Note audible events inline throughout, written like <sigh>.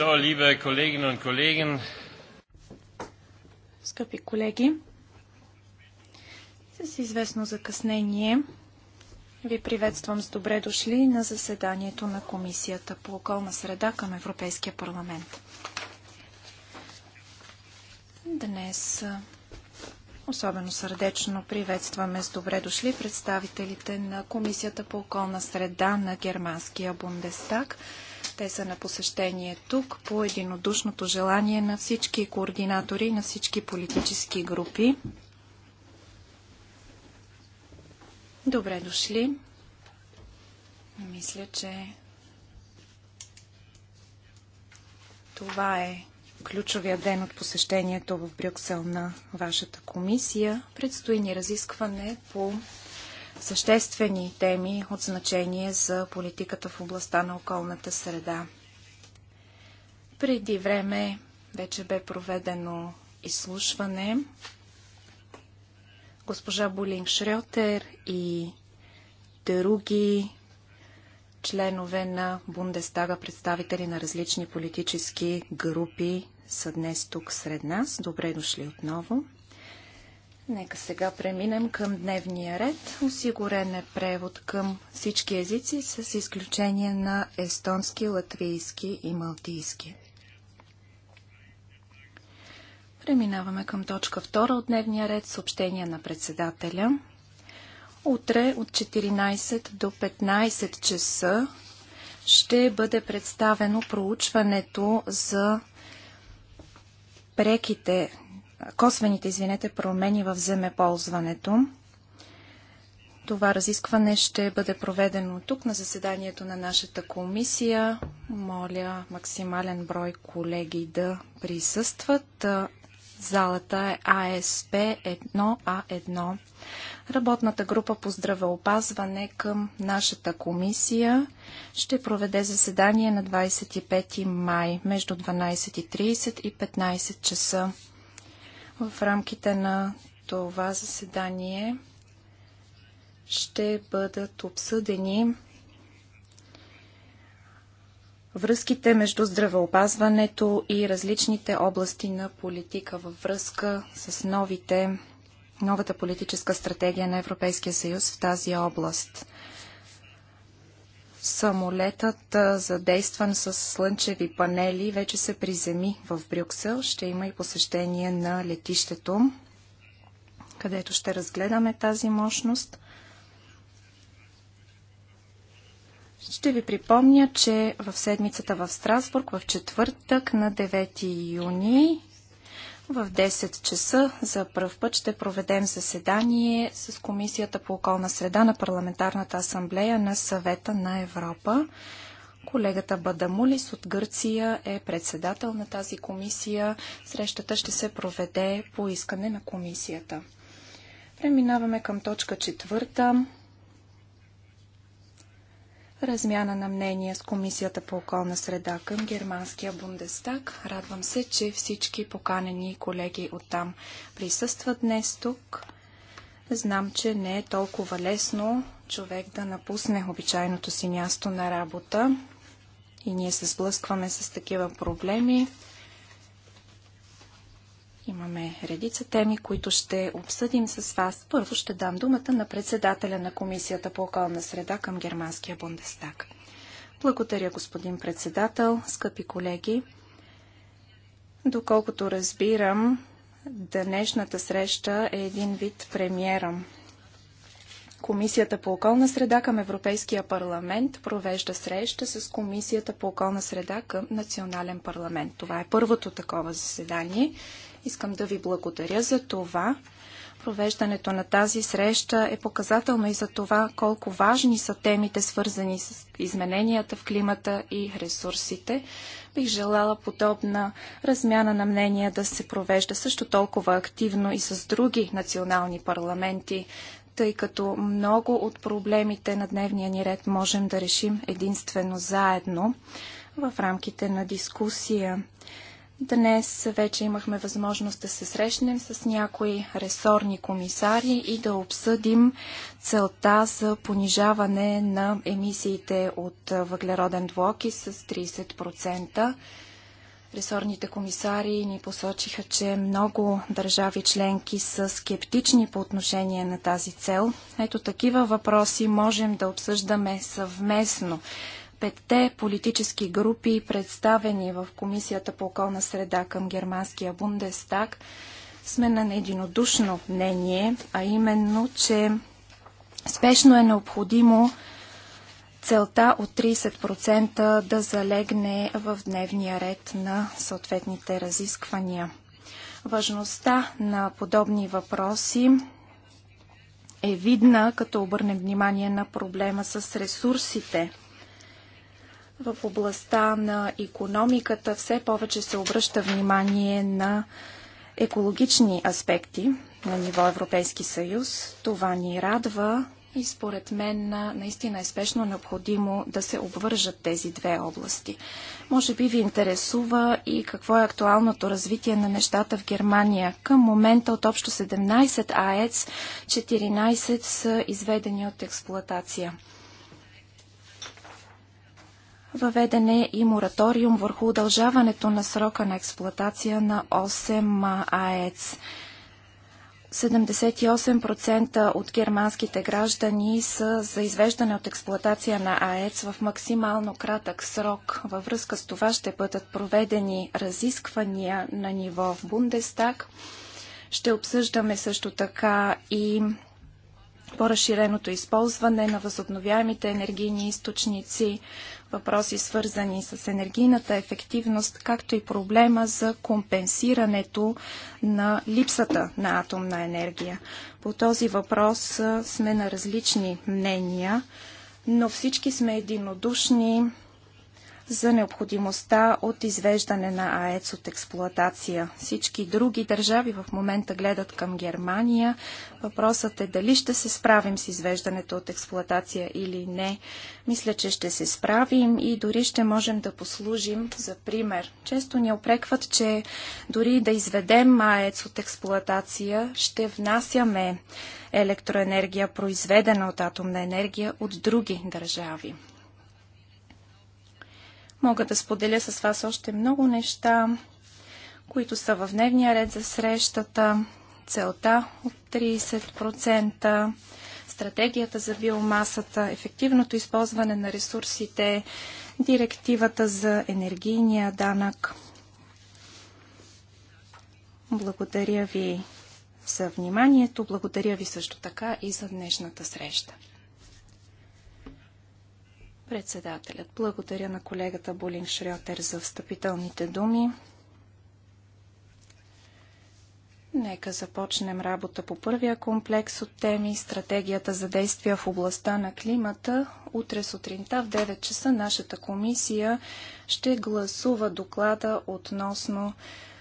So, liebe Kolleginnen und Kollegen. Скъпи колеги, с известно закъснение ви приветствам с добре дошли на заседанието на Комисията по околна среда към Европейския парламент. Днес Особено сърдечно приветстваме с добре дошли представителите на Комисията по околна среда на Германския Бундестаг, те са на посещение тук по единодушното желание на всички координатори на всички политически групи. Добре дошли. Мисля, че това е ключовия ден от посещението в Брюксел на вашата комисия. Предстои ни разискване по съществени теми от значение за политиката в областта на околната среда. Преди време вече бе проведено изслушване. Госпожа Булинг Шрьотер и други членове на Бундестага, представители на различни политически групи са днес тук сред нас. Добре дошли отново. Нека сега преминем към дневния ред. Осигурен е превод към всички езици, с изключение на естонски, латвийски и малтийски. Преминаваме към точка 2 от дневния ред съобщение на председателя. Утре от 14 до 15 часа ще бъде представено проучването за преките косвените извинете, промени в земеползването. Това разискване ще бъде проведено тук на заседанието на нашата комисия. Моля максимален брой колеги да присъстват. Залата е АСП 1А1. Работната група по здравеопазване към нашата комисия ще проведе заседание на 25 май между 12.30 и 15 часа. В рамките на това заседание ще бъдат обсъдени връзките между здравеопазването и различните области на политика във връзка с новите, новата политическа стратегия на Европейския съюз в тази област. Самолетът, задействан с слънчеви панели, вече се приземи в Брюксел. Ще има и посещение на летището, където ще разгледаме тази мощност. Ще ви припомня, че в седмицата в Страсбург, в четвъртък на 9 юни, в 10 часа за първ път ще проведем заседание с Комисията по околна среда на Парламентарната асамблея на съвета на Европа. Колегата Бадамулис от Гърция е председател на тази комисия. Срещата ще се проведе по искане на комисията. Преминаваме към точка четвърта размяна на мнения с Комисията по околна среда към Германския Бундестаг. Радвам се, че всички поканени колеги оттам присъстват днес тук. Знам, че не е толкова лесно човек да напусне обичайното си място на работа и ние се сблъскваме с такива проблеми. Имаме редица теми, които ще обсъдим с вас. Първо ще дам думата на председателя на Комисията по околна среда към Германския Бундестаг. Благодаря, господин председател, скъпи колеги. Доколкото разбирам, днешната среща е един вид премиера. Комисията по околна среда към Европейския парламент провежда среща с Комисията по околна среда към Национален парламент. Това е първото такова заседание Искам да ви благодаря за това. Провеждането на тази среща е показателно и за това колко важни са темите, свързани с измененията в климата и ресурсите. Бих желала подобна размяна на мнения да се провежда също толкова активно и с други национални парламенти, тъй като много от проблемите на дневния ни ред можем да решим единствено заедно в рамките на дискусия. Днес вече имахме възможност да се срещнем с някои ресорни комисари и да обсъдим целта за понижаване на емисиите от въглероден двуокис с 30%. Ресорните комисари ни посочиха, че много държави членки са скептични по отношение на тази цел. Ето такива въпроси можем да обсъждаме съвместно петте политически групи, представени в Комисията по околна среда към германския Бундестаг, сме на единодушно мнение, а именно, че спешно е необходимо целта от 30% да залегне в дневния ред на съответните разисквания. Важността на подобни въпроси е видна, като обърнем внимание на проблема с ресурсите. В областта на економиката все повече се обръща внимание на екологични аспекти на ниво Европейски съюз. Това ни радва и според мен наистина е спешно необходимо да се обвържат тези две области. Може би ви интересува и какво е актуалното развитие на нещата в Германия. Към момента от общо 17 АЕЦ, 14 са изведени от експлоатация. Въведен е и мораториум върху удължаването на срока на експлоатация на 8 АЕЦ. 78% от германските граждани са за извеждане от експлоатация на АЕЦ в максимално кратък срок. Във връзка с това ще бъдат проведени разисквания на ниво в Бундестаг. Ще обсъждаме също така и по-разширеното използване на възобновяемите енергийни източници, въпроси свързани с енергийната ефективност, както и проблема за компенсирането на липсата на атомна енергия. По този въпрос сме на различни мнения, но всички сме единодушни за необходимостта от извеждане на АЕЦ от експлоатация. Всички други държави в момента гледат към Германия. Въпросът е дали ще се справим с извеждането от експлоатация или не. Мисля, че ще се справим и дори ще можем да послужим за пример. Често ни опрекват, че дори да изведем АЕЦ от експлоатация, ще внасяме електроенергия, произведена от атомна енергия от други държави. Мога да споделя с вас още много неща, които са в дневния ред за срещата, целта от 30%, стратегията за биомасата, ефективното използване на ресурсите, директивата за енергийния данък. Благодаря ви за вниманието, благодаря ви също така и за днешната среща. Председателят. Благодаря на колегата Болин Шриотер за встъпителните думи. Нека започнем работа по първия комплекс от теми Стратегията за действия в областта на климата. Утре сутринта в 9 часа нашата комисия ще гласува доклада относно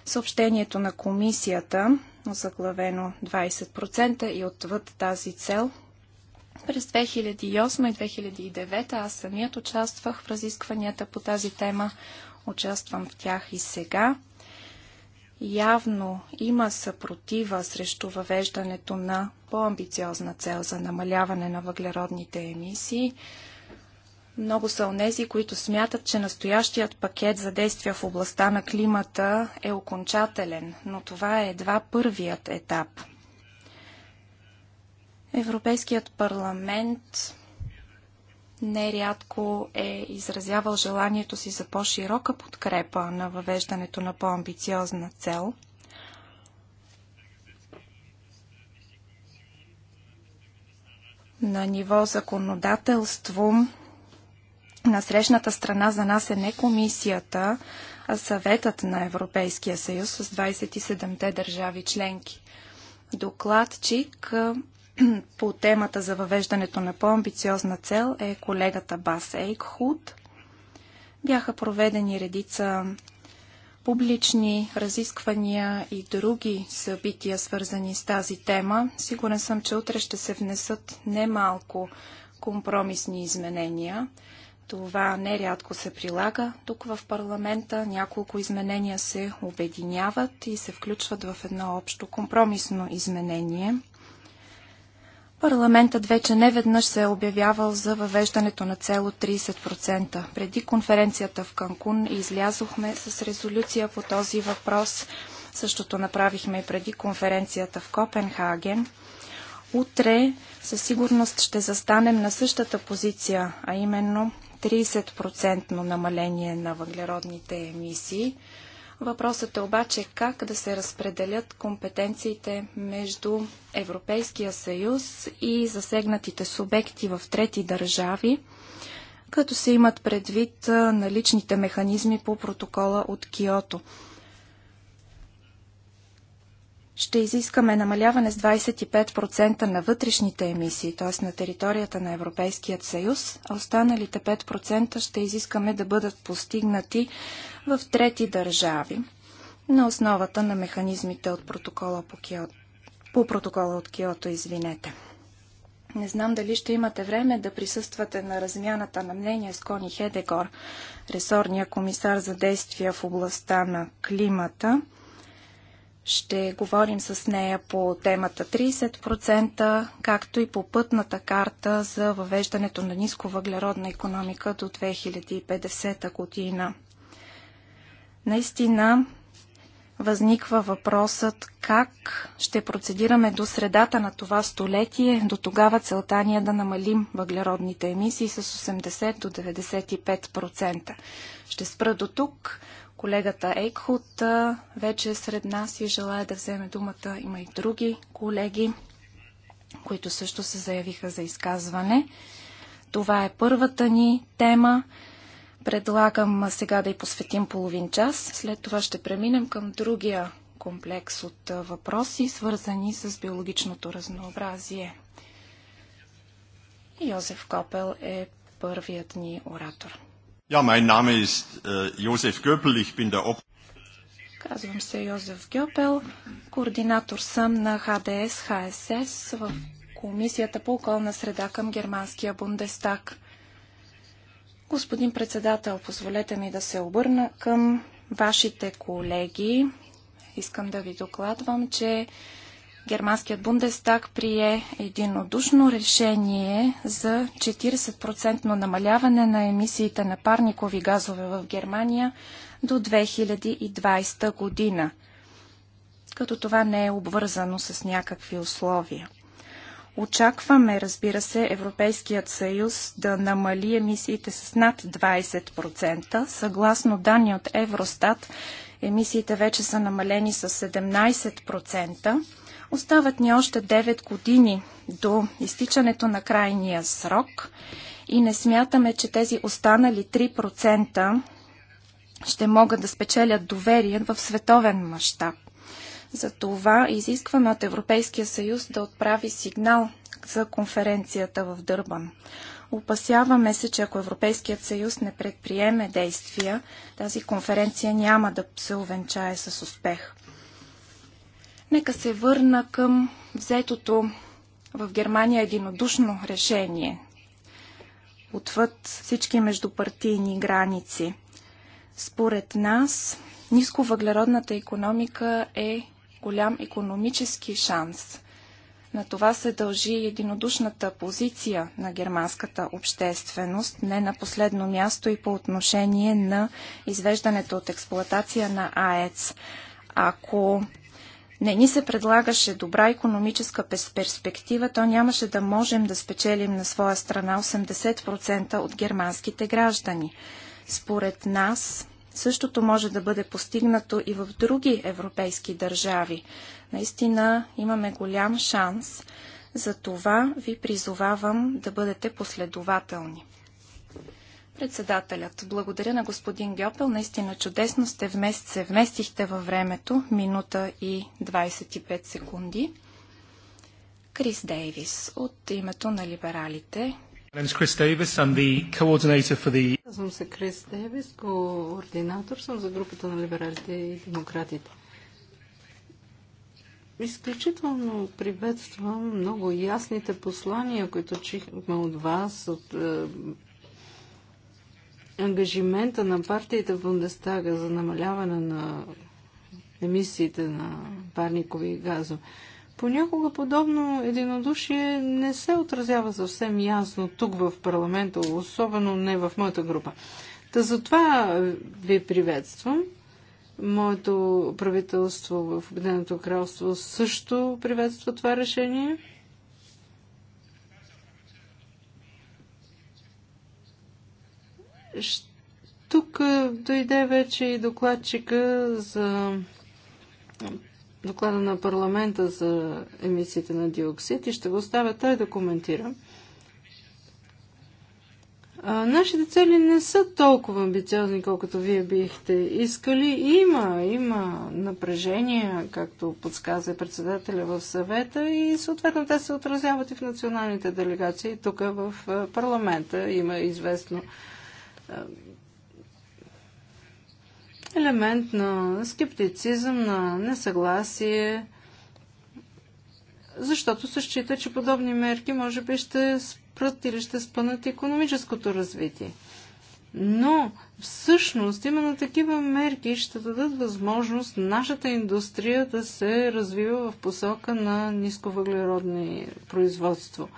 съобщението на комисията, заглавено 20% и отвъд тази цел – през 2008 и 2009 аз самият участвах в разискванията по тази тема. Участвам в тях и сега. Явно има съпротива срещу въвеждането на по-амбициозна цел за намаляване на въглеродните емисии. Много са онези, които смятат, че настоящият пакет за действия в областта на климата е окончателен, но това е едва първият етап – Европейският парламент нерядко е изразявал желанието си за по-широка подкрепа на въвеждането на по-амбициозна цел. На ниво законодателство на срещната страна за нас е не комисията, а съветът на Европейския съюз с 27-те държави членки. Докладчик по темата за въвеждането на по-амбициозна цел е колегата Бас Ейкхуд. Бяха проведени редица публични разисквания и други събития, свързани с тази тема. Сигурен съм, че утре ще се внесат немалко компромисни изменения. Това нерядко се прилага тук в парламента. Няколко изменения се обединяват и се включват в едно общо компромисно изменение. Парламентът вече не веднъж се е обявявал за въвеждането на цело 30%. Преди конференцията в Канкун излязохме с резолюция по този въпрос. Същото направихме и преди конференцията в Копенхаген. Утре със сигурност ще застанем на същата позиция, а именно 30% намаление на въглеродните емисии – Въпросът е обаче как да се разпределят компетенциите между Европейския съюз и засегнатите субекти в трети държави, като се имат предвид наличните механизми по протокола от Киото. Ще изискаме намаляване с 25% на вътрешните емисии, т.е. на територията на Европейският съюз, а останалите 5% ще изискаме да бъдат постигнати в трети държави на основата на механизмите от протокола по, Кио... по протокола от Киото, извинете. Не знам дали ще имате време да присъствате на размяната на мнение с Кони Хедегор, ресорния комисар за действия в областта на климата. Ще говорим с нея по темата 30%, както и по пътната карта за въвеждането на нисковъглеродна економика до 2050 година. Наистина възниква въпросът как ще процедираме до средата на това столетие. До тогава целта ни е да намалим въглеродните емисии с 80 до 95%. Ще спра до тук. Колегата Ейкхут вече е сред нас и желая да вземе думата. Има и други колеги, които също се заявиха за изказване. Това е първата ни тема. Предлагам сега да й посветим половин час. След това ще преминем към другия комплекс от въпроси, свързани с биологичното разнообразие. Йозеф Копел е първият ни оратор. Ja, mein Name ist äh, Josef Göppel, ich bin der Op Казвам се Йозеф Гьопел, координатор съм на ХДС-ХСС в Комисията по околна среда към Германския Бундестаг. Господин председател, позволете ми да се обърна към вашите колеги. Искам да ви докладвам, че Германският Бундестаг прие единодушно решение за 40% намаляване на емисиите на парникови газове в Германия до 2020 година, като това не е обвързано с някакви условия. Очакваме, разбира се, Европейският съюз да намали емисиите с над 20%. Съгласно данни от Евростат, емисиите вече са намалени с 17%. Остават ни още 9 години до изтичането на крайния срок и не смятаме, че тези останали 3% ще могат да спечелят доверие в световен мащаб. Затова изискваме от Европейския съюз да отправи сигнал за конференцията в Дърбан. Опасяваме се, че ако Европейският съюз не предприеме действия, тази конференция няма да се увенчае с успех. Нека се върна към взетото в Германия единодушно решение, отвъд всички междупартийни граници. Според нас, нисковъглеродната економика е голям економически шанс. На това се дължи единодушната позиция на германската общественост, не на последно място и по отношение на извеждането от експлоатация на АЕЦ. Ако не ни се предлагаше добра економическа перспектива, то нямаше да можем да спечелим на своя страна 80% от германските граждани. Според нас, Същото може да бъде постигнато и в други европейски държави. Наистина имаме голям шанс. За това ви призовавам да бъдете последователни. Председателят, благодаря на господин Гьопел. Наистина чудесно сте вмест, се вместихте във времето, минута и 25 секунди. Крис Дейвис от името на либералите. The... Аз съм се Крис Дейвис, координатор съм за групата на либералите и демократите. Изключително приветствам много ясните послания, които чихме от вас, от е, ангажимента на партиите в Бундестага за намаляване на емисиите на парникови газове. Понякога подобно единодушие не се отразява съвсем ясно тук в парламента, особено не в моята група. Та затова е, ви приветствам. Моето правителство в Обединеното кралство също приветства това решение. Тук е, дойде вече и докладчика за доклада на парламента за емисиите на диоксид и ще го оставя той да коментира. А, нашите цели не са толкова амбициозни, колкото вие бихте искали. Има, има напрежение, както подсказа председателя в съвета и съответно те се отразяват и в националните делегации. Тук в парламента има известно елемент на скептицизъм, на несъгласие, защото се счита, че подобни мерки може би ще спрат или ще спънат економическото развитие. Но всъщност именно такива мерки ще дадат възможност нашата индустрия да се развива в посока на нисковъглеродни производство.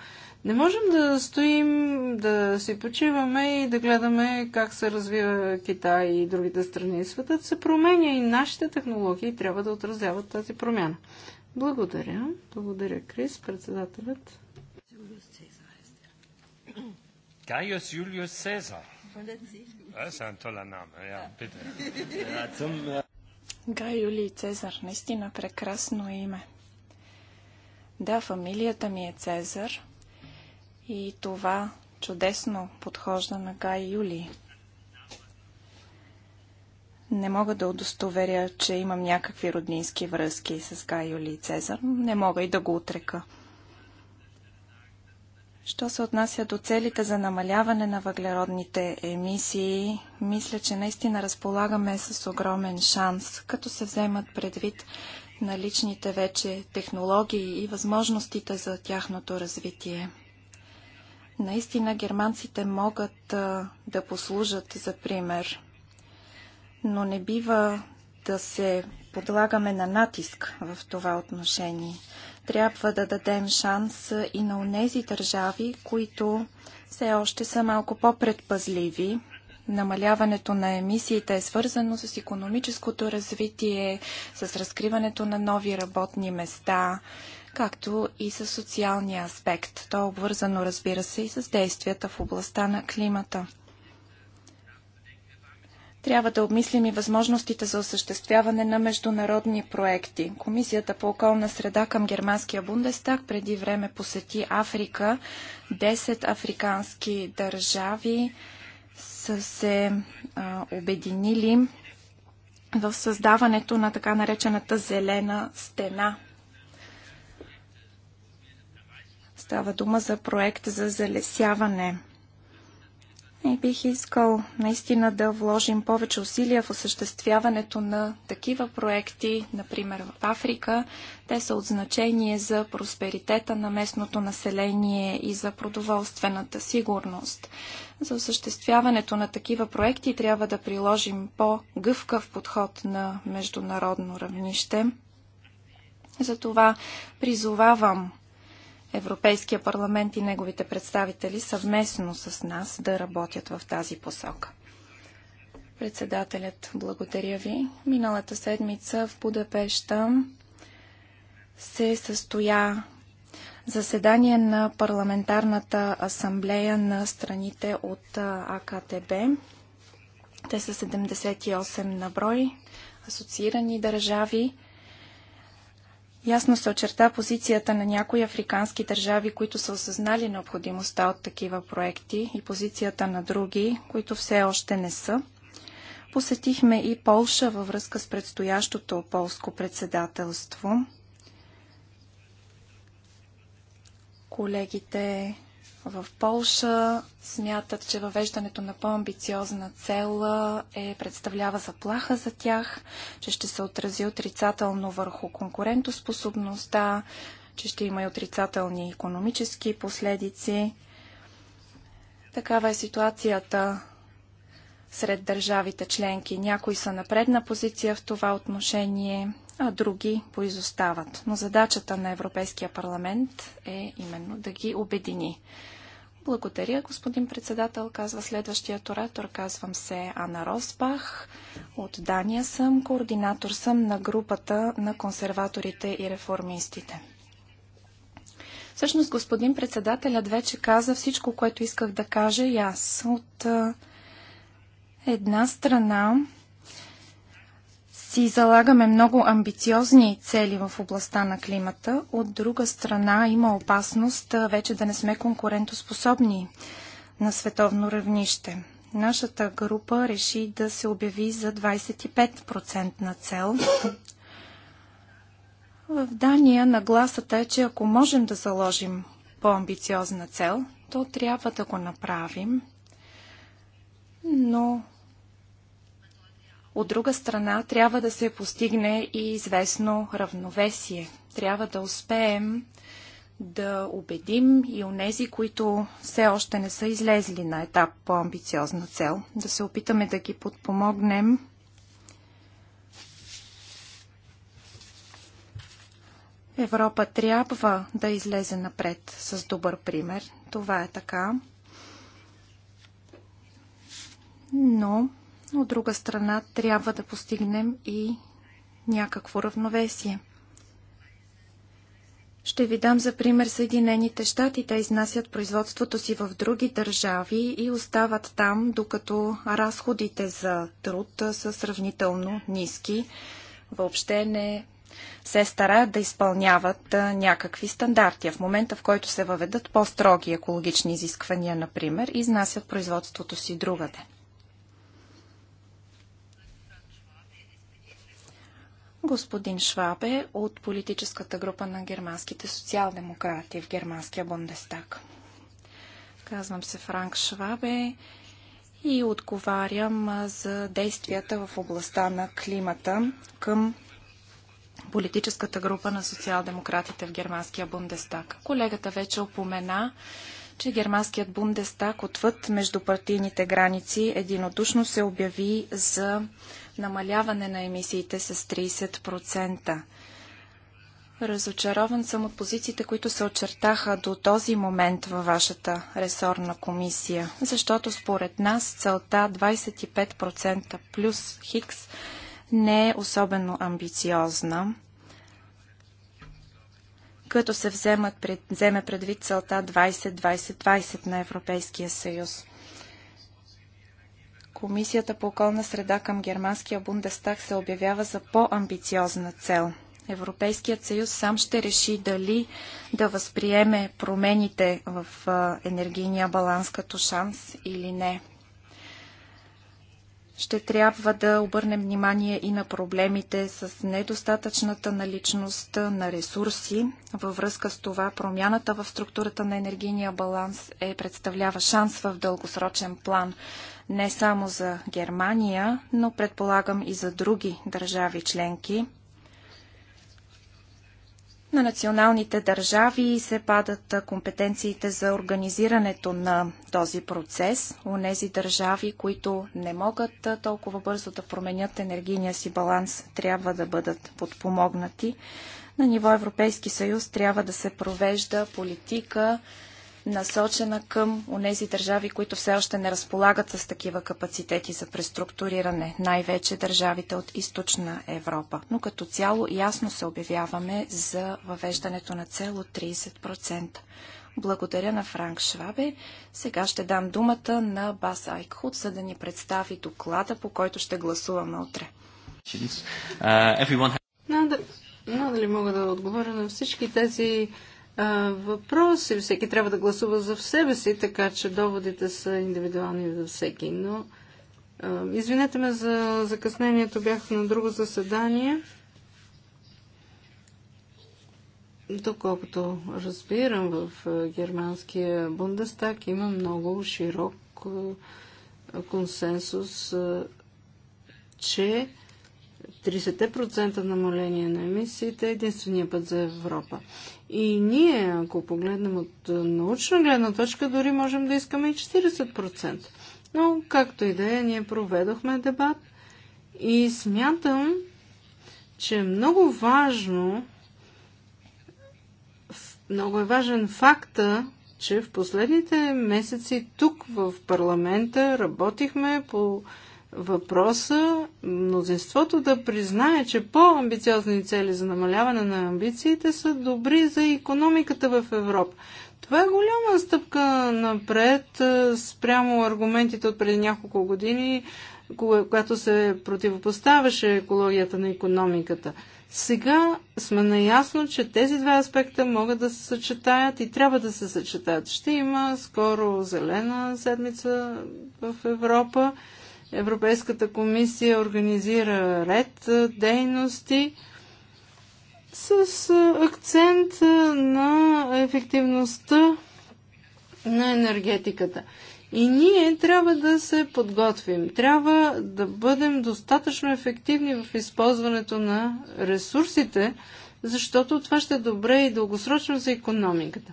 Не можем да стоим, да си почиваме и да гледаме как се развива Китай и другите страни. Светът се променя и нашите технологии трябва да отразяват тази промяна. Благодаря. Благодаря, Крис, председателят. Гайос Юлиус Caesar. Е, Гай Юлий Цезар, наистина прекрасно име. Да, фамилията ми е Цезар, и това чудесно подхожда на Гай Юли. Не мога да удостоверя, че имам някакви роднински връзки с Гай Юли и Цезар. Не мога и да го отрека. Що се отнася до целите за намаляване на въглеродните емисии, мисля, че наистина разполагаме с огромен шанс, като се вземат предвид наличните вече технологии и възможностите за тяхното развитие. Наистина германците могат да послужат за пример, но не бива да се подлагаме на натиск в това отношение. Трябва да дадем шанс и на унези държави, които все още са малко по-предпазливи. Намаляването на емисиите е свързано с економическото развитие, с разкриването на нови работни места, както и с социалния аспект. То е обвързано, разбира се, и с действията в областта на климата. Трябва да обмислим и възможностите за осъществяване на международни проекти. Комисията по околна среда към Германския Бундестаг преди време посети Африка. Десет африкански държави са се а, обединили в създаването на така наречената зелена стена – Става дума за проект за залесяване. И бих искал наистина да вложим повече усилия в осъществяването на такива проекти, например в Африка. Те са от значение за просперитета на местното население и за продоволствената сигурност. За осъществяването на такива проекти трябва да приложим по-гъвкав подход на международно равнище. Затова призовавам Европейския парламент и неговите представители съвместно с нас да работят в тази посока. Председателят, благодаря ви. Миналата седмица в Будапешта се състоя заседание на парламентарната асамблея на страните от АКТБ. Те са 78 на брой асоциирани държави – Ясно се очерта позицията на някои африкански държави, които са осъзнали необходимостта от такива проекти и позицията на други, които все още не са. Посетихме и Полша във връзка с предстоящото полско председателство. Колегите в Полша смятат, че въвеждането на по-амбициозна цел е представлява заплаха за тях, че ще се отрази отрицателно върху конкурентоспособността, че ще има и отрицателни економически последици. Такава е ситуацията сред държавите членки. Някои са на предна позиция в това отношение, а други поизостават. Но задачата на Европейския парламент е именно да ги обедини. Благодаря, господин председател, казва следващият оратор. Казвам се Ана Росбах. От Дания съм, координатор съм на групата на консерваторите и реформистите. Всъщност, господин председателят вече каза всичко, което исках да кажа и аз. От една страна, си залагаме много амбициозни цели в областта на климата, от друга страна има опасност вече да не сме конкурентоспособни на световно равнище. Нашата група реши да се обяви за 25% цел. В Дания нагласата е, че ако можем да заложим по-амбициозна цел, то трябва да го направим. Но от друга страна, трябва да се постигне и известно равновесие. Трябва да успеем да убедим и онези, които все още не са излезли на етап по-амбициозна цел, да се опитаме да ги подпомогнем Европа трябва да излезе напред с добър пример. Това е така. Но но от друга страна трябва да постигнем и някакво равновесие. Ще ви дам за пример Съединените щати. Те изнасят производството си в други държави и остават там, докато разходите за труд са сравнително ниски. Въобще не се стараят да изпълняват някакви стандарти. В момента, в който се въведат по-строги екологични изисквания, например, изнасят производството си другаде. господин Швабе от политическата група на германските социал-демократи в германския Бундестаг. Казвам се Франк Швабе и отговарям за действията в областта на климата към политическата група на социал-демократите в германския Бундестаг. Колегата вече опомена, че германският Бундестаг отвъд междупартийните граници единодушно се обяви за намаляване на емисиите с 30%. Разочарован съм от позициите, които се очертаха до този момент във вашата ресорна комисия, защото според нас целта 25% плюс Хикс не е особено амбициозна. Като се вземат пред, вземе предвид целта 20-20-20 на Европейския съюз. Комисията по околна среда към германския Бундестаг се обявява за по-амбициозна цел. Европейският съюз сам ще реши дали да възприеме промените в енергийния баланс като шанс или не. Ще трябва да обърнем внимание и на проблемите с недостатъчната наличност на ресурси. Във връзка с това промяната в структурата на енергийния баланс е представлява шанс в дългосрочен план не само за Германия, но предполагам и за други държави членки. На националните държави се падат компетенциите за организирането на този процес. Онези държави, които не могат толкова бързо да променят енергийния си баланс, трябва да бъдат подпомогнати. На ниво Европейски съюз трябва да се провежда политика насочена към онези държави, които все още не разполагат с такива капацитети за преструктуриране, най-вече държавите от източна Европа. Но като цяло ясно се обявяваме за въвеждането на цел от 30%. Благодаря на Франк Швабе. Сега ще дам думата на Бас Айкхут, за да ни представи доклада, по който ще гласуваме утре. Uh, надали мога да отговоря на всички тези въпрос и е, всеки трябва да гласува за себе си, така че доводите са индивидуални за всеки. Но извинете ме за закъснението, бях на друго заседание. Доколкото разбирам, в германския Бундестаг има много широк консенсус, че 30% намаление на емисиите е единствения път за Европа. И ние, ако погледнем от научна гледна точка, дори можем да искаме и 40%. Но, както и да е, ние проведохме дебат и смятам, че е много важно, много е важен факта, че в последните месеци тук в парламента работихме по въпроса мнозинството да признае, че по-амбициозни цели за намаляване на амбициите са добри за економиката в Европа. Това е голяма стъпка напред спрямо аргументите от преди няколко години, когато се противопоставяше екологията на економиката. Сега сме наясно, че тези два аспекта могат да се съчетаят и трябва да се съчетаят. Ще има скоро зелена седмица в Европа Европейската комисия организира ред дейности с акцент на ефективността на енергетиката. И ние трябва да се подготвим. Трябва да бъдем достатъчно ефективни в използването на ресурсите, защото това ще е добре и дългосрочно за економиката.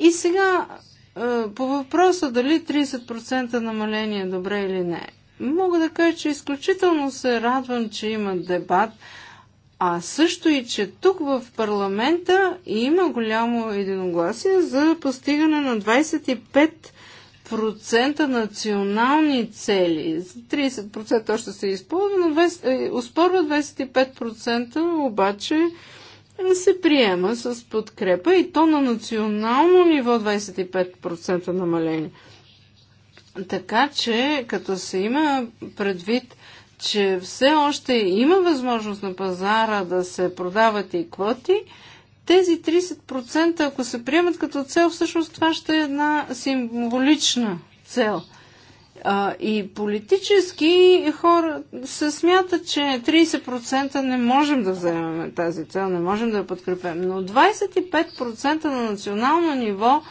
И сега по въпроса дали 30% намаление е добре или не. Мога да кажа, че изключително се радвам, че има дебат, а също и, че тук в парламента има голямо единогласие за постигане на 25% национални цели. 30% още се използва, но е, успорва 25% обаче се приема с подкрепа и то на национално ниво 25% намаление. Така че, като се има предвид, че все още има възможност на пазара да се продават и квоти, тези 30%, ако се приемат като цел, всъщност това ще е една символична цел. А, и политически хора се смятат, че 30% не можем да вземем тази цел, не можем да я подкрепим. Но 25% на национално ниво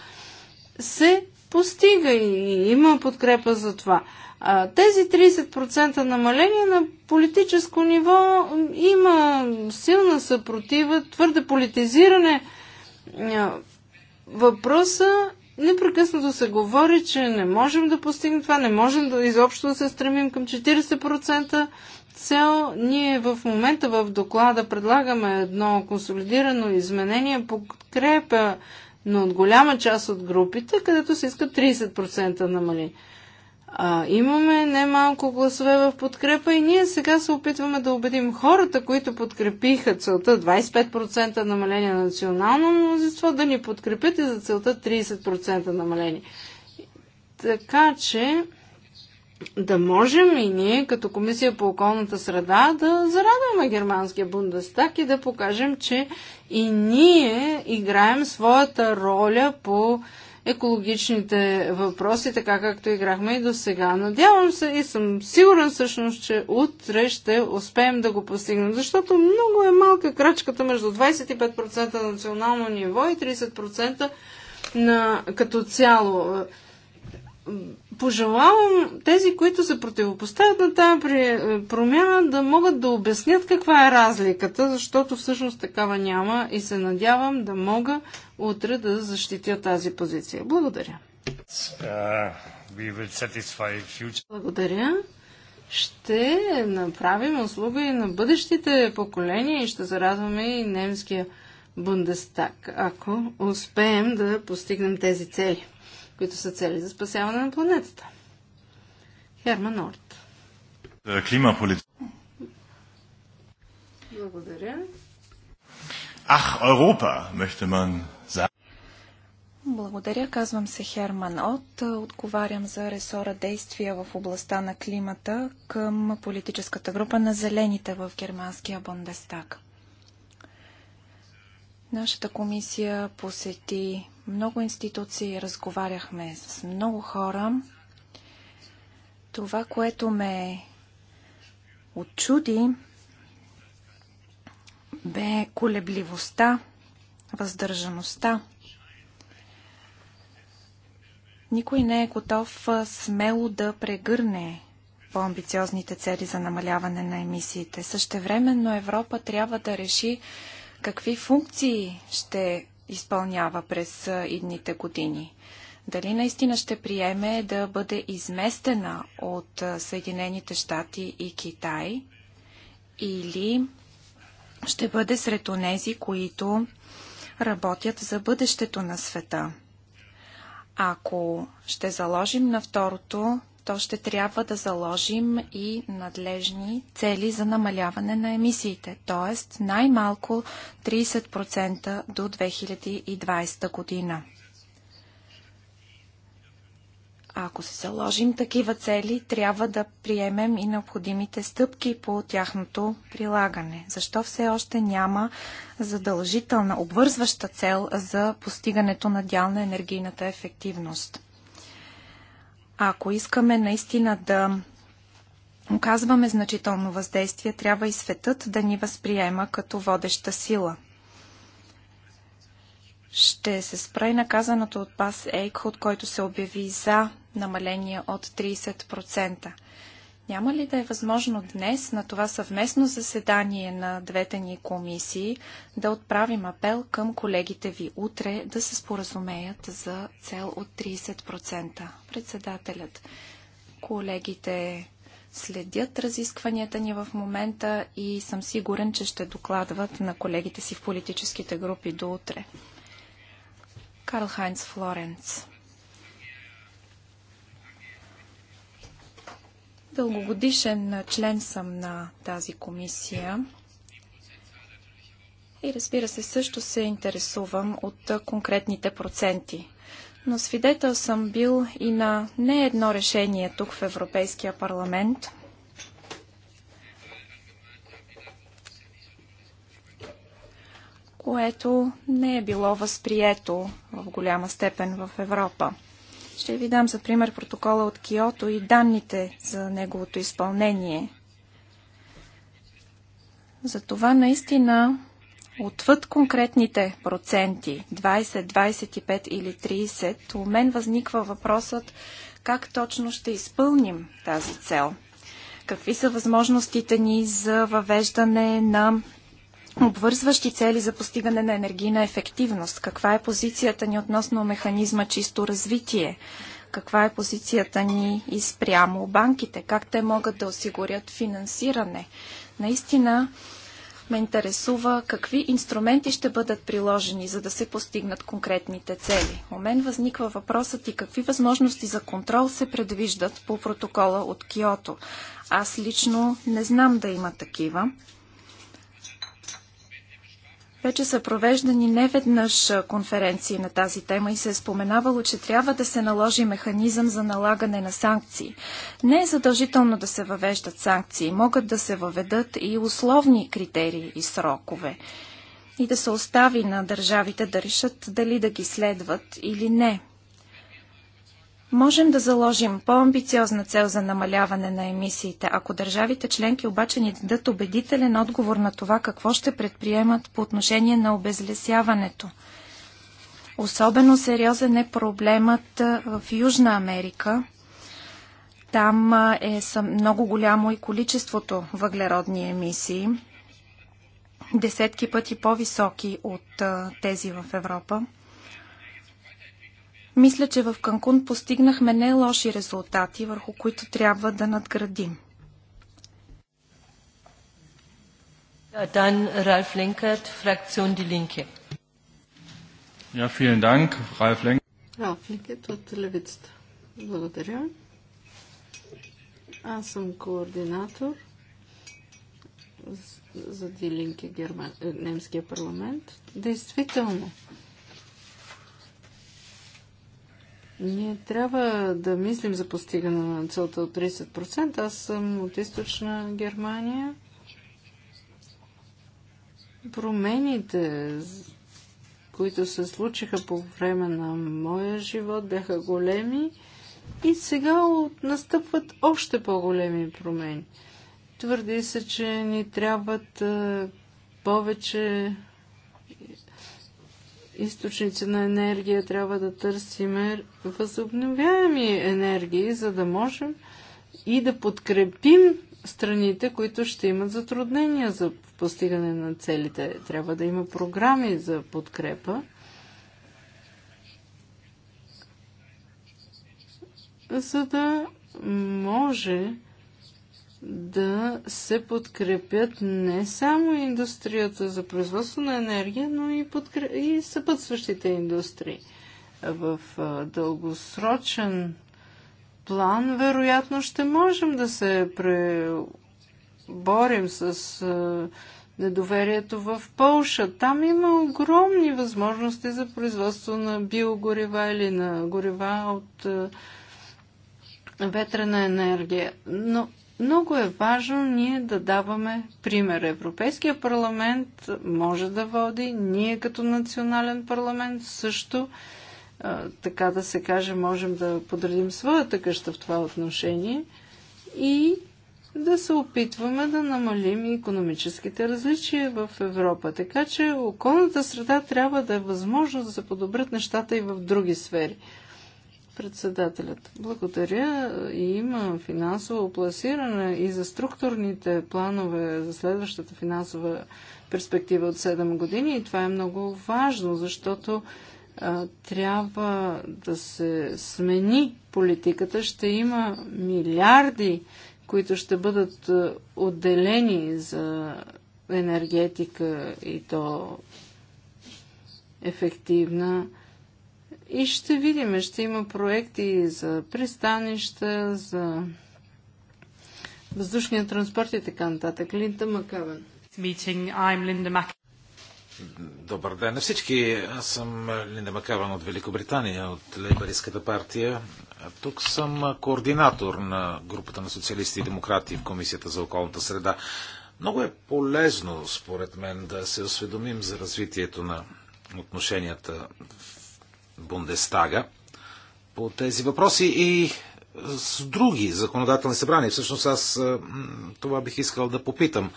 се постига и има подкрепа за това. А, тези 30% намаление на политическо ниво има силна съпротива, твърде политизиране. Въпроса непрекъснато се говори, че не можем да постигнем това, не можем да изобщо да се стремим към 40% цел. Ние в момента в доклада предлагаме едно консолидирано изменение, подкрепа но от голяма част от групите, където се иска 30% намали. А, имаме немалко гласове в подкрепа и ние сега се опитваме да убедим хората, които подкрепиха целта 25% намаление на национално мнозинство, да ни подкрепят и за целта 30% намаление. Така че да можем и ние като Комисия по околната среда да зарадваме германския Бундестаг и да покажем, че и ние играем своята роля по екологичните въпроси, така както играхме и до сега. Надявам се и съм сигурен всъщност, че утре ще успеем да го постигнем, защото много е малка крачката между 25% на национално ниво и 30% на, като цяло пожелавам тези, които се противопоставят на тази е, промяна, да могат да обяснят каква е разликата, защото всъщност такава няма и се надявам да мога утре да защитя тази позиция. Благодаря. Благодаря. Ще направим услуга и на бъдещите поколения и ще зарадваме и немския Бундестаг, ако успеем да постигнем тези цели които са цели за спасяване на планетата. Херман Орт. Е, Клима полит... Благодаря. Ах, Европа, мехте ман Благодаря, казвам се Херман От. Отговарям за ресора действия в областта на климата към политическата група на зелените в германския Бундестаг. Нашата комисия посети много институции, разговаряхме с много хора. Това, което ме отчуди, бе колебливостта, въздържаността. Никой не е готов смело да прегърне по-амбициозните цели за намаляване на емисиите. Същевременно Европа трябва да реши какви функции ще изпълнява през идните години. Дали наистина ще приеме да бъде изместена от Съединените щати и Китай или ще бъде сред онези, които работят за бъдещето на света. Ако ще заложим на второто, то ще трябва да заложим и надлежни цели за намаляване на емисиите, т.е. най-малко 30% до 2020 година. ако се заложим такива цели, трябва да приемем и необходимите стъпки по тяхното прилагане. Защо все още няма задължителна, обвързваща цел за постигането на дял на енергийната ефективност? Ако искаме наистина да оказваме значително въздействие, трябва и светът да ни възприема като водеща сила. Ще се спра и наказаното от Бас Ейкхот, който се обяви за намаление от 30%. Няма ли да е възможно днес на това съвместно заседание на двете ни комисии да отправим апел към колегите ви утре да се споразумеят за цел от 30%? Председателят, колегите следят разискванията ни в момента и съм сигурен, че ще докладват на колегите си в политическите групи до утре. Карл Хайнц Флоренц. Дългогодишен член съм на тази комисия. И разбира се, също се интересувам от конкретните проценти. Но свидетел съм бил и на не едно решение тук в Европейския парламент, което не е било възприето в голяма степен в Европа. Ще ви дам за пример протокола от Киото и данните за неговото изпълнение. Затова наистина отвъд конкретните проценти 20, 25 или 30, у мен възниква въпросът как точно ще изпълним тази цел. Какви са възможностите ни за въвеждане на обвързващи цели за постигане на енергийна ефективност? Каква е позицията ни относно механизма чисто развитие? Каква е позицията ни и спрямо банките? Как те могат да осигурят финансиране? Наистина ме интересува какви инструменти ще бъдат приложени, за да се постигнат конкретните цели. У мен възниква въпросът и какви възможности за контрол се предвиждат по протокола от Киото. Аз лично не знам да има такива. Вече са провеждани неведнъж конференции на тази тема и се е споменавало, че трябва да се наложи механизъм за налагане на санкции. Не е задължително да се въвеждат санкции, могат да се въведат и условни критерии и срокове и да се остави на държавите да решат дали да ги следват или не. Можем да заложим по-амбициозна цел за намаляване на емисиите, ако държавите членки обаче ни дадат убедителен отговор на това какво ще предприемат по отношение на обезлесяването. Особено сериозен е проблемът в Южна Америка. Там е много голямо и количеството въглеродни емисии, десетки пъти по-високи от тези в Европа. Мисля, че в Канкун постигнахме не лоши резултати, върху които трябва да надградим. Dann Ralf Lenkert, Fraktion Die Linke. Ja, vielen Dank, Ralf Lenkert. от Левицата. Благодаря. Аз съм координатор за Дилинки немския парламент. Действително, Ние трябва да мислим за постигане на целта от 30%. Аз съм от източна Германия. Промените, които се случиха по време на моя живот, бяха големи и сега настъпват още по-големи промени. Твърди се, че ни трябват повече източници на енергия, трябва да търсим възобновяеми енергии, за да можем и да подкрепим страните, които ще имат затруднения за постигане на целите. Трябва да има програми за подкрепа. За да може да се подкрепят не само индустрията за производство на енергия, но и, подкр... и съпътстващите индустрии. В дългосрочен план, вероятно, ще можем да се преборим с недоверието в Полша. Там има огромни възможности за производство на биогорива или на горива от ветрена енергия. Но много е важно ние да даваме пример. Европейския парламент може да води, ние като национален парламент също, така да се каже, можем да подредим своята къща в това отношение и да се опитваме да намалим економическите различия в Европа. Така че околната среда трябва да е възможно да се подобрят нещата и в други сфери. Председателят, благодаря. И има финансово пласиране и за структурните планове за следващата финансова перспектива от 7 години. И това е много важно, защото а, трябва да се смени политиката. Ще има милиарди, които ще бъдат отделени за енергетика и то ефективна. И ще видим, ще има проекти за пристанища, за въздушния транспорт и така нататък. Линда Макавен. Добър ден на всички. Аз съм Линда Макаван от Великобритания, от Лейбаристската партия. Тук съм координатор на групата на социалисти и демократи в Комисията за околната среда. Много е полезно, според мен, да се осведомим за развитието на отношенията в Бундестага по тези въпроси и с други законодателни събрания. Всъщност аз това бих искал да попитам.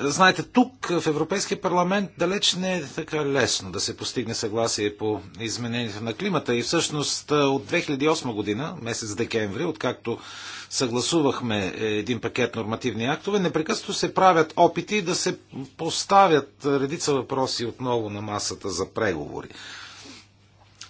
Знаете, тук в Европейския парламент далеч не е така лесно да се постигне съгласие по изменението на климата и всъщност от 2008 година, месец декември, откакто съгласувахме е, един пакет нормативни актове, непрекъснато се правят опити да се поставят редица въпроси отново на масата за преговори.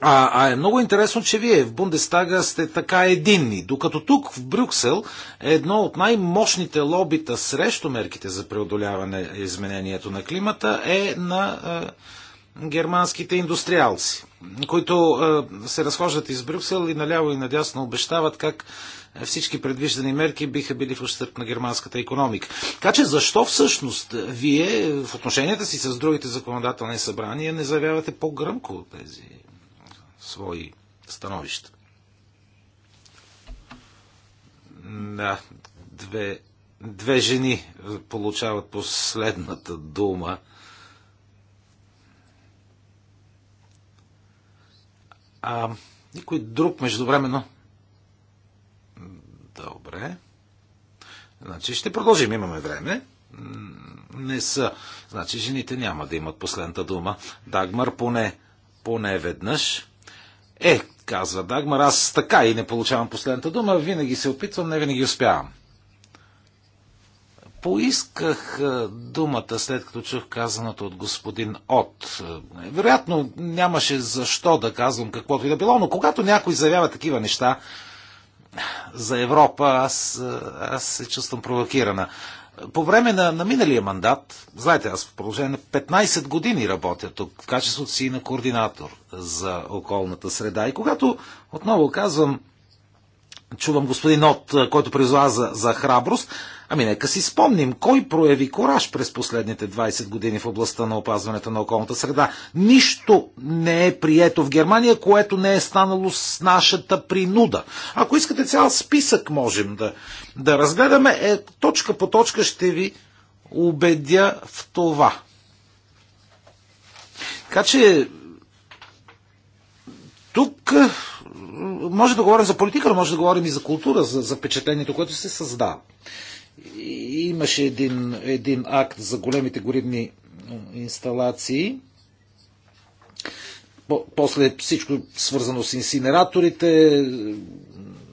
А, а е много интересно, че вие в Бундестага сте така единни, докато тук в Брюксел е едно от най-мощните лобита срещу мерките за преодоляване изменението на климата е на е, германските индустриалци, които е, се разхождат из Брюксел и наляво и надясно обещават как е, всички предвиждани мерки биха били в ущърп на германската економика. Така че защо всъщност вие в отношенията си с другите законодателни събрания не заявявате по-гръмко тези свои становища. Да, две, две жени получават последната дума. А никой друг междувременно. Добре. Значи ще продължим, имаме време. Не са. Значи жените няма да имат последната дума. Дагмар поне, поне веднъж. Е, казва Дагмар, аз така и не получавам последната дума, винаги се опитвам, не винаги успявам. Поисках е, думата след като чух казаното от господин От. Е, вероятно нямаше защо да казвам каквото и да било, но когато някой заявява такива неща е, за Европа, аз, аз се чувствам провокирана. По време на, на миналия мандат, знаете, аз в продължение на 15 години работя тук в качеството си на координатор за околната среда. И когато отново казвам, чувам господин От, който призвава за, за храброст, Ами нека си спомним, кой прояви кораж през последните 20 години в областта на опазването на околната среда. Нищо не е прието в Германия, което не е станало с нашата принуда. Ако искате цял списък можем да, да разгледаме, е, точка по точка ще ви убедя в това. Така че тук е, може да говорим за политика, но може да говорим и за култура, за, за впечатлението, което се създава. Имаше един, един акт за големите горивни инсталации. После всичко свързано с инсинераторите,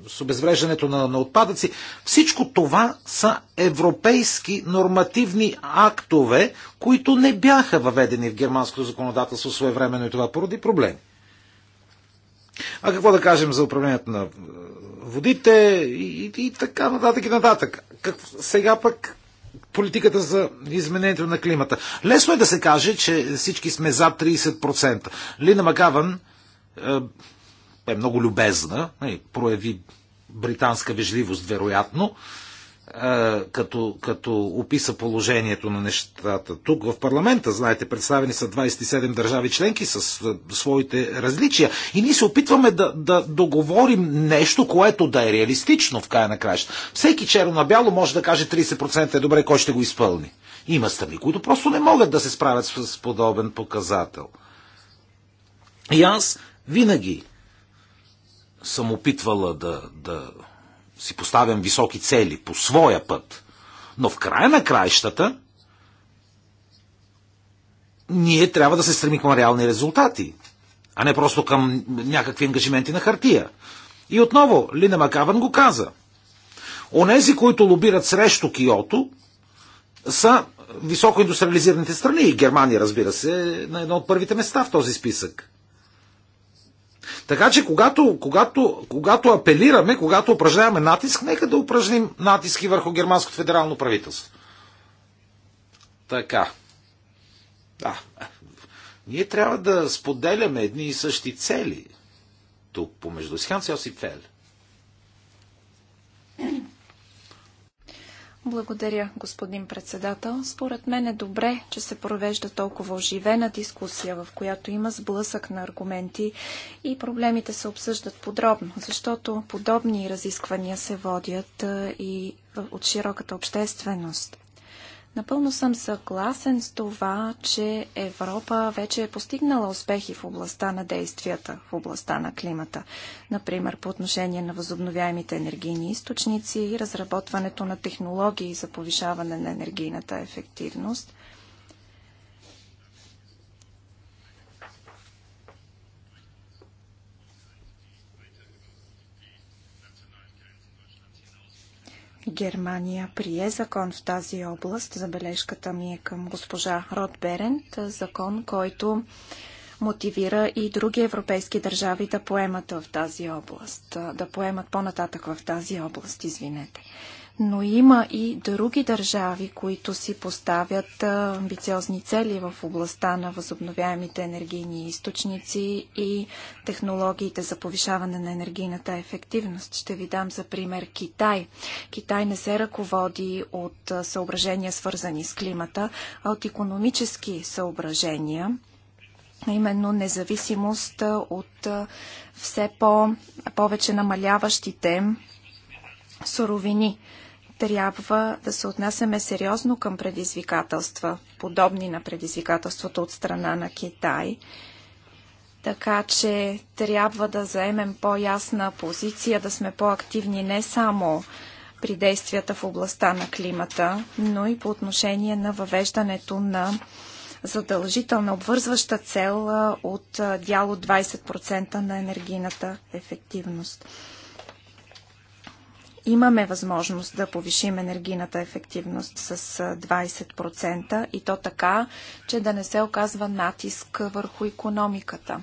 с обезвреждането на, на отпадъци. Всичко това са европейски нормативни актове, които не бяха въведени в германското законодателство своевременно и това поради проблеми. А какво да кажем за управлението на водите и, и така нататък и нататък. Как, сега пък политиката за изменението на климата. Лесно е да се каже, че всички сме за 30%. Лина Макаван е, е много любезна, е, прояви британска вежливост, вероятно, като, като описа положението на нещата. Тук в парламента, знаете, представени са 27 държави членки с своите различия и ние се опитваме да, да договорим нещо, което да е реалистично в края на краища. Всеки черно на бяло може да каже 30% е добре, кой ще го изпълни. Има страни, които просто не могат да се справят с подобен показател. И аз винаги съм опитвала да, да си поставям високи цели по своя път, но в края на краищата ние трябва да се стремим към реални резултати, а не просто към някакви ангажименти на хартия. И отново Лина Макаван го каза. Онези, които лобират срещу Киото, са високоиндустриализираните страни. Германия, разбира се, е на едно от първите места в този списък. Така че, когато, когато, когато апелираме, когато упражняваме натиск, нека да упражним натиски върху германското федерално правителство. Така. Да. Ние трябва да споделяме едни и същи цели. Тук помежду си Ханс Йосиф Фел. Благодаря, господин председател. Според мен е добре, че се провежда толкова оживена дискусия, в която има сблъсък на аргументи и проблемите се обсъждат подробно, защото подобни разисквания се водят и от широката общественост. Напълно съм съгласен с това, че Европа вече е постигнала успехи в областта на действията, в областта на климата. Например, по отношение на възобновяемите енергийни източници и разработването на технологии за повишаване на енергийната ефективност. Германия прие закон в тази област. Забележката ми е към госпожа Род Берент. Закон, който мотивира и други европейски държави да поемат в тази област, да поемат по-нататък в тази област, извинете но има и други държави, които си поставят амбициозни цели в областта на възобновяемите енергийни източници и технологиите за повишаване на енергийната ефективност. Ще ви дам за пример Китай. Китай не се ръководи от съображения свързани с климата, а от економически съображения а именно независимост от все по- повече намаляващите суровини трябва да се отнасяме сериозно към предизвикателства, подобни на предизвикателството от страна на Китай. Така че трябва да заемем по-ясна позиция, да сме по-активни не само при действията в областта на климата, но и по отношение на въвеждането на задължителна обвързваща цел от дял от 20% на енергийната ефективност имаме възможност да повишим енергийната ефективност с 20% и то така, че да не се оказва натиск върху економиката.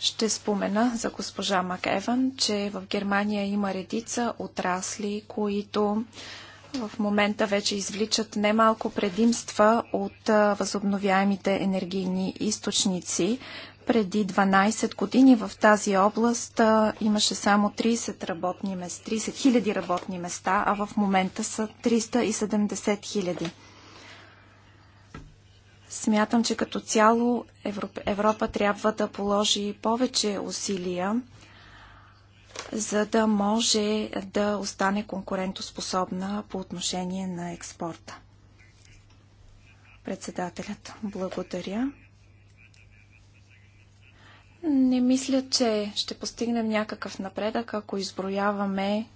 Ще спомена за госпожа Макеван, че в Германия има редица отрасли, които в момента вече извличат немалко предимства от възобновяемите енергийни източници, преди 12 години в тази област а, имаше само 30 работни места, 30 хиляди работни места, а в момента са 370 хиляди. Смятам, че като цяло Европа, Европа трябва да положи повече усилия, за да може да остане конкурентоспособна по отношение на експорта. Председателят, благодаря. Не мисля, че ще постигнем някакъв напредък, ако изброяваме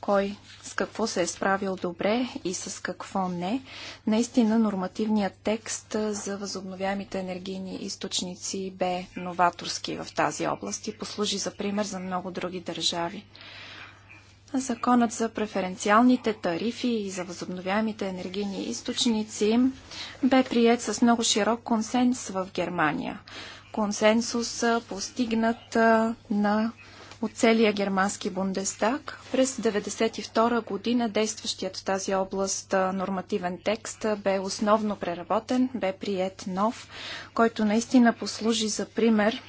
кой с какво се е справил добре и с какво не. Наистина нормативният текст за възобновяемите енергийни източници бе новаторски в тази област и послужи за пример за много други държави. Законът за преференциалните тарифи и за възобновяемите енергийни източници бе прият с много широк консенс в Германия консенсус постигнат на от целия германски Бундестаг. През 1992 година действащият в тази област нормативен текст бе основно преработен, бе прият нов, който наистина послужи за пример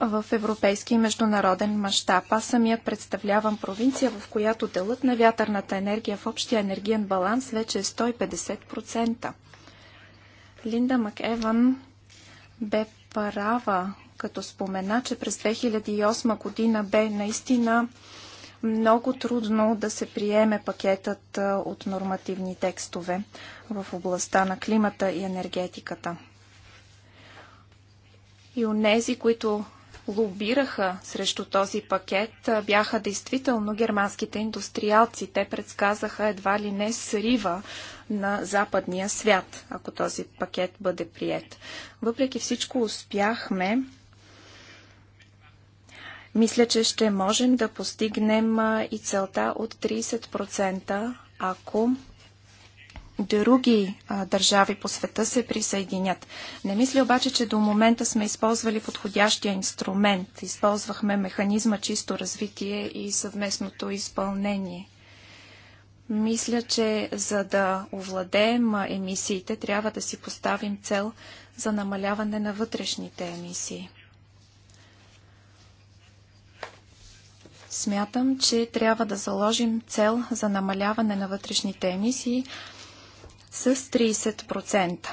в европейски и международен мащаб. Аз самият представлявам провинция, в която делът на вятърната енергия в общия енергиен баланс вече е 150%. Линда Макеван бе права, като спомена, че през 2008 година бе наистина много трудно да се приеме пакетът от нормативни текстове в областта на климата и енергетиката. И нези, които лобираха срещу този пакет бяха действително германските индустриалци. Те предсказаха едва ли не срива на западния свят, ако този пакет бъде прият. Въпреки всичко успяхме. Мисля, че ще можем да постигнем и целта от 30%, ако други а, държави по света се присъединят. Не мисля обаче, че до момента сме използвали подходящия инструмент. Използвахме механизма чисто развитие и съвместното изпълнение. Мисля, че за да овладеем емисиите, трябва да си поставим цел за намаляване на вътрешните емисии. Смятам, че трябва да заложим цел за намаляване на вътрешните емисии – с 30%.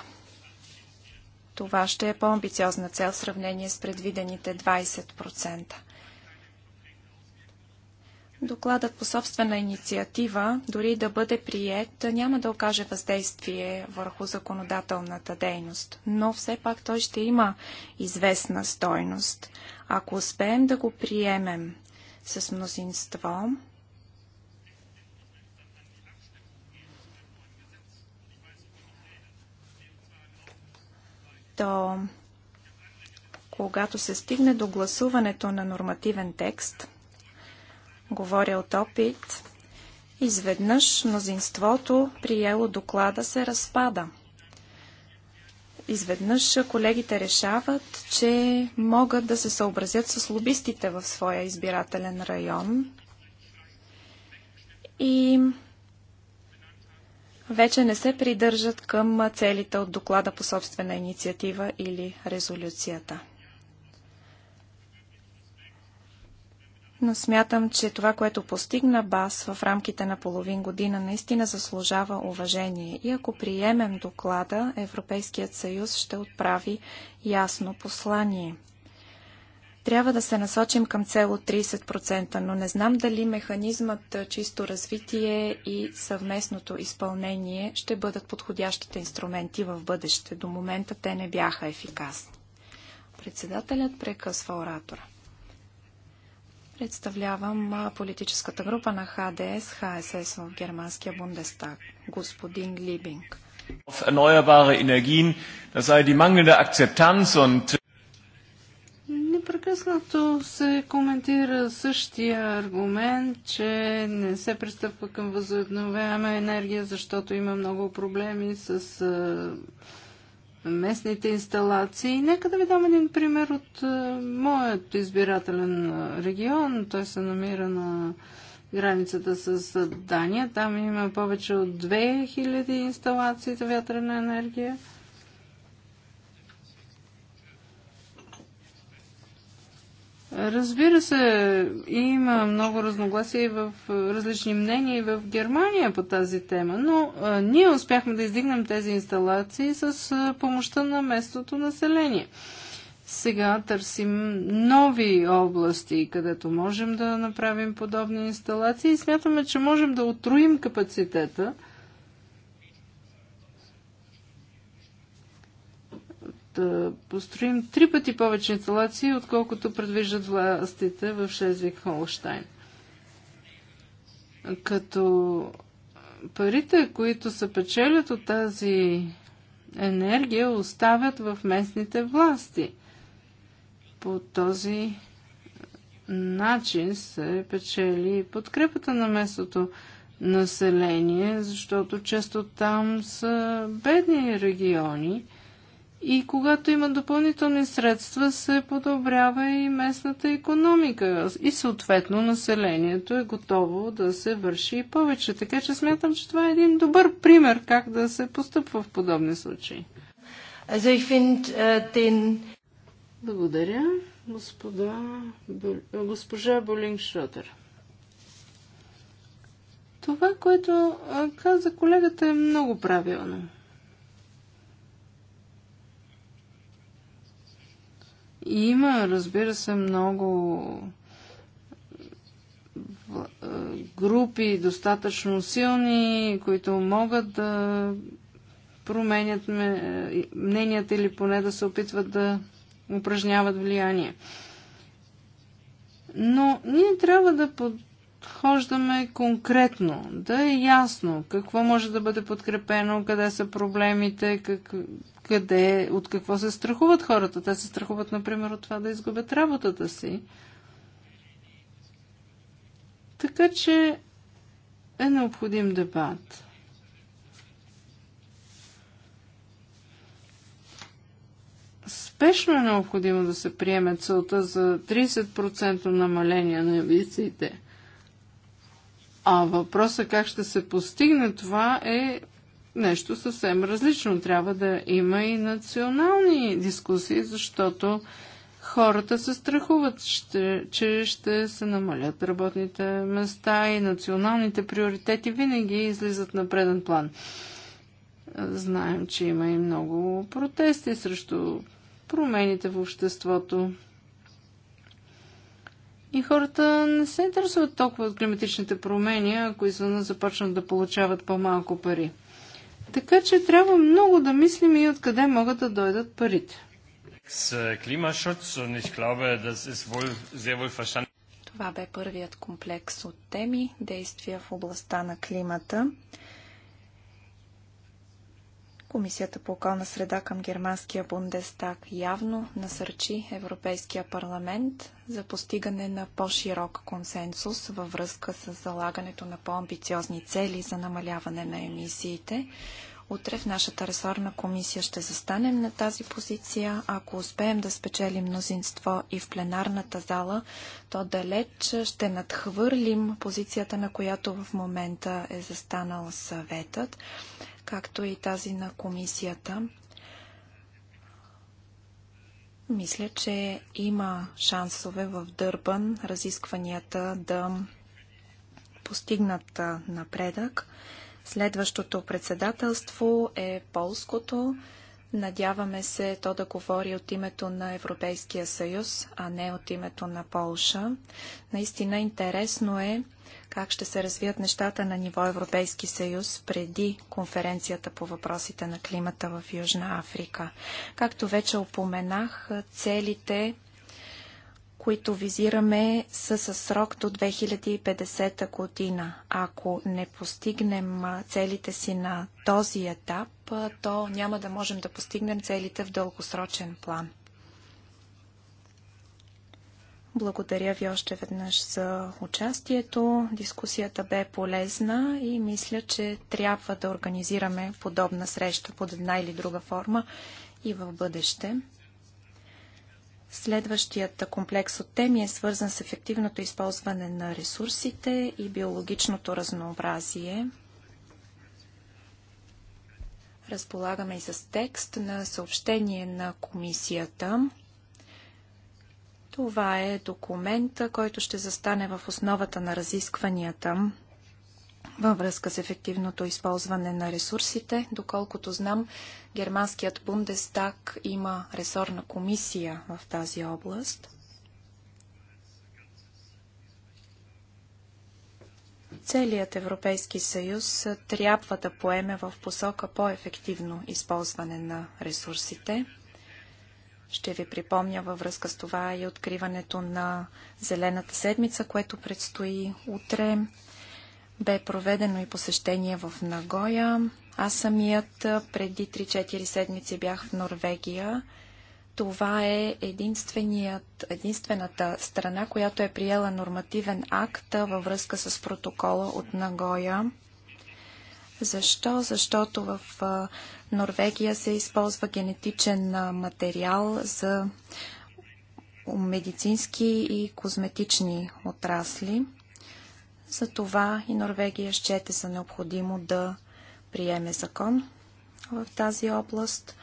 Това ще е по-амбициозна цел в сравнение с предвидените 20%. Докладът по собствена инициатива, дори да бъде прият, няма да окаже въздействие върху законодателната дейност, но все пак той ще има известна стойност. Ако успеем да го приемем с мнозинство, То, когато се стигне до гласуването на нормативен текст, говоря от опит, изведнъж мнозинството приело доклада се разпада. Изведнъж колегите решават, че могат да се съобразят с лобистите в своя избирателен район и вече не се придържат към целите от доклада по собствена инициатива или резолюцията. Но смятам, че това, което постигна БАС в рамките на половин година, наистина заслужава уважение. И ако приемем доклада, Европейският съюз ще отправи ясно послание – трябва да се насочим към цел от 30%, но не знам дали механизмът чисто развитие и съвместното изпълнение ще бъдат подходящите инструменти в бъдеще. До момента те не бяха ефикасни. Председателят прекъсва оратора. Представлявам политическата група на ХДС, ХСС в германския Бундестаг, господин Либинг. Erneuerbare Energien, das sei die mangelnde Akzeptanz und непрекъснато се коментира същия аргумент, че не се пристъпва към възобновяема енергия, защото има много проблеми с а, местните инсталации. Нека да ви дам един пример от а, моят избирателен регион. Той се намира на границата с Дания. Там има повече от 2000 инсталации за вятрена енергия. Разбира се, има много разногласия и в е, различни мнения и в Германия по тази тема, но а, е, ние успяхме да издигнем тези инсталации с а, е, помощта на местното население. Сега търсим нови области, където можем да направим подобни инсталации и смятаме, че можем да отруим капацитета да построим три пъти повече инсталации, отколкото предвиждат властите в Шезвик Холштайн. Като парите, които се печелят от тази енергия, оставят в местните власти. По този начин се печели подкрепата на местото население, защото често там са бедни региони и когато има допълнителни средства, се подобрява и местната економика. И съответно населението е готово да се върши и повече. Така че смятам, че това е един добър пример как да се постъпва в подобни случаи. Also ich find, uh, den... Благодаря, господа, э, госпожа Болинг Шотер. Това, което каза колегата е много правилно. Има, разбира се, много групи достатъчно силни, които могат да променят мненията или поне да се опитват да упражняват влияние. Но ние трябва да подхождаме конкретно, да е ясно какво може да бъде подкрепено, къде са проблемите, как, къде, от какво се страхуват хората. Те се страхуват, например, от това да изгубят работата си. Така че е необходим дебат. Спешно е необходимо да се приеме целта за 30% намаление на емисиите. А въпросът как ще се постигне това е нещо съвсем различно. Трябва да има и национални дискусии, защото хората се страхуват, ще, че ще се намалят работните места и националните приоритети винаги излизат на преден план. Знаем, че има и много протести срещу промените в обществото. И хората не се интересуват толкова от климатичните промени, ако извън започнат да получават по-малко пари. Така че трябва много да мислим и откъде могат да дойдат парите. Е, е Това бе първият комплекс от теми, действия в областта на климата. Комисията по околна среда към германския Бундестаг явно насърчи Европейския парламент за постигане на по-широк консенсус във връзка с залагането на по-амбициозни цели за намаляване на емисиите. Утре в нашата ресорна комисия ще застанем на тази позиция. Ако успеем да спечелим мнозинство и в пленарната зала, то далеч ще надхвърлим позицията, на която в момента е застанал съветът както и тази на комисията. Мисля, че има шансове в Дърбан разискванията да постигнат напредък. Следващото председателство е полското. Надяваме се то да говори от името на Европейския съюз, а не от името на Полша. Наистина интересно е как ще се развият нещата на ниво Европейски съюз преди конференцията по въпросите на климата в Южна Африка. Както вече опоменах, целите които визираме са със срок до 2050 година. Ако не постигнем целите си на този етап, то няма да можем да постигнем целите в дългосрочен план. Благодаря ви още веднъж за участието. Дискусията бе полезна и мисля, че трябва да организираме подобна среща под една или друга форма и в бъдеще. Следващият комплекс от теми е свързан с ефективното използване на ресурсите и биологичното разнообразие. Разполагаме и с текст на съобщение на комисията. Това е документ, който ще застане в основата на разискванията във връзка с ефективното използване на ресурсите. Доколкото знам, германският Бундестаг има ресорна комисия в тази област. Целият Европейски съюз трябва да поеме в посока по-ефективно използване на ресурсите. Ще ви припомня във връзка с това и откриването на Зелената седмица, което предстои утре. Бе проведено и посещение в Нагоя. Аз самият преди 3-4 седмици бях в Норвегия. Това е единствената страна, която е приела нормативен акт във връзка с протокола от Нагоя. Защо? Защото в Норвегия се използва генетичен материал за медицински и козметични отрасли. това и Норвегия щете са необходимо да приеме закон в тази област.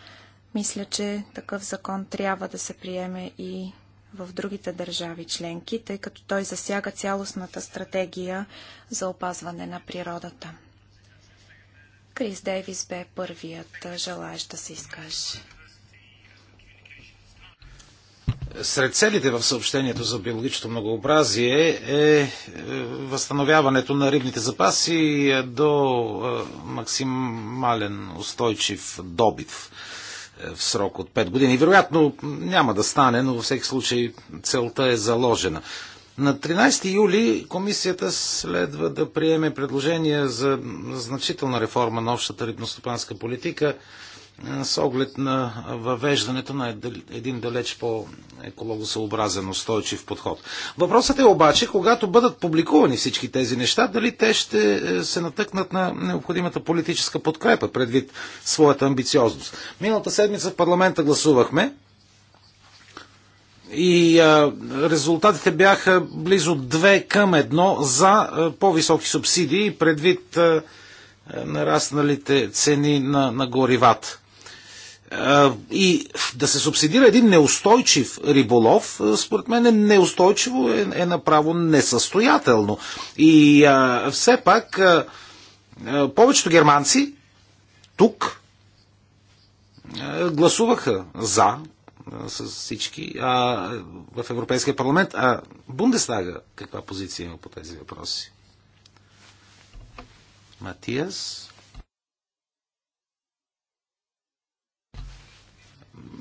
Мисля, че такъв закон трябва да се приеме и в другите държави членки, тъй като той засяга цялостната стратегия за опазване на природата. Крис Дейвис бе първият желаещ да се изкаже. Сред целите в съобщението за биологичното многообразие е, е възстановяването на рибните запаси е, до е, максимален устойчив добив в срок от 5 години. Вероятно няма да стане, но във всеки случай целта е заложена. На 13 юли комисията следва да приеме предложение за значителна реформа на общата рибностопанска политика с оглед на въвеждането на един далеч по-екологосъобразен, устойчив подход. Въпросът е обаче, когато бъдат публикувани всички тези неща, дали те ще е, се натъкнат на необходимата политическа подкрепа предвид своята амбициозност. Миналата седмица в парламента гласувахме и а, резултатите бяха близо 2 към 1 за по-високи субсидии предвид а, нарасналите цени на, на горивата. А, и да се субсидира един неустойчив риболов, според мен е неустойчиво е, е направо несъстоятелно. И а, все пак а, повечето германци тук гласуваха за с всички а, в Европейския парламент. А Бундестага каква позиция има по тези въпроси? Матиас?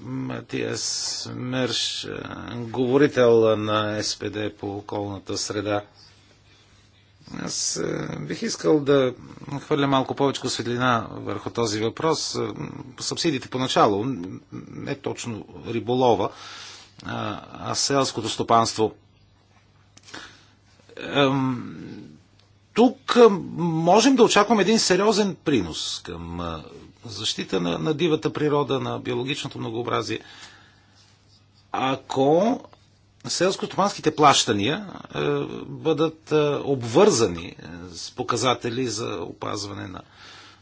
Матиас Мерш, говорител на СПД по околната среда. Аз е, бих искал да хвърля малко повече светлина върху този въпрос. Е, субсидиите поначало, не точно риболова, а селското стопанство. Тук е, можем да очакваме един сериозен принос към защита на, на дивата природа, на биологичното многообразие. Ако селско-стопанските плащания е, бъдат е, обвързани е, с показатели за опазване на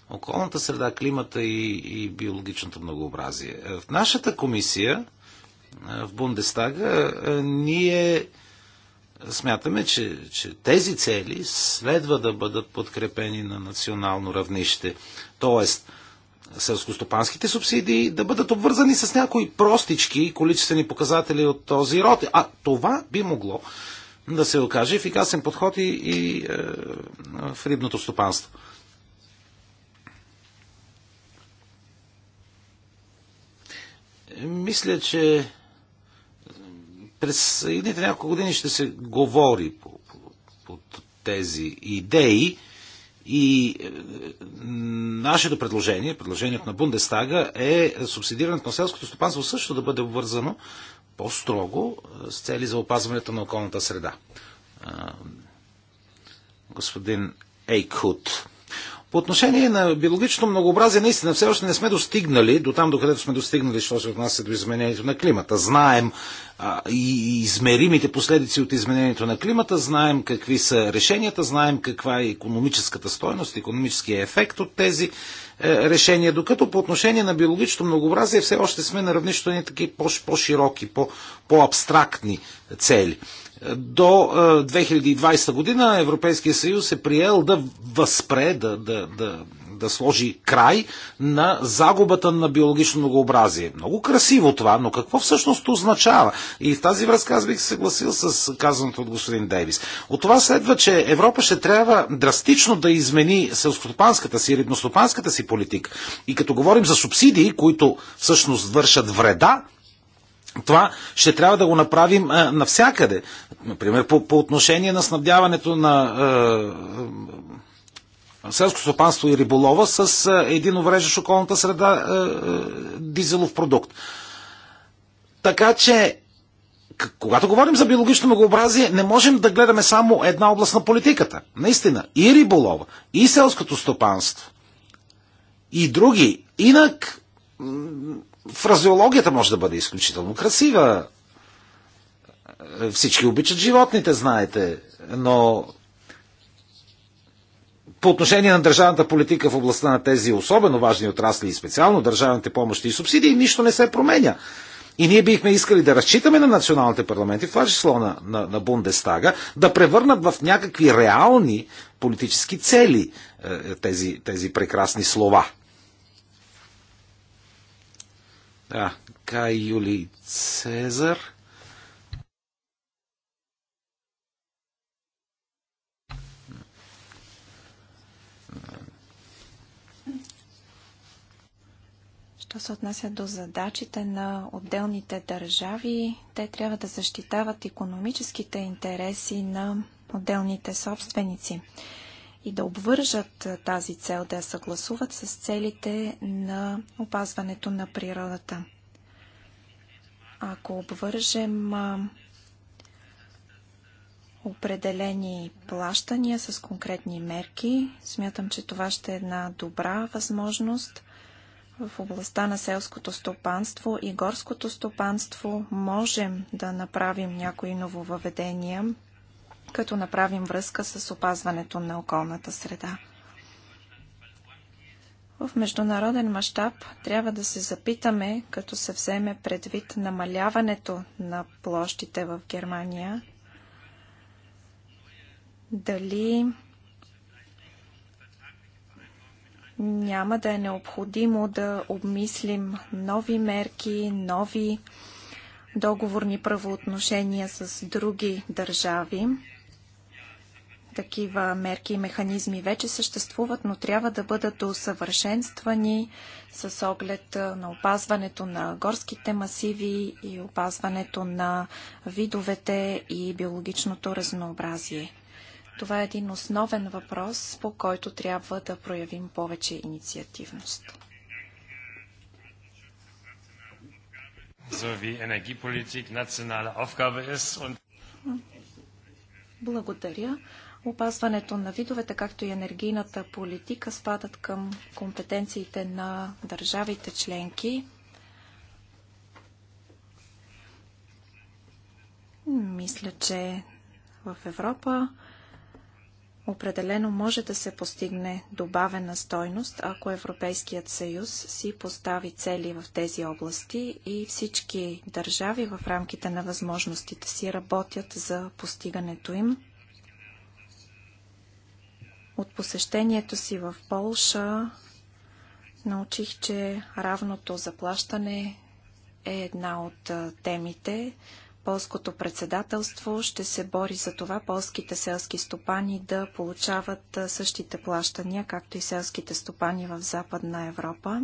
околната среда, климата и, и биологичното многообразие. В нашата комисия в Бундестага ние смятаме, че, че тези цели следва да бъдат подкрепени на национално равнище. Тоест, селскостопанските субсидии да бъдат обвързани с някои простички количествени показатели от този род. А това би могло да се окаже ефикасен подход и, и е, в рибното стопанство. Мисля, че през едните няколко години ще се говори по, по, по тези идеи. И е, нашето предложение, предложението на Бундестага е субсидирането на селското стопанство също да бъде обвързано по-строго е, с цели за опазването на околната среда. Е, господин Ейкхут. По отношение на биологично многообразие, наистина все още не сме достигнали до там, докъдето сме достигнали, що се отнася до изменението на климата. Знаем а, и измеримите последици от изменението на климата, знаем какви са решенията, знаем каква е економическата стойност, економическия ефект от тези е, решения, докато по отношение на биологично многообразие все още сме на равнището ни таки по-широки, по-абстрактни -по цели до 2020 е, година Европейския съюз е приел да възпре, да, да, да, да сложи край на загубата на биологично многообразие. Много красиво това, но какво всъщност означава? И в тази връзка аз бих съгласил с казаното от господин Дейвис. От това следва, че Европа ще трябва драстично да измени селскостопанската си, рибностопанската си политика. И като говорим за субсидии, които всъщност вършат вреда това ще трябва да го направим а, навсякъде. Например, по, по отношение на снабдяването на а, селско стопанство и риболова с а, един увреждащ околната среда а, а, дизелов продукт. Така че, когато говорим за биологично многообразие, не можем да гледаме само една област на политиката. Наистина, и риболова, и селското стопанство, и други. Инак Фразеологията може да бъде изключително красива. Всички обичат животните, знаете, но по отношение на държавната политика в областта на тези особено важни отрасли и специално държавните помощи и субсидии, нищо не се променя. И ние бихме искали да разчитаме на националните парламенти, в това число на, на, на Бундестага, да превърнат в някакви реални политически цели е, тези, тези прекрасни слова. Кай Юлий Цезар. Що се отнася до задачите на отделните държави, те трябва да защитават економическите интереси на отделните собственици и да обвържат тази цел, да я съгласуват с целите на опазването на природата. Ако обвържем определени плащания с конкретни мерки, смятам, че това ще е една добра възможност – в областта на селското стопанство и горското стопанство можем да направим някои нововъведения, като направим връзка с опазването на околната среда. В международен мащаб трябва да се запитаме, като се вземе предвид намаляването на площите в Германия, дали няма да е необходимо да обмислим нови мерки, нови договорни правоотношения с други държави, такива мерки и механизми вече съществуват, но трябва да бъдат усъвършенствани с оглед на опазването на горските масиви и опазването на видовете и биологичното разнообразие. Това е един основен въпрос, по който трябва да проявим повече инициативност. Благодаря. Опазването на видовете, както и енергийната политика спадат към компетенциите на държавите членки. Мисля, че в Европа определено може да се постигне добавена стойност, ако Европейският съюз си постави цели в тези области и всички държави в рамките на възможностите си работят за постигането им. От посещението си в Полша научих, че равното заплащане е една от темите. Полското председателство ще се бори за това полските селски стопани да получават същите плащания, както и селските стопани в Западна Европа.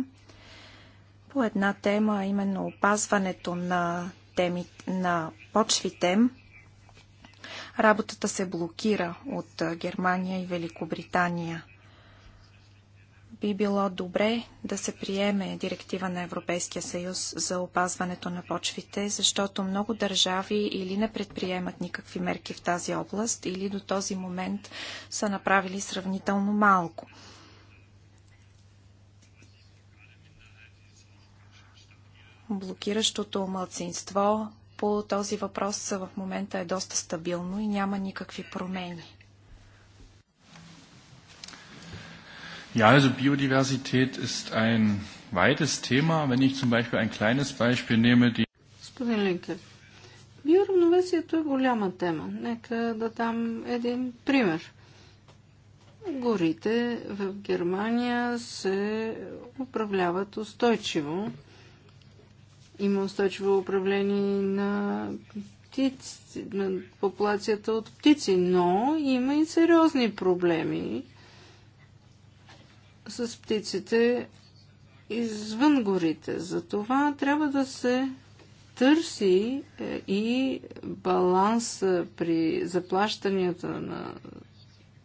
По една тема, именно опазването на, теми, на почвите, Работата се блокира от Германия и Великобритания. Би било добре да се приеме директива на Европейския съюз за опазването на почвите, защото много държави или не предприемат никакви мерки в тази област, или до този момент са направили сравнително малко. блокиращото мълцинство по този въпрос в момента е доста стабилно и няма никакви промени. Ja, also Biodiversität ist ein weites Thema. Wenn ich zum Beispiel ein kleines Beispiel nehme, die... Господин Линкев, биоравновесието е голяма тема. Нека да дам един пример. Горите в Германия се управляват устойчиво има устойчиво управление на птици, на популацията от птици, но има и сериозни проблеми с птиците извън горите. Затова трябва да се търси е, и баланс е, при заплащанията на,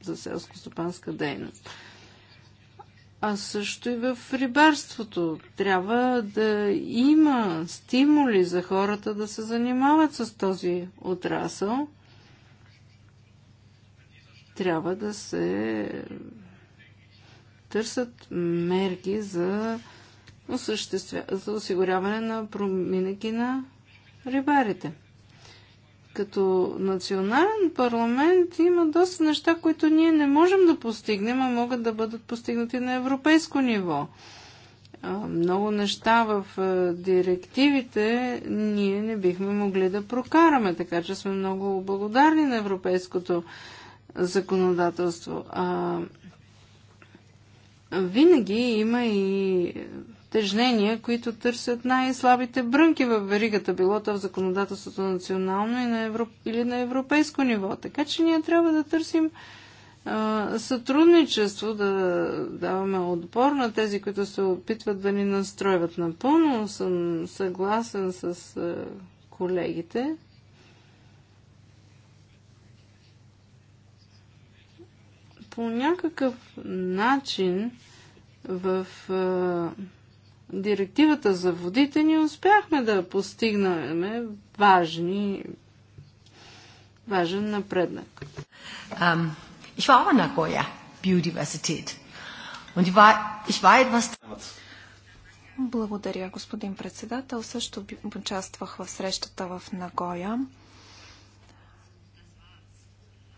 за селско-стопанска дейност а също и в рибарството. Трябва да има стимули за хората да се занимават с този отрасъл. Трябва да се търсят мерки за, осъществя... за осигуряване на проминъки на рибарите като национален парламент има доста неща, които ние не можем да постигнем, а могат да бъдат постигнати на европейско ниво. Много неща в директивите ние не бихме могли да прокараме, така че сме много благодарни на европейското законодателство. А, винаги има и тежнения, които търсят най-слабите брънки в веригата, било то в законодателството национално и на евро... или на европейско ниво. Така че ние трябва да търсим а, сътрудничество, да даваме отпор на тези, които се опитват да ни настройват. Напълно съм съгласен с а, колегите. По някакъв начин в а, директивата за водите ни успяхме да постигнем важни, важен напредък. Um, ich war in Nagoya, Biodiversität. Und ich war, ich war etwas... Благодаря, господин председател. Също участвах в срещата в Нагоя.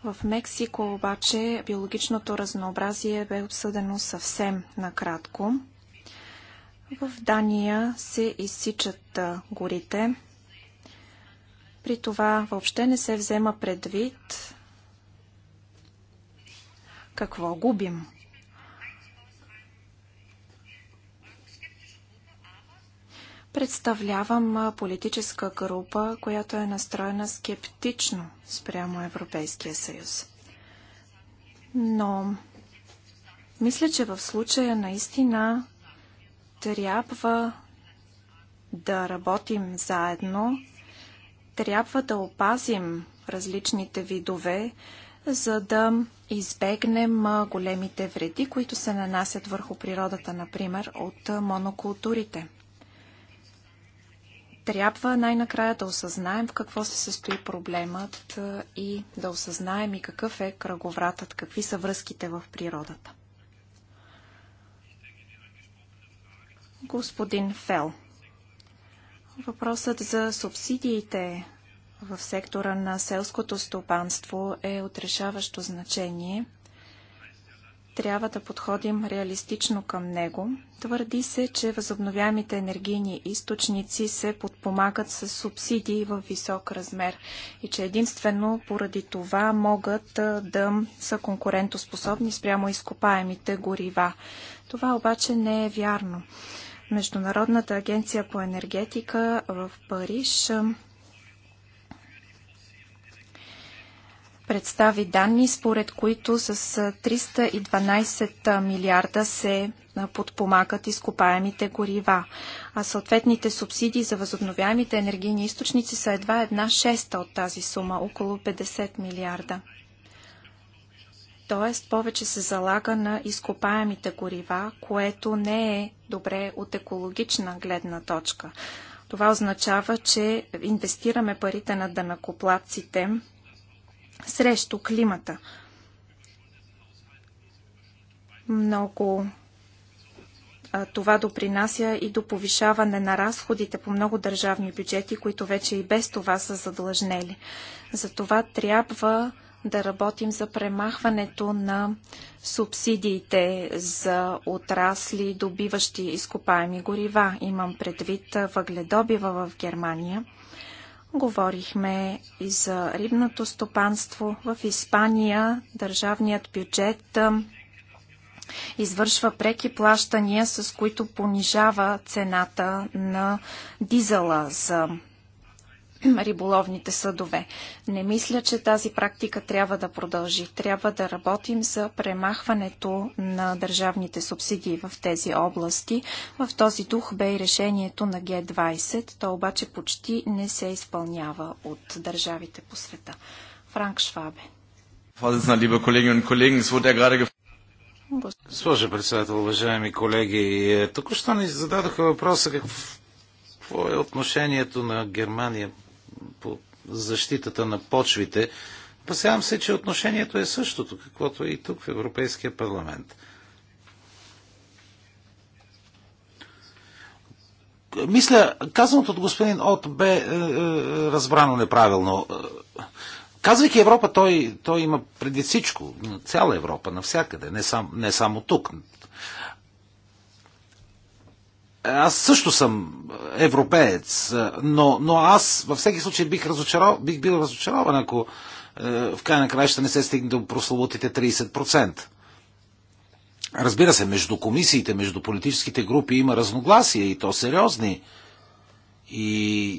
В Мексико обаче биологичното разнообразие бе обсъдено съвсем накратко. В Дания се изсичат горите. При това въобще не се взема предвид какво губим. Представлявам политическа група, която е настроена скептично спрямо Европейския съюз. Но мисля, че в случая наистина трябва да работим заедно, трябва да опазим различните видове, за да избегнем големите вреди, които се нанасят върху природата, например, от монокултурите. Трябва най-накрая да осъзнаем в какво се състои проблемът и да осъзнаем и какъв е кръговратът, какви са връзките в природата. Господин Фел, въпросът за субсидиите в сектора на селското стопанство е отрешаващо значение. Трябва да подходим реалистично към него. Твърди се, че възобновяемите енергийни източници се подпомагат с субсидии в висок размер и че единствено поради това могат да са конкурентоспособни спрямо изкопаемите горива. Това обаче не е вярно. Международната агенция по енергетика в Париж представи данни, според които с 312 милиарда се подпомагат изкопаемите горива, а съответните субсидии за възобновяемите енергийни източници са едва една шеста от тази сума, около 50 милиарда. Т.е. повече се залага на изкопаемите горива, което не е добре от екологична гледна точка. Това означава, че инвестираме парите на дънакоплаците срещу климата. Много това допринася и до повишаване на разходите по много държавни бюджети, които вече и без това са задлъжнели. Затова трябва да работим за премахването на субсидиите за отрасли, добиващи изкопаеми горива. Имам предвид въгледобива в Германия. Говорихме и за рибното стопанство. В Испания държавният бюджет извършва преки плащания, с които понижава цената на дизела за риболовните съдове. Не мисля, че тази практика трябва да продължи. Трябва да работим за премахването на държавните субсидии в тези области. В този дух бе и решението на Г-20. То обаче почти не се изпълнява от държавите по света. Франк Швабе. Госпожа председател, уважаеми колеги, е, току-що ни зададоха въпроса какво е отношението на Германия по защитата на почвите. Опасявам се, че отношението е същото, каквото е и тук в Европейския парламент. Мисля, казаното от господин От бе е, е, разбрано неправилно. Казвайки Европа, той, той има преди всичко, цяла Европа, навсякъде, не, сам, не само тук, аз също съм европеец, но, но аз във всеки случай бих, разочаров, бих бил разочарован, ако е, в край на краища не се стигне до прословутите 30%. Разбира се, между комисиите, между политическите групи има разногласия и то сериозни. И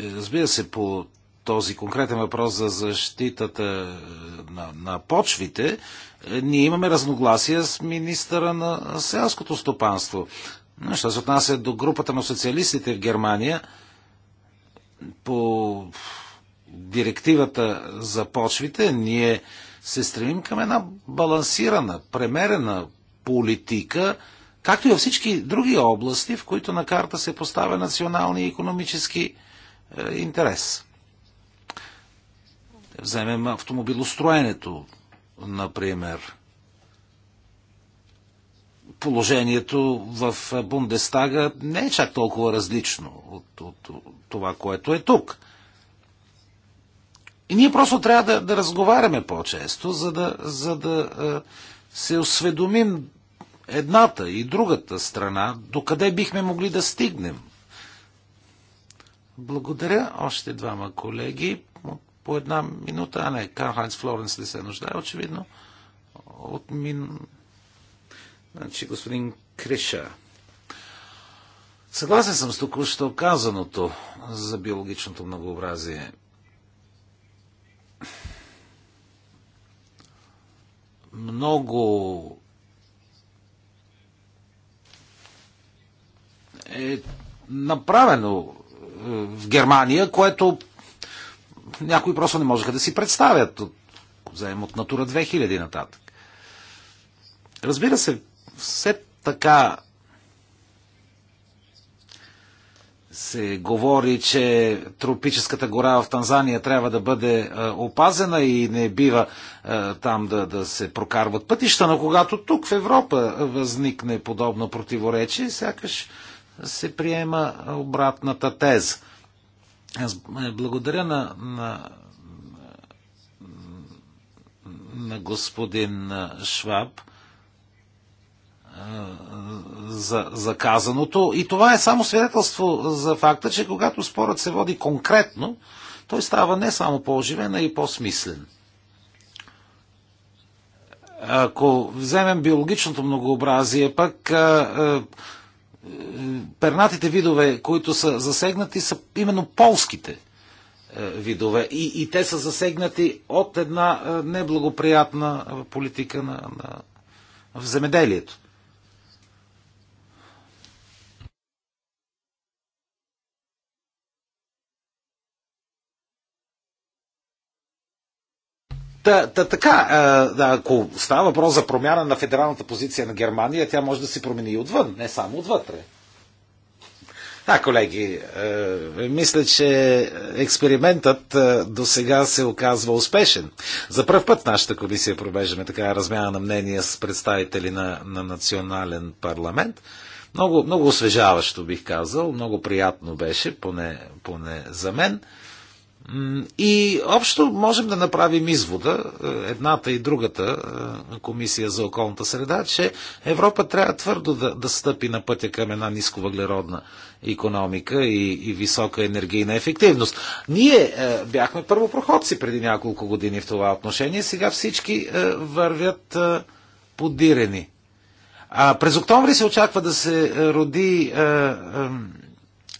е, разбира се, по този конкретен въпрос за защитата е, на, на почвите, ние имаме разногласия с министъра на селското стопанство. Що се отнася до групата на социалистите в Германия, по директивата за почвите, ние се стремим към една балансирана, премерена политика, както и във всички други области, в които на карта се поставя националния економически е, интерес. Вземем автомобилостроенето, например положението в Бундестага не е чак толкова различно от, от, от това, което е тук. И ние просто трябва да, да разговаряме по-често, за да, за да е, се осведомим едната и другата страна, докъде бихме могли да стигнем. Благодаря. Още двама колеги. По една минута. А не, Карл Хайнц Флоренс ли се нуждае, очевидно, от мин Значи, господин Криша. Съгласен съм с току-що казаното за биологичното многообразие. Много е направено е, в Германия, което някои просто не можеха да си представят, от, от Натура 2000 нататък. Разбира се, все така се говори, че тропическата гора в Танзания трябва да бъде е, опазена и не бива е, там да, да се прокарват пътища, но когато тук в Европа възникне подобно противоречие, сякаш се приема обратната теза. Аз благодаря на, на, на господин Шваб за, за казаното. И това е само свидетелство за факта, че когато спорът се води конкретно, той става не само по-оживен, а и по-смислен. Ако вземем биологичното многообразие, пък пернатите видове, които са засегнати, са именно полските видове. И, и те са засегнати от една неблагоприятна политика на, на, в земеделието. Та, та така, е, а, ако става въпрос за промяна на федералната позиция на Германия, тя може да се промени и отвън, не само отвътре. Да, колеги, е, мисля, че експериментът е, до сега се оказва успешен. За първ път нашата комисия провеждаме така размяна на мнения с представители на, на национален парламент. Много, много освежаващо бих казал, много приятно беше, поне, поне за мен. И общо можем да направим извода, е, едната и другата е, комисия за околната среда, че Европа трябва твърдо да, да стъпи на пътя към една нисковъглеродна економика и, и висока енергийна ефективност. Ние е, бяхме първопроходци преди няколко години в това отношение, сега всички е, вървят е, подирени. А през октомври се очаква да се е, роди. Е, е,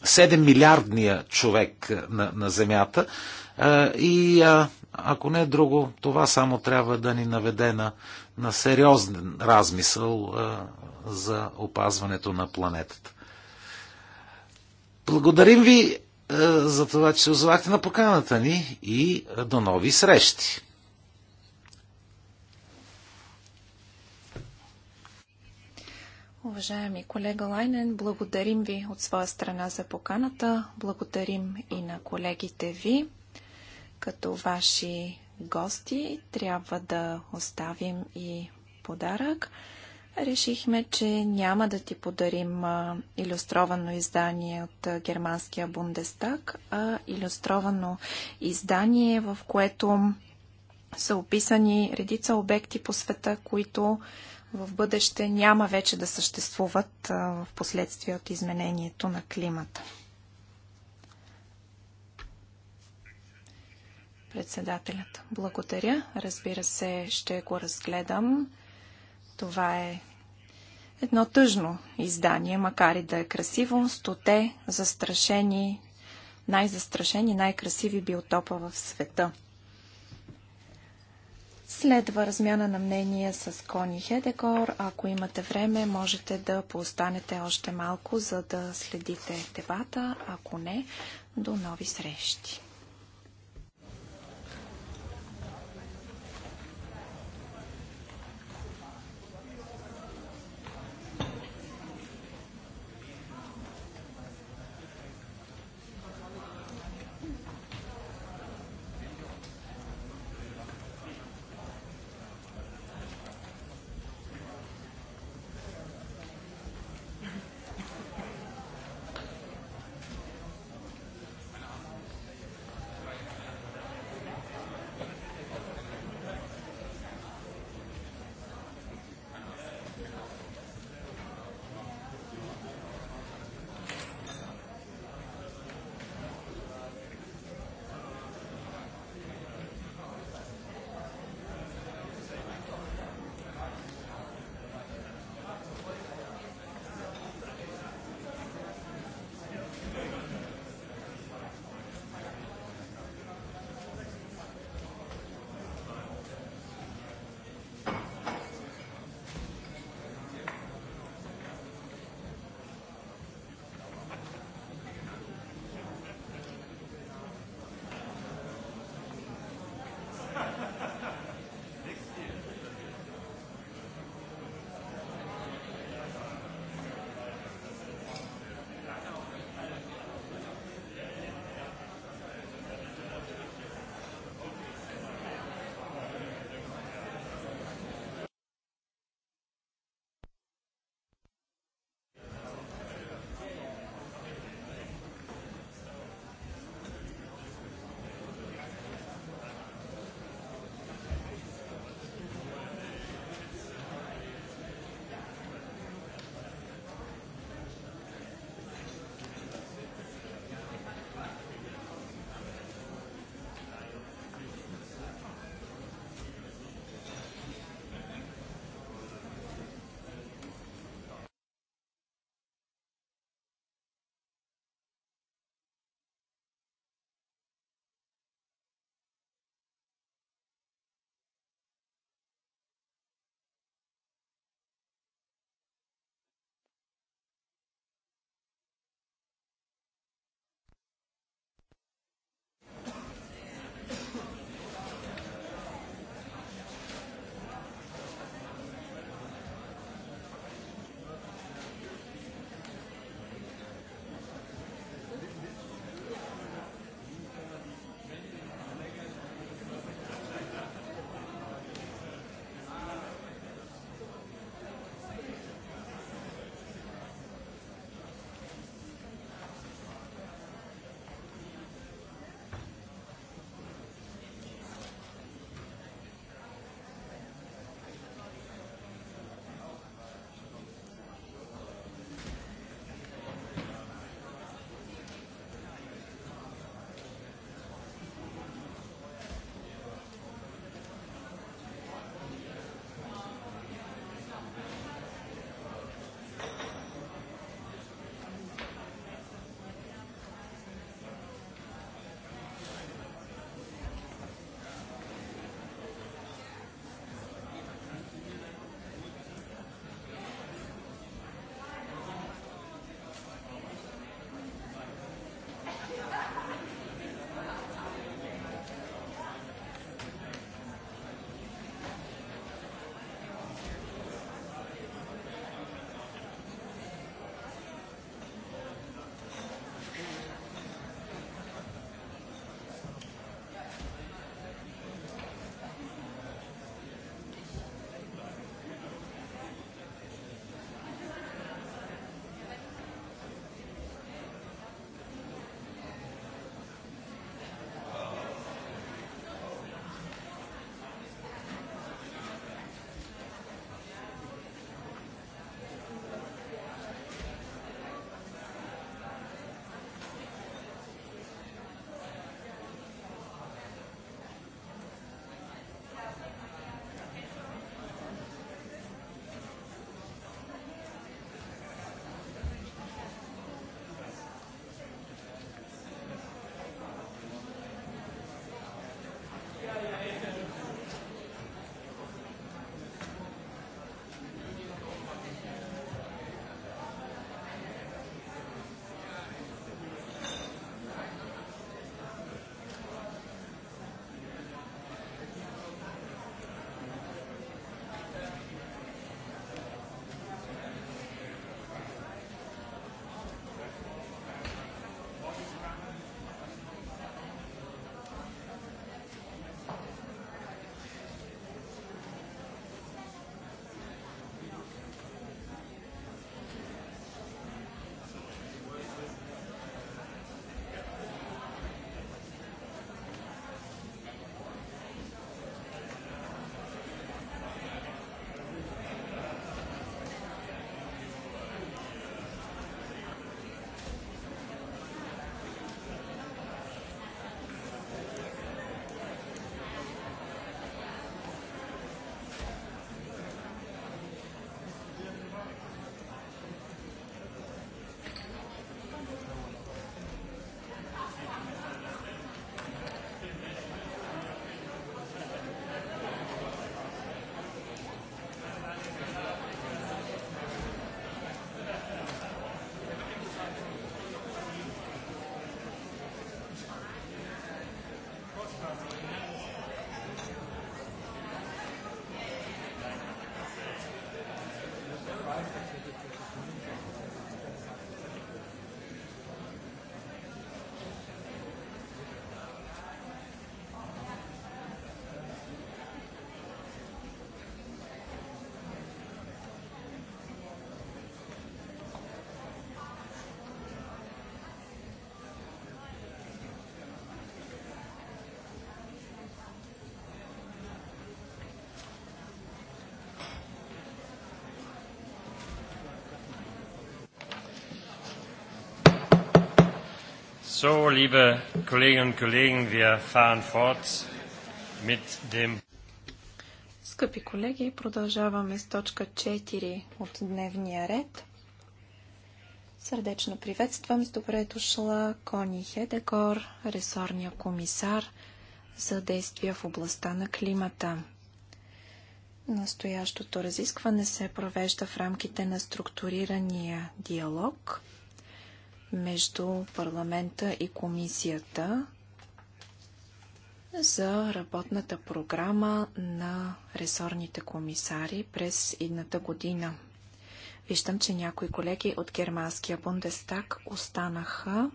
7 милиардния човек е, на, на Земята. Е, и е, ако не е друго, това само трябва да ни наведе на, на сериозен размисъл за опазването на планетата. Благодарим ви за това, че се озвахте на поканата ни и до нови срещи! Уважаеми колега Лайнен, благодарим ви от своя страна за поканата. Благодарим и на колегите ви. Като ваши гости трябва да оставим и подарък. Решихме, че няма да ти подарим иллюстровано издание от германския Бундестаг, а иллюстровано издание, в което са описани редица обекти по света, които в бъдеще няма вече да съществуват в последствие от изменението на климата. Председателят. Благодаря. Разбира се, ще го разгледам. Това е едно тъжно издание, макар и да е красиво. Стоте застрашени, най-застрашени, най-красиви биотопа в света – Следва размяна на мнение с Кони Хедегор. Ако имате време, можете да поостанете още малко, за да следите дебата. Ако не, до нови срещи. So, liebe Kolleginnen und Kollegen, wir fahren fort mit dem Скъпи колеги, продължаваме с точка 4 от дневния ред. Сърдечно приветствам с добре дошла Кони Хедегор, ресорния комисар за действия в областта на климата. Настоящото разискване се провежда в рамките на структурирания диалог между парламента и комисията за работната програма на ресорните комисари през идната година. Виждам, че някои колеги от германския Бундестаг останаха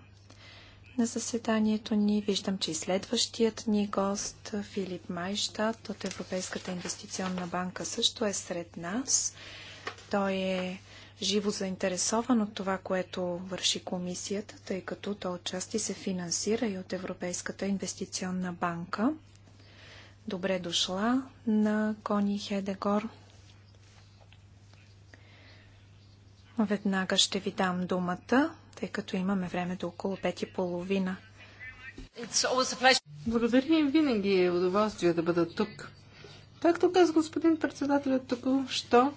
на заседанието ни. Виждам, че и следващият ни гост, Филип Майштад от Европейската инвестиционна банка, също е сред нас. Той е живо заинтересован от това, което върши комисията, тъй като той отчасти се финансира и от Европейската инвестиционна банка. Добре дошла на Кони Хедегор. Веднага ще ви дам думата, тъй като имаме време до около пет и половина. Благодаря и винаги е удоволствие да бъда тук. Както каза господин председателят тук, що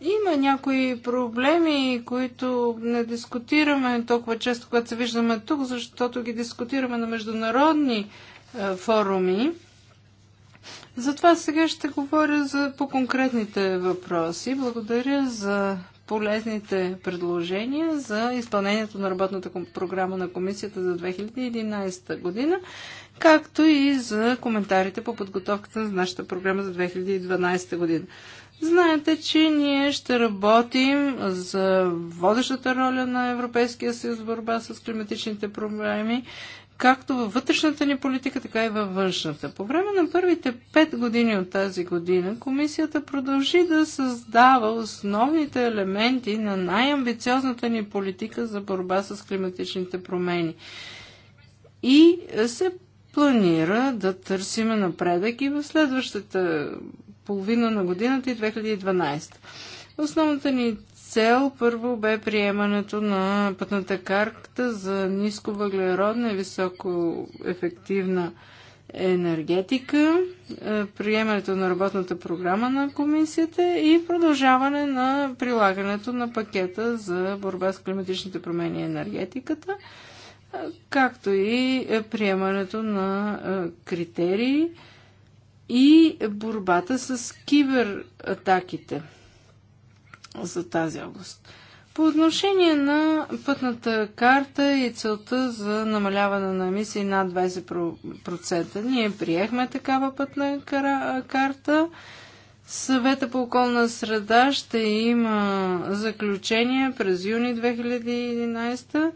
има някои проблеми, които не дискутираме толкова често, когато се виждаме тук, защото ги дискутираме на международни е, форуми. Затова сега ще говоря за, по конкретните въпроси. Благодаря за полезните предложения за изпълнението на работната програма на комисията за 2011 година, както и за коментарите по подготовката на нашата програма за 2012 година. Знаете, че ние ще работим за водещата роля на Европейския съюз в борба с климатичните проблеми, както във вътрешната ни политика, така и във външната. По време на първите пет години от тази година комисията продължи да създава основните елементи на най-амбициозната ни политика за борба с климатичните промени. И се планира да търсиме напредък и в следващата половина на годината и 2012. Основната ни цел първо бе приемането на пътната карта за ниско въглеродна и високо ефективна енергетика, е, приемането на работната програма на комисията и продължаване на прилагането на пакета за борба с климатичните промени и енергетиката, е, както и е, приемането на критерии и борбата с кибератаките за тази област. По отношение на пътната карта и целта за намаляване на емисии над 20%, ние приехме такава пътна карта. Съвета по околна среда ще има заключение през юни 2011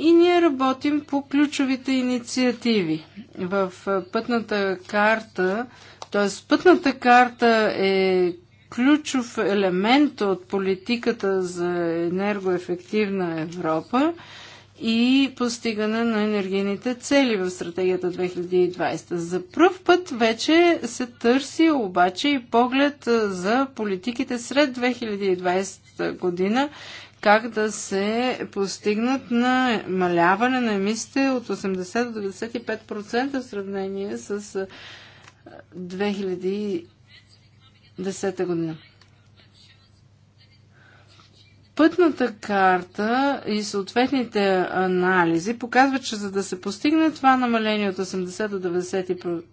и ние работим по ключовите инициативи. В пътната карта, т.е. пътната карта е ключов елемент от политиката за енергоефективна Европа и постигане на енергийните цели в стратегията 2020. За пръв път вече се търси обаче и поглед за политиките след 2020 година как да се постигнат на маляване на емисите от 80 до 95% в сравнение с 2010 година. Пътната карта и съответните анализи показват, че за да се постигне това намаление от 80 до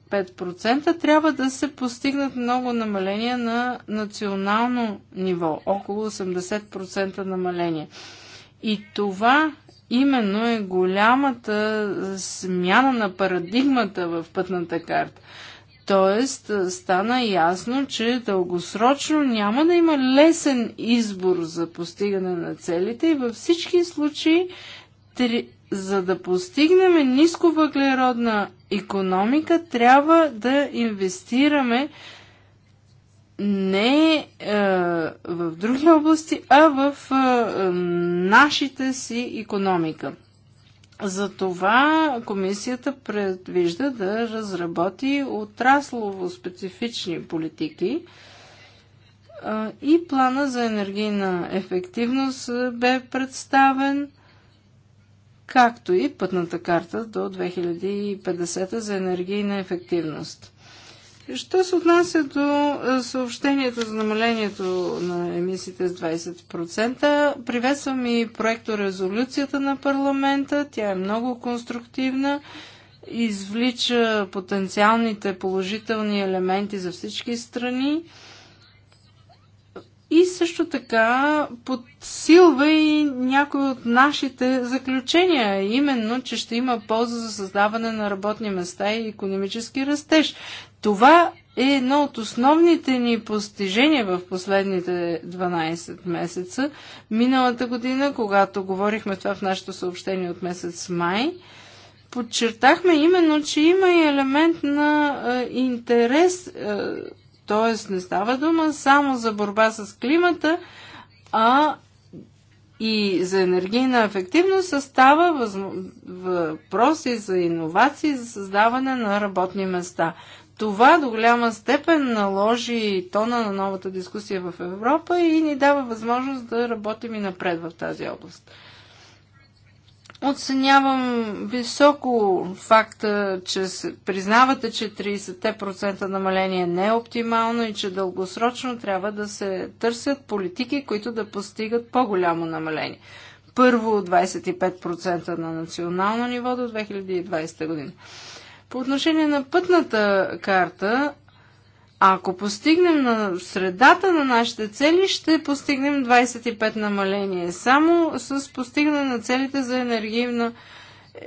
95%, трябва да се постигнат много намаления на национално ниво, около 80% намаление. И това именно е голямата смяна на парадигмата в пътната карта. Тоест, е, стана ясно, че дългосрочно няма да има лесен избор за постигане на целите и във всички случаи, за да постигнем нисковъглеродна економика, трябва да инвестираме не е, в други области, а в е, е нашите си економика. Затова комисията предвижда да разработи отраслово специфични политики и плана за енергийна ефективност бе представен, както и пътната карта до 2050 за енергийна ефективност. Що се отнася до е, съобщението за намалението на емисиите с 20%, приветствам и проекто резолюцията на парламента. Тя е много конструктивна, извлича потенциалните положителни елементи за всички страни и също така подсилва и някои от нашите заключения, именно, че ще има полза за създаване на работни места и економически растеж. Това е едно от основните ни постижения в последните 12 месеца. Миналата година, когато говорихме това в нашето съобщение от месец май, подчертахме именно, че има и елемент на е, интерес, е, т.е. не става дума само за борба с климата, а и за енергийна ефективност става въпроси за иновации, за създаване на работни места това до голяма степен наложи тона на новата дискусия в Европа и ни дава възможност да работим и напред в тази област. Оценявам високо факта, че признавате, че 30% намаление не е оптимално и че дългосрочно трябва да се търсят политики, които да постигат по-голямо намаление. Първо 25% на национално ниво до 2020 година. По отношение на пътната карта, ако постигнем на средата на нашите цели, ще постигнем 25 намаление. Само с постигане на целите за енергийна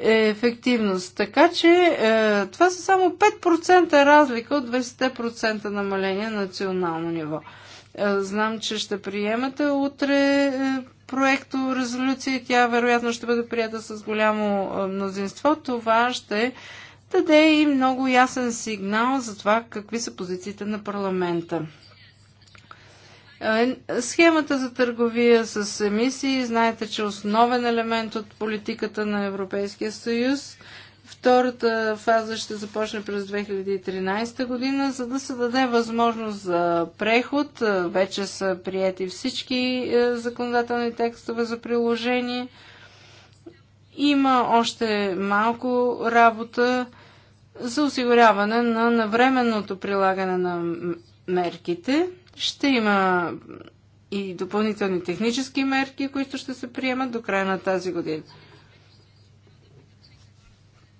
ефективност. Така че е, това са само 5% разлика от 20% намаление на национално ниво. Е, знам, че ще приемете утре е, проекто резолюция. Тя вероятно ще бъде прията с голямо е, мнозинство. Това ще даде и много ясен сигнал за това какви са позициите на парламента. Е, схемата за търговия с емисии, знаете, че е основен елемент от политиката на Европейския съюз. Втората фаза ще започне през 2013 година, за да се даде възможност за преход. Е, вече са прияти всички законодателни текстове за приложение. Има още малко работа за осигуряване на навременното прилагане на мерките. Ще има и допълнителни технически мерки, които ще се приемат до края на тази година.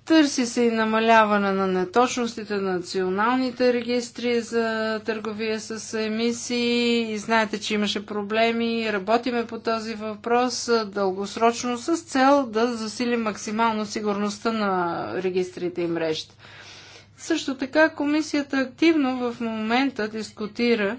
Търси се и намаляване на неточностите на националните регистри за търговия с емисии. И знаете, че имаше проблеми. Работиме по този въпрос дългосрочно с цел да засилим максимално сигурността на регистрите и мрежите. Също така комисията активно в момента дискутира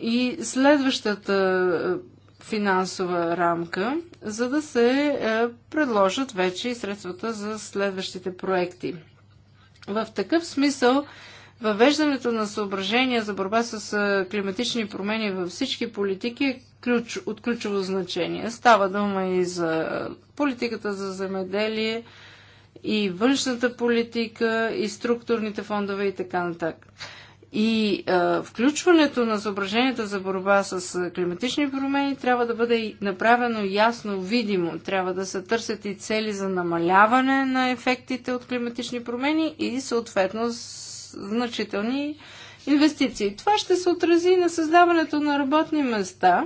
и следващата финансова рамка, за да се е, предложат вече и средствата за следващите проекти. В такъв смисъл, въвеждането на съображения за борба с е, климатични промени във всички политики е ключ, от ключово значение. Става дума и за е, политиката за земеделие, и външната политика, и структурните фондове и така нататък. И а, включването на съображенията за борба с климатични промени трябва да бъде направено ясно, видимо. Трябва да се търсят и цели за намаляване на ефектите от климатични промени и съответно значителни инвестиции. Това ще се отрази на създаването на работни места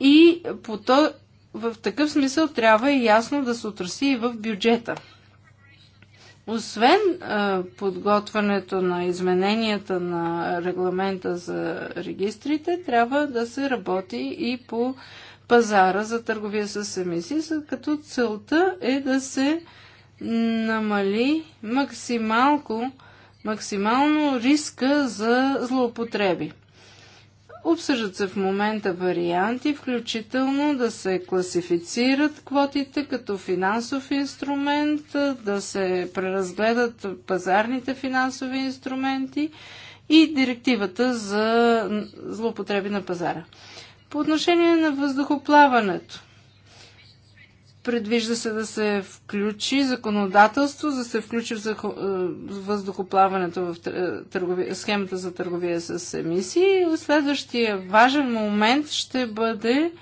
и по то, в такъв смисъл трябва и ясно да се отрази и в бюджета. Освен а, подготвянето на измененията на регламента за регистрите, трябва да се работи и по пазара за търговия с емисии, като целта е да се намали максималко, максимално риска за злоупотреби. Обсъждат се в момента варианти, включително да се класифицират квотите като финансов инструмент, да се преразгледат пазарните финансови инструменти и директивата за злоупотреби на пазара. По отношение на въздухоплаването, Предвижда се да се включи законодателство, да се включи в е, въздухоплаването в е, търговия, схемата за търговия с емисии. Следващия важен момент ще бъде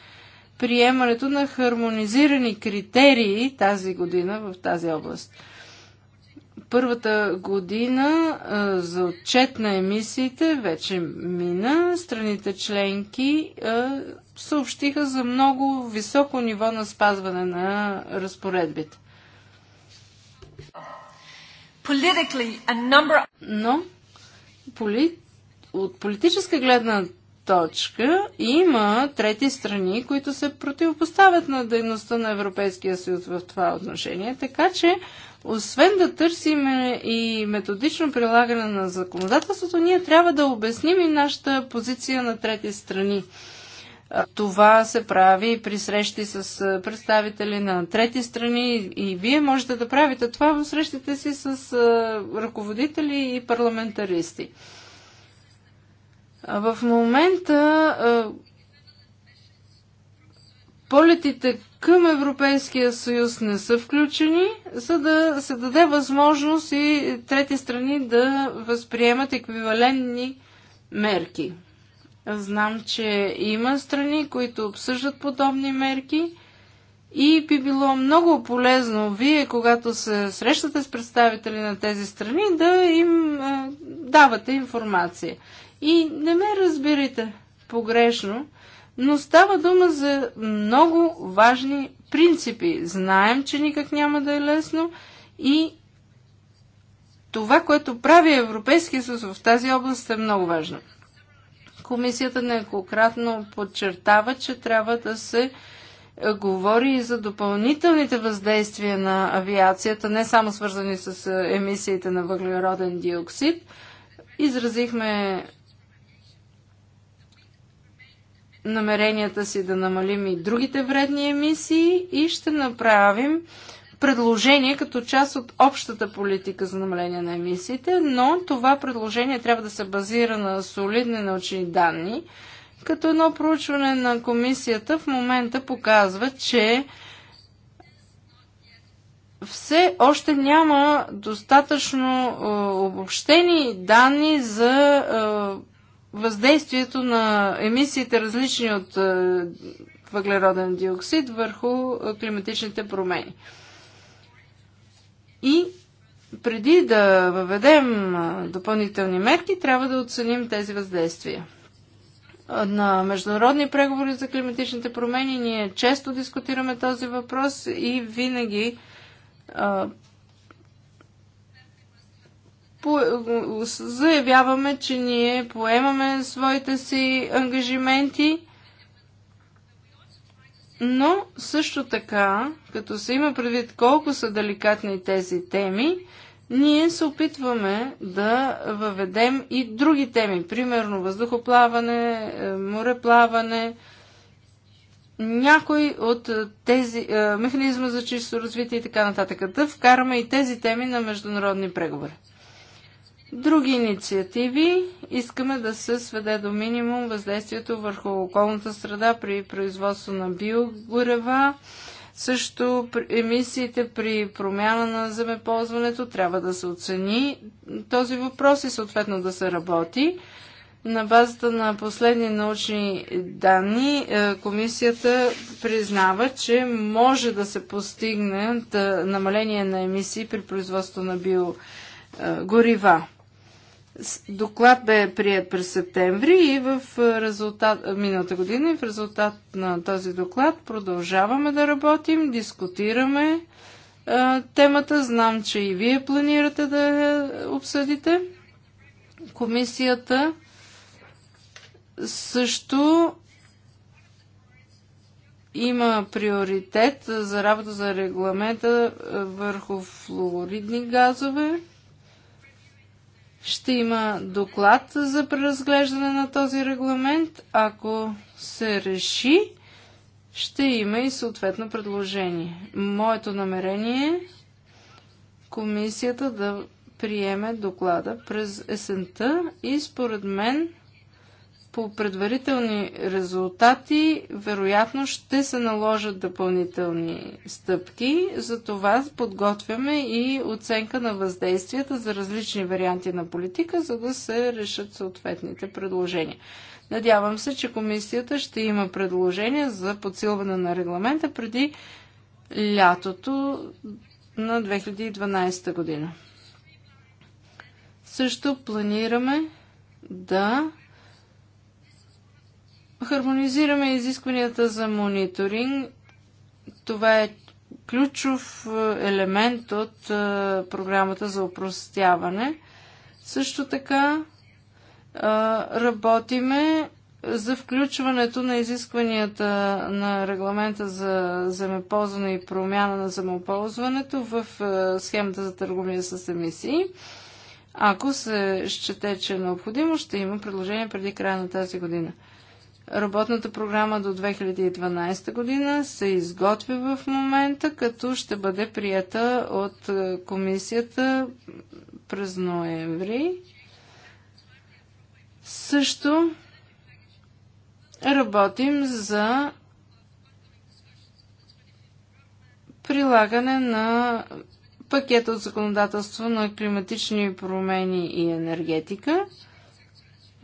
приемането на хармонизирани критерии тази година в тази област. Първата година а, за отчет на емисиите вече мина. Страните членки а, съобщиха за много високо ниво на спазване на разпоредбите. Но поли... от политическа гледна точка има трети страни, които се противопоставят на дейността на Европейския съюз в това отношение. Така че, освен да търсим и методично прилагане на законодателството, ние трябва да обясним и нашата позиция на трети страни. Това се прави при срещи с представители на трети страни и вие можете да правите това в срещите си с ръководители и парламентаристи. В момента полетите към Европейския съюз не са включени, за да се даде възможност и трети страни да възприемат еквивалентни мерки. Знам, че има страни, които обсъждат подобни мерки и би било много полезно вие, когато се срещате с представители на тези страни, да им давате информация. И не ме разбирайте погрешно, но става дума за много важни принципи. Знаем, че никак няма да е лесно и това, което прави Европейския съюз в тази област е много важно. Комисията неколкратно подчертава, че трябва да се е, говори и за допълнителните въздействия на авиацията, не само свързани с е, емисиите на въглероден диоксид. Изразихме намеренията си да намалим и другите вредни емисии и ще направим предложение като част от общата политика за намаление на емисиите, но това предложение трябва да се базира на солидни научни данни, като едно проучване на комисията в момента показва, че все още няма достатъчно е, обобщени данни за е, въздействието на емисиите различни от е, въглероден диоксид върху е, климатичните промени. И преди да въведем е, допълнителни мерки, трябва да оценим тези въздействия. На международни преговори за климатичните промени ние често дискутираме този въпрос и винаги по, заявяваме, че ние поемаме своите си ангажименти, но също така, като се има предвид колко са деликатни тези теми, ние се опитваме да въведем и други теми, примерно въздухоплаване, е, мореплаване, някой от тези е, механизма за чисто развитие и така нататък, да вкараме и тези теми на международни преговори. Други инициативи искаме да се сведе до минимум въздействието върху околната среда при производство на биогорева. Също емисиите при промяна на земеползването трябва да се оцени този въпрос и съответно да се работи. На базата на последни научни данни е, комисията признава, че може да се постигне намаление на емисии при производство на биогорива. Доклад бе прият през септември и в резултат, миналата година и в резултат на този доклад продължаваме да работим, дискутираме темата. Знам, че и вие планирате да я обсъдите. Комисията също има приоритет за работа за регламента върху флуоридни газове ще има доклад за преразглеждане на този регламент. Ако се реши, ще има и съответно предложение. Моето намерение е комисията да приеме доклада през есента и според мен по предварителни резултати вероятно ще се наложат допълнителни стъпки. Затова подготвяме и оценка на въздействията за различни варианти на политика, за да се решат съответните предложения. Надявам се, че комисията ще има предложения за подсилване на регламента преди лятото на 2012 година. Също планираме да Хармонизираме изискванията за мониторинг. Това е ключов е, елемент от е, програмата за упростяване. Също така е, работиме за включването на изискванията на регламента за земеползване и промяна на земеползването в схемата за търговия с емисии. Ако се счете, че е необходимо, ще има предложение преди края на тази година. Работната програма до 2012 година се изготви в момента, като ще бъде прията от е, комисията през ноември. Също работим за прилагане на пакета от законодателство на климатични промени и енергетика –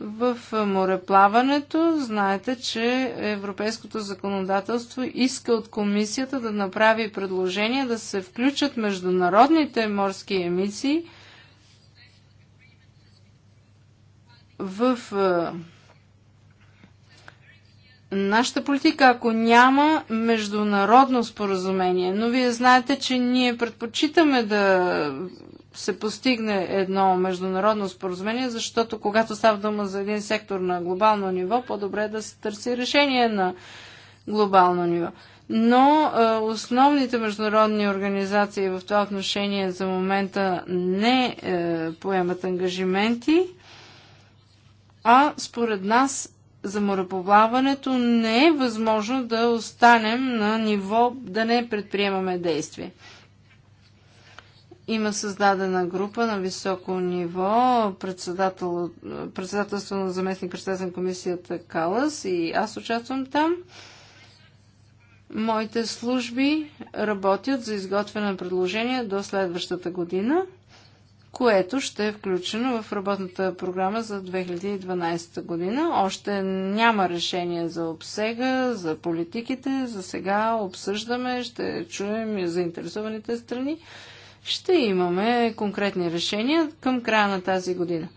в мореплаването знаете, че европейското законодателство иска от комисията да направи предложение да се включат международните морски емисии в нашата политика, ако няма международно споразумение. Но вие знаете, че ние предпочитаме да се постигне едно международно споразумение, защото когато става дума за един сектор на глобално ниво, по-добре е да се търси решение на глобално ниво. Но а, е, основните международни организации в това отношение за момента не е, поемат ангажименти, а според нас за мореплаването не е възможно да останем на ниво да не предприемаме действие. Има създадена група на високо ниво, председател, председателство на заместник председател на комисията Калас и аз участвам там. Моите служби работят за изготвяне на предложения до следващата година, което ще е включено в работната програма за 2012 година. Още няма решение за обсега, за политиките. За сега обсъждаме, ще чуем и заинтересованите страни ще имаме конкретни решения към края на тази година.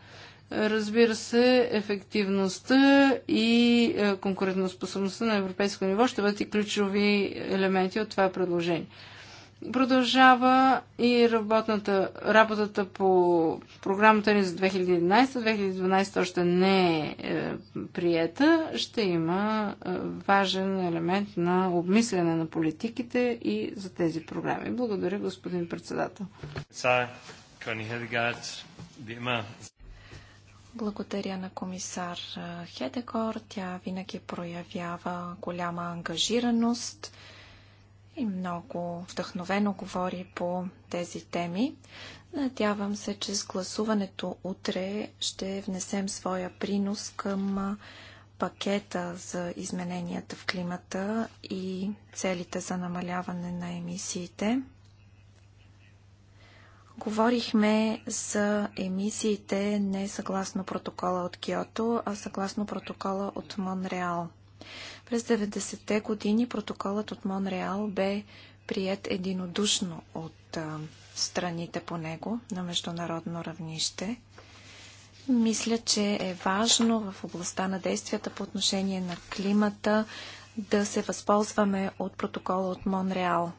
Разбира се, ефективността и е, конкурентоспособността на европейско ниво ще бъдат и ключови елементи от това предложение. Продължава и работната, работата по програмата ни за 2011. 2012 още не е, е приета. Ще има е, важен елемент на обмислене на политиките и за тези програми. Благодаря, господин председател. Благодаря на комисар е, Хедегор. Тя винаги проявява голяма ангажираност и много вдъхновено говори по тези теми. Надявам се, че с гласуването утре ще внесем своя принос към пакета за измененията в климата и целите за намаляване на емисиите. Говорихме за емисиите не съгласно протокола от Киото, а съгласно протокола от Монреал – през 90-те години протоколът от Монреал бе прият единодушно от а, страните по него на международно равнище. Мисля, че е важно в областта на действията по отношение на климата да се възползваме от протокола от Монреал.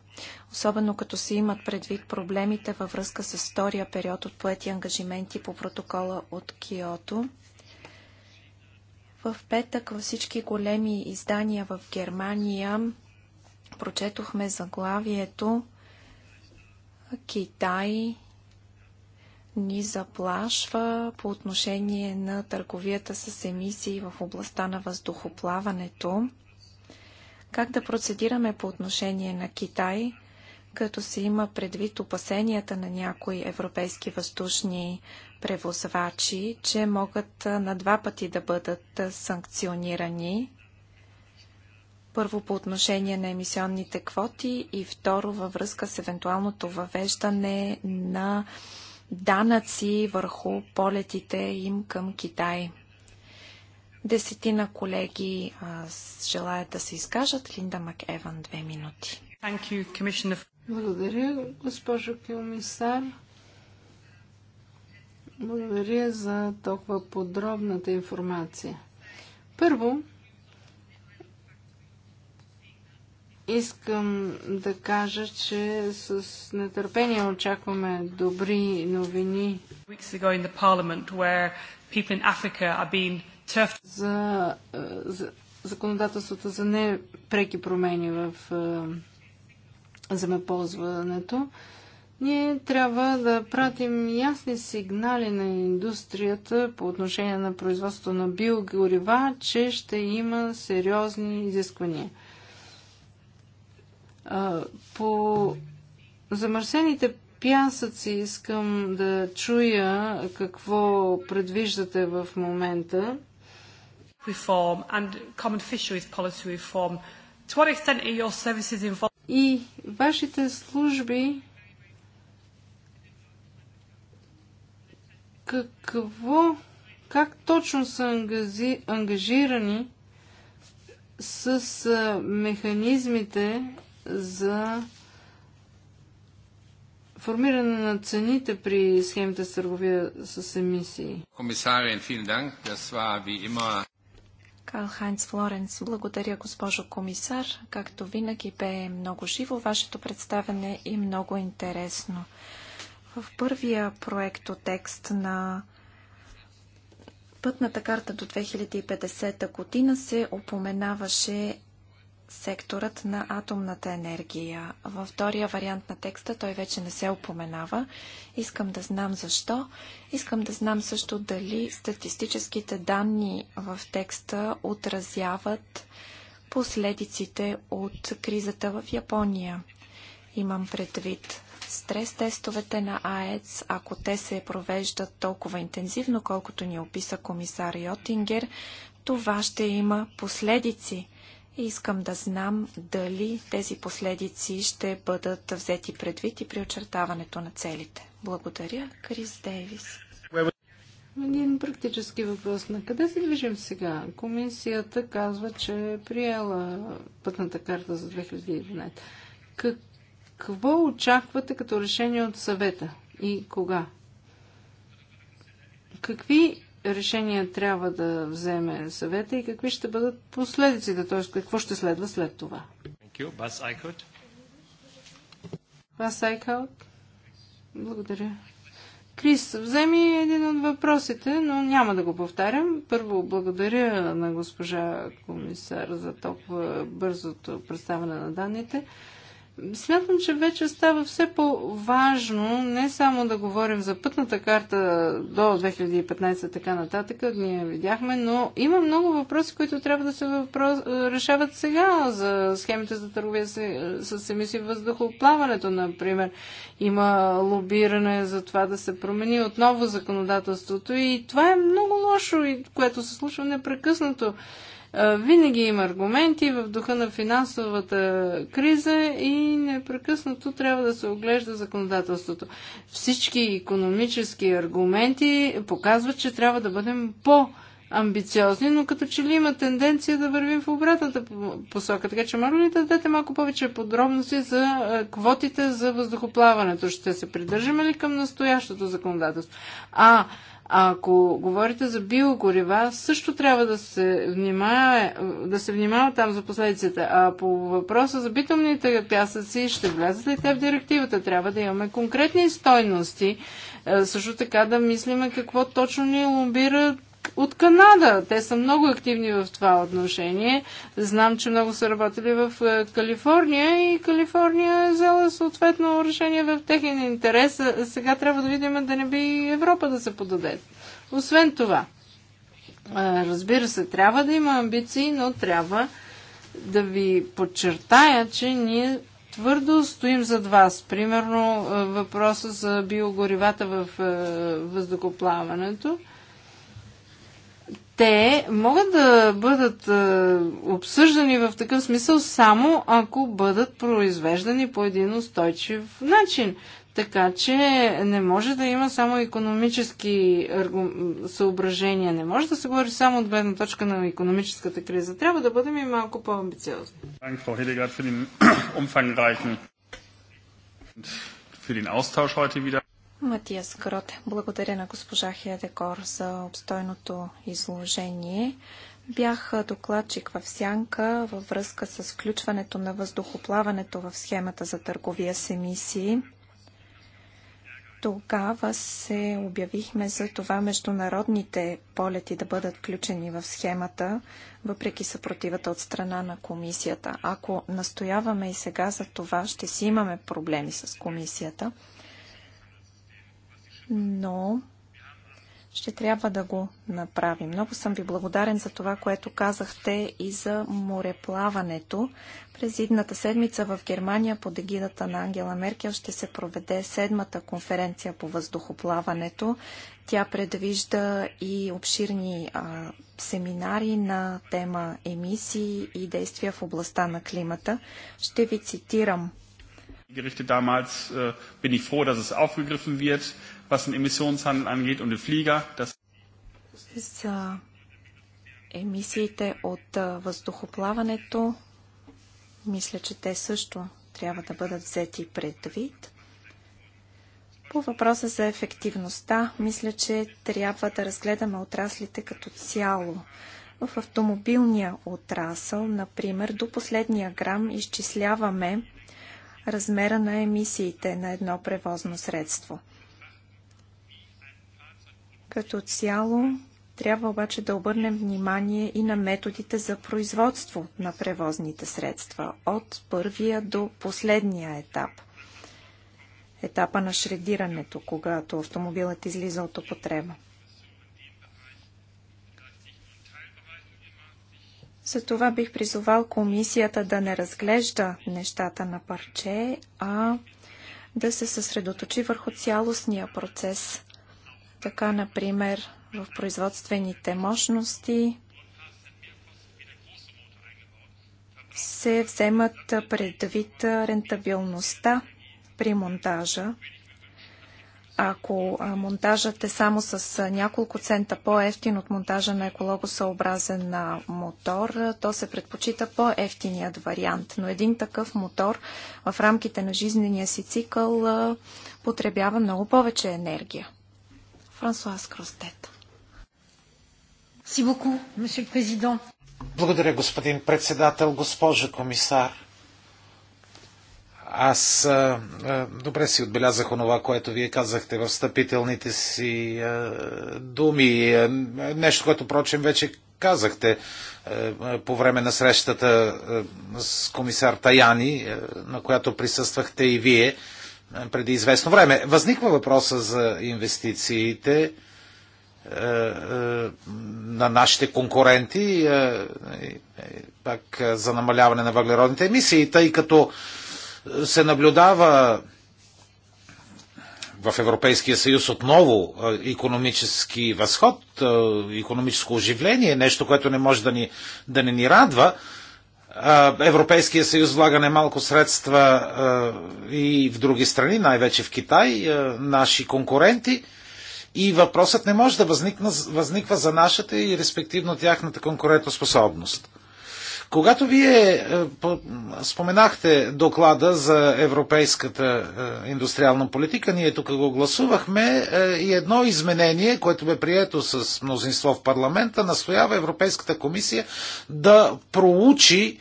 Особено като се имат предвид проблемите във връзка с втория период от поети ангажименти по протокола от Киото – в петък във всички големи издания в Германия прочетохме заглавието Китай ни заплашва по отношение на търговията с емисии в областта на въздухоплаването. Как да процедираме по отношение на Китай, като се има предвид опасенията на някои европейски въздушни превозвачи, че могат на два пъти да бъдат санкционирани. Първо по отношение на емисионните квоти и второ във връзка с евентуалното въвеждане на данъци върху полетите им към Китай. Десетина колеги желаят да се изкажат. Линда МакЕван, две минути. Благодаря, госпожо Килмисар. Благодаря за толкова подробната информация. Първо, искам да кажа, че с нетърпение очакваме добри новини. За, е, за законодателството за непреки промени в е, земеползването. Ние трябва да пратим ясни сигнали на индустрията по отношение на производството на биогорива, че ще има сериозни изисквания. По замърсените пясъци искам да чуя какво предвиждате в момента. И вашите служби какво, как точно са ангази, ангажирани с а, механизмите за формиране на цените при схемите с търговия с емисии. Комисарин, Dank. Das war wie Карл Хайнц Флоренс, благодаря госпожо комисар. Както винаги бе много живо вашето представяне и много интересно. В първия проектотекст на пътната карта до 2050 година се упоменаваше секторът на атомната енергия. Във втория вариант на текста той вече не се упоменава. Искам да знам защо. Искам да знам също дали статистическите данни в текста отразяват последиците от кризата в Япония. Имам предвид Стрес-тестовете на АЕЦ, ако те се провеждат толкова интензивно, колкото ни описа комисар Йотингер, това ще има последици. И искам да знам дали тези последици ще бъдат взети предвид и при очертаването на целите. Благодаря, Крис Дейвис. Един практически въпрос. На къде се движим сега? Комисията казва, че е приела пътната карта за 2011. Как какво очаквате като решение от съвета и кога? Какви решения трябва да вземе съвета и какви ще бъдат последиците, т.е. какво ще следва след това? Бас Айкаут. Благодаря. Крис, вземи един от въпросите, но няма да го повтарям. Първо, благодаря на госпожа комисар за толкова бързото представяне на данните. Смятам, че вече става все по-важно не само да говорим за пътната карта до 2015 така нататък, ние видяхме, но има много въпроси, които трябва да се въпрос... решават сега за схемите за търговия с, с емисии въздухоплаването, например. Има лобиране за това да се промени отново законодателството и това е много лошо, което се случва непрекъснато. Винаги има аргументи в духа на финансовата криза и непрекъснато трябва да се оглежда законодателството. Всички економически аргументи показват, че трябва да бъдем по- амбициозни, но като че ли има тенденция да вървим в обратната посока. Така че, може ли да дадете малко повече подробности за квотите за въздухоплаването? Ще се придържаме ли към настоящото законодателство? А, ако говорите за биогорива, също трябва да се внимава, да се внимава там за последиците. А по въпроса за битумните пясъци, ще влязат ли те в директивата? Трябва да имаме конкретни стойности. Е, също така да мислиме какво точно ни ломбират от Канада. Те са много активни в това отношение. Знам, че много са работили в е, Калифорния и Калифорния е взела съответно решение в техен интерес. Сега трябва да видим да не би Европа да се подаде. Освен това, е, разбира се, трябва да има амбиции, но трябва да ви подчертая, че ние твърдо стоим зад вас. Примерно е, въпроса за биогоривата в въздухоплаването те могат да бъдат е, обсъждани в такъв смисъл само ако бъдат произвеждани по един устойчив начин. Така че не може да има само економически съображения, не може да се говори само от гледна точка на економическата криза. Трябва да бъдем и малко по-амбициозни. <clears throat> den Austausch heute wieder. Матиас Гроте, благодаря на госпожа Хедекор за обстойното изложение. Бях докладчик в Сянка във връзка с включването на въздухоплаването в схемата за търговия с емисии. Тогава се обявихме за това международните полети да бъдат включени в схемата, въпреки съпротивата от страна на комисията. Ако настояваме и сега за това, ще си имаме проблеми с комисията но ще трябва да го направим. Много съм ви благодарен за това, което казахте и за мореплаването. През идната седмица в Германия под егидата на Ангела Меркел ще се проведе седмата конференция по въздухоплаването. Тя предвижда и обширни а, семинари на тема емисии и действия в областта на климата. Ще ви цитирам Gerichte damals äh, bin ich froh, dass es aufgegriffen wird, was den Emissionshandel angeht und den Flieger. Das За емисиите от въздухоплаването, мисля, че те също трябва да бъдат взети предвид. По въпроса за ефективността, мисля, че трябва да разгледаме отраслите като цяло. В автомобилния отрасъл, например, до последния грам изчисляваме размера на емисиите на едно превозно средство. Като цяло, трябва обаче да обърнем внимание и на методите за производство на превозните средства от първия до последния етап. Етапа на шредирането, когато автомобилът излиза от употреба. За това бих призовал комисията да не разглежда нещата на парче, а да се съсредоточи върху цялостния процес. Така, например, в производствените мощности се вземат предвид рентабилността при монтажа. Ако монтажът е само с няколко цента по-ефтин от монтажа на екологосъобразен на мотор, то се предпочита по-ефтиният вариант. Но един такъв мотор в рамките на жизнения си цикъл потребява много повече енергия. Франсуаз Кростет. Благодаря, господин председател, госпожо комисар. Аз добре си отбелязах онова, което вие казахте в встъпителните си думи. Нещо, което, впрочем, вече казахте по време на срещата с комисар Таяни, на която присъствахте и вие преди известно време. Възниква въпроса за инвестициите на нашите конкуренти, пак за намаляване на въглеродните емисии, тъй като се наблюдава в Европейския съюз отново економически възход, економическо оживление, нещо, което не може да ни, да не ни радва. Европейския съюз влага немалко средства и в други страни, най-вече в Китай, наши конкуренти. И въпросът не може да възникна, възниква за нашата и респективно тяхната конкурентоспособност. Когато вие е, споменахте доклада за европейската е, индустриална политика, ние тук го гласувахме е, и едно изменение, което бе прието с мнозинство в парламента, настоява Европейската комисия да проучи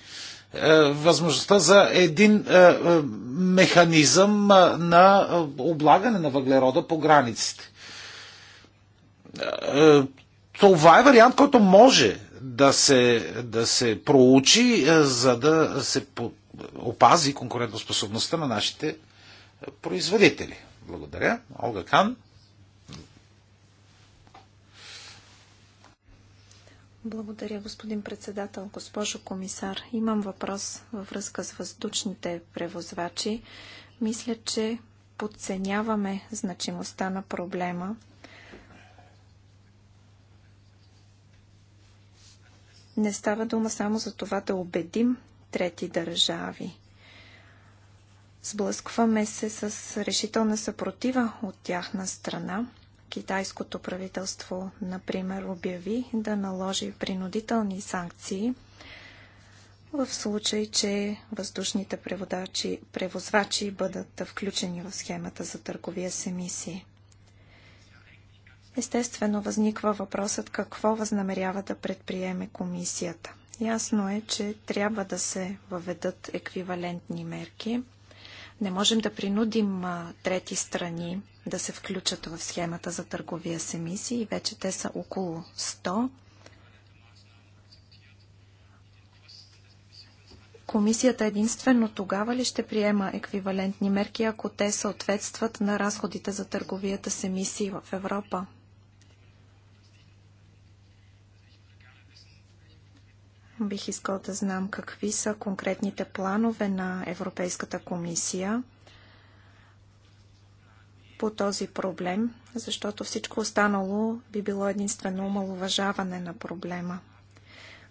възможността за един механизъм на облагане на въглерода по границите. Това е вариант, който може да се, да се проучи, е, за да се опази конкурентоспособността на нашите е, производители. Благодаря. Олга Кан. Благодаря, господин председател, госпожо комисар. Имам въпрос във връзка с въздушните превозвачи. Мисля, че подценяваме значимостта на проблема Не става дума само за това да убедим трети държави. Сблъскваме се с решителна съпротива от тяхна страна. Китайското правителство, например, обяви да наложи принудителни санкции в случай, че въздушните превозвачи бъдат включени в схемата за търговия с емисии. Естествено възниква въпросът какво възнамерява да предприеме комисията. Ясно е, че трябва да се въведат еквивалентни мерки. Не можем да принудим трети страни да се включат в схемата за търговия с емисии. Вече те са около 100. Комисията единствено тогава ли ще приема еквивалентни мерки, ако те съответстват на разходите за търговията с емисии в Европа? Бих искал да знам какви са конкретните планове на Европейската комисия по този проблем, защото всичко останало би било единствено маловажаване на проблема.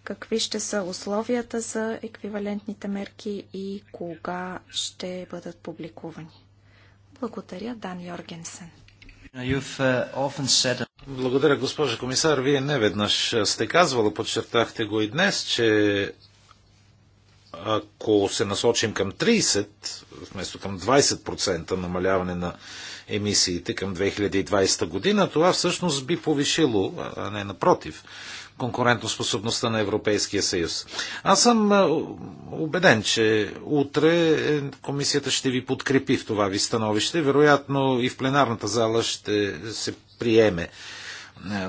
Какви ще са условията за еквивалентните мерки и кога ще бъдат публикувани? Благодаря, Дан Йоргенсен. Uh, благодаря, госпожа комисар. Вие не веднъж сте казвала, подчертахте го и днес, че ако се насочим към 30, вместо към 20% намаляване на емисиите към 2020 година, това всъщност би повишило, а не напротив, конкурентоспособността на Европейския съюз. Аз съм убеден, че утре е, комисията ще ви подкрепи в това ви становище. Вероятно и в пленарната зала ще се приеме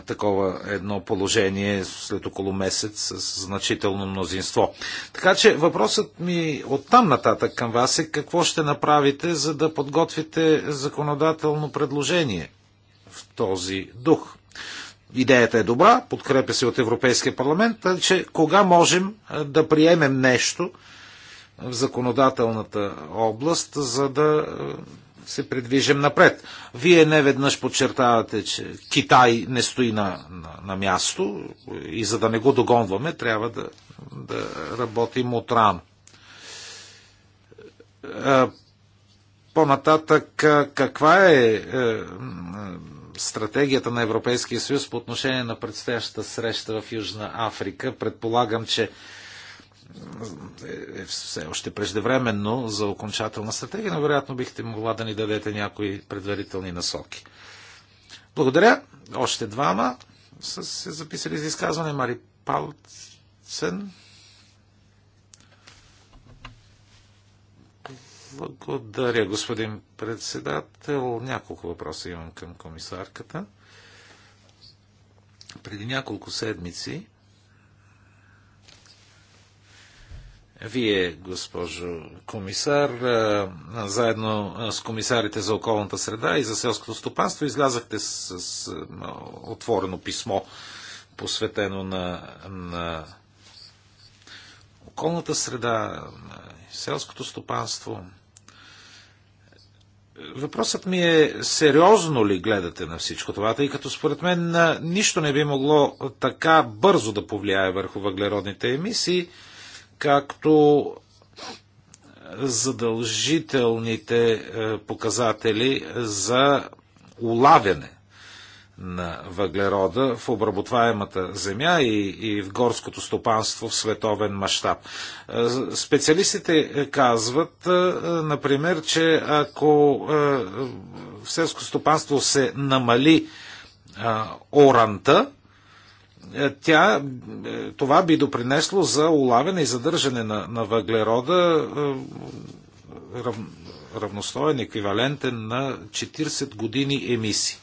такова едно положение след около месец с значително мнозинство. Така че въпросът ми от там нататък към вас е какво ще направите, за да подготвите законодателно предложение в този дух. Идеята е добра, подкрепя се от Европейския парламент, така че кога можем да приемем нещо в законодателната област, за да се предвижим напред. Вие не веднъж подчертавате, че Китай не стои на, на, на място и за да не го догонваме, трябва да, да работим рано. По-нататък, каква е, е стратегията на Европейския съюз по отношение на предстоящата среща в Южна Африка? Предполагам, че е, е все още преждевременно за окончателна стратегия, но вероятно бихте могла да ни дадете някои предварителни насоки. Благодаря. Още двама са се записали за изказване. Мари Палцен. Благодаря, господин председател. Няколко въпроса имам към комисарката. Преди няколко седмици Вие, госпожо комисар, заедно с комисарите за околната среда и за селското стопанство излязахте с, с отворено писмо, посветено на, на околната среда, на селското стопанство. Въпросът ми е, сериозно ли гледате на всичко това, тъй като според мен нищо не би могло така бързо да повлияе върху въглеродните емисии, както задължителните е, показатели за улавяне на въглерода в обработваемата земя и, и в горското стопанство в световен мащаб. Е, специалистите е, казват, например, че ако в селско стопанство се намали оранта, е, тя, е, това би допринесло за улавяне и задържане на, на въглерода е, рав, равностоен, еквивалентен на 40 години емисии.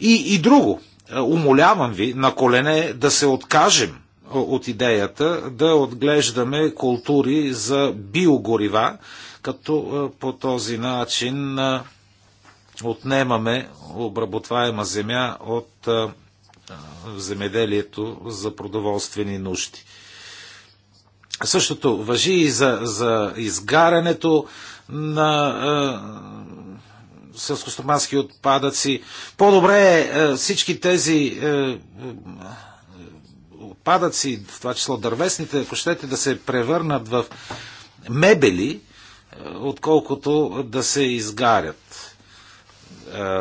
И, и друго, умолявам ви на колене да се откажем от идеята да отглеждаме култури за биогорива, като по този начин отнемаме обработваема земя от в земеделието за продоволствени нужди. Същото въжи и за, за изгарянето на е, селскостомански отпадъци. По-добре е, всички тези е, е, отпадъци, в това число дървесните, ако щете да се превърнат в мебели, е, отколкото да се изгарят. Е,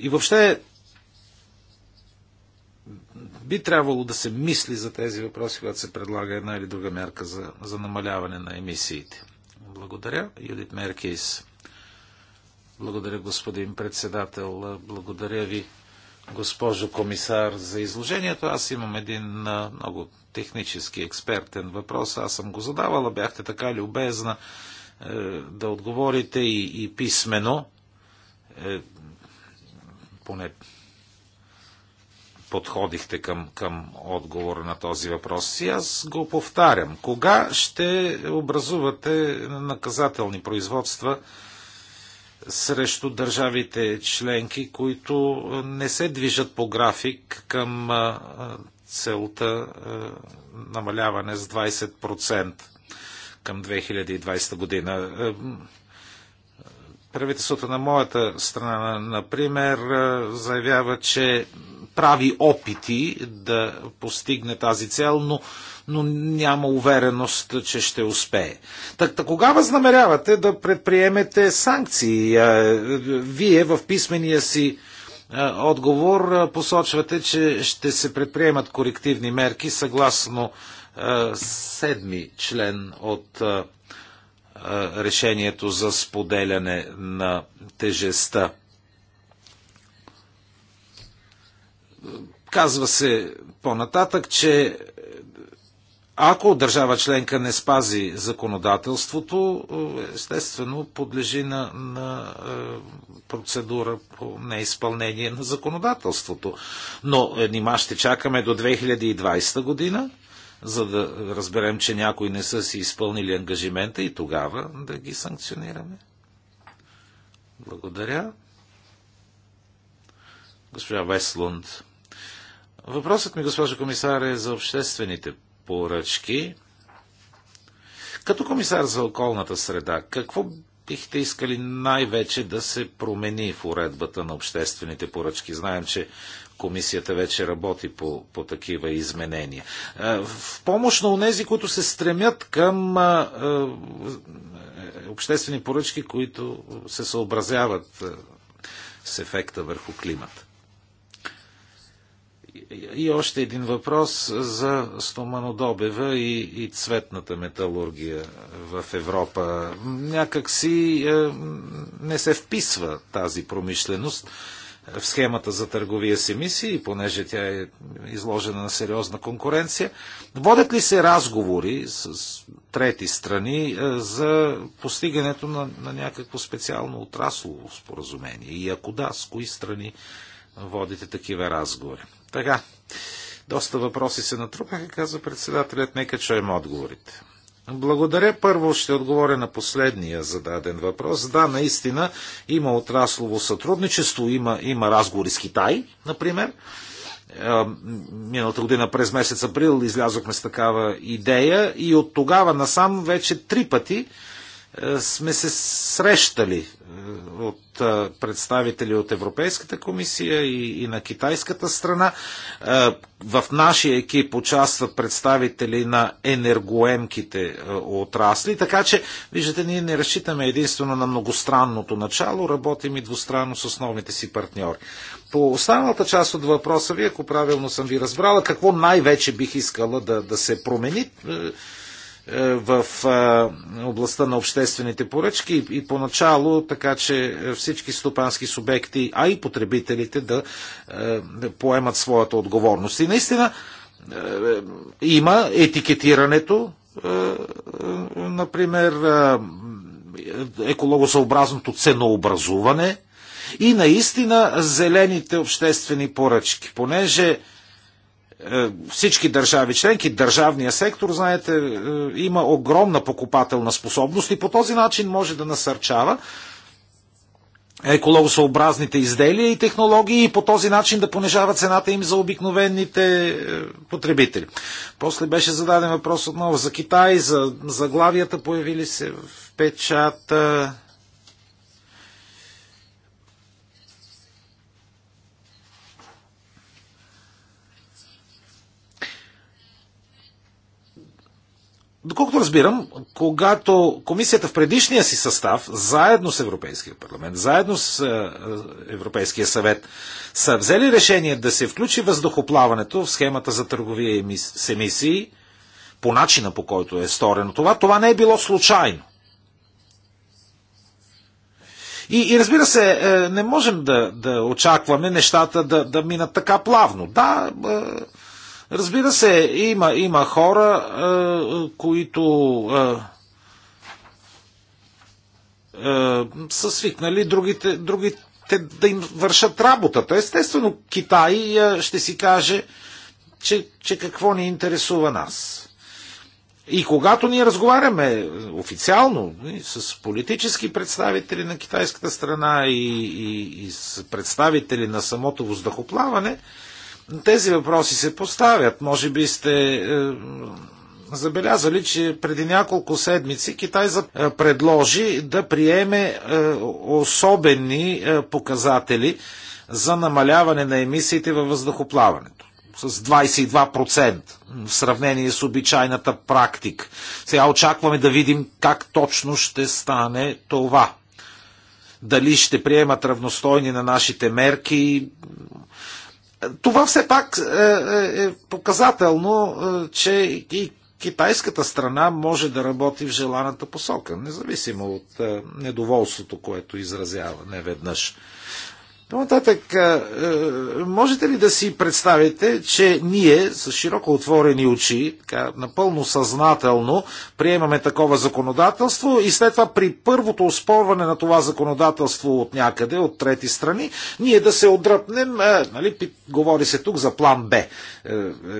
и въобще би трябвало да се мисли за тези въпроси, когато се предлага една или друга мярка за, за намаляване на емисиите. Благодаря. Юдит Меркис. Благодаря, господин председател. Благодаря ви, госпожо комисар, за изложението. Аз имам един много технически експертен въпрос. Аз съм го задавала. Бяхте така любезна е, да отговорите и, и писмено. Е, поне подходихте към, към отговора на този въпрос. И аз го повтарям. Кога ще образувате наказателни производства срещу държавите членки, които не се движат по график към целта намаляване с 20% към 2020 година? Правителството на моята страна, например, заявява, че прави опити да постигне тази цел, но, но няма увереност, че ще успее. Так, так кога възнамерявате да предприемете санкции? Е, вие в писмения си е, отговор е, посочвате, че ще се предприемат корективни мерки съгласно седми член от решението за споделяне на тежеста. Казва се по-нататък, че ако държава членка не спази законодателството, естествено подлежи на, на е, процедура по неизпълнение на законодателството. Но е, нима ще чакаме до 2020 година, за да разберем, че някои не са си изпълнили ангажимента и тогава да ги санкционираме. Благодаря. Госпожа Веслунд. Въпросът ми, госпожо комисар, е за обществените поръчки. Като комисар за околната среда, какво бихте искали най-вече да се промени в уредбата на обществените поръчки? Знаем, че комисията вече работи по, по такива изменения. В помощ на унези, които се стремят към обществени поръчки, които се съобразяват с ефекта върху климата. И още един въпрос за стоманодобева и, и цветната металургия в Европа. Някак си е, не се вписва тази промишленост в схемата за търговия с емисии, понеже тя е изложена на сериозна конкуренция. Водят ли се разговори с, с трети страни е, за постигането на, на някакво специално отраслово споразумение? И ако да, с кои страни водите такива разговори? Така, доста въпроси се натрупаха, каза председателят. Нека чуем отговорите. Благодаря. Първо ще отговоря на последния зададен въпрос. Да, наистина има отраслово сътрудничество, има, има разговори с Китай, например. Миналата година през месец април излязохме с такава идея и от тогава насам вече три пъти е, сме се срещали е, от е, представители от Европейската комисия и, и на китайската страна. В нашия екип участват представители на енергоемките отрасли, така че, виждате, ние не разчитаме единствено на многостранното начало, работим и двустранно с основните си партньори. По останалата част от въпроса ви, ако правилно съм ви разбрала, какво най-вече бих искала да, да се промени, е, в е, областта на обществените поръчки и поначало, така че всички стопански субекти, а и потребителите да е, поемат своята отговорност. И наистина има етикетирането, например, екологосъобразното ценообразуване и наистина зелените обществени поръчки, понеже е, всички държави членки, държавния сектор, знаете, е, има огромна покупателна способност и по този начин може да насърчава екологосъобразните изделия и технологии и по този начин да понижава цената им за обикновените е, потребители. После беше зададен въпрос отново за Китай, за заглавията появили се в печата. Доколкото разбирам, когато комисията в предишния си състав, заедно с Европейския парламент, заедно с е, е, Европейския съвет, са взели решение да се включи въздухоплаването в схемата за търговия с емисии, по начина по който е сторено това, това не е било случайно. И, и разбира се, е, не можем да, да очакваме нещата да, да минат така плавно. Да, Разбира се, има, има хора, а, е, които а, е, а, е, са свикнали другите, другите да им вършат работата. Естествено, Китай ще си каже, че, че какво ни интересува нас. И когато ние разговаряме официално с политически представители на китайската страна и, и, и с представители на самото въздухоплаване, тези въпроси се поставят. Може би сте е, забелязали, че преди няколко седмици Китай е, предложи да приеме е, особени е, показатели за намаляване на емисиите във въздухоплаването с 22% в сравнение с обичайната практика. Сега очакваме да видим как точно ще стане това. Дали ще приемат равностойни на нашите мерки, това все пак е, е, е показателно, е, че и китайската страна може да работи в желаната посока, независимо от недоволството, което изразява неведнъж нататък е, можете ли да си представите, че ние с широко отворени очи, така, напълно съзнателно, приемаме такова законодателство и след това при първото оспорване на това законодателство от някъде, от трети страни, ние да се отдръпнем, е, нали, говори се тук за план Б. Е,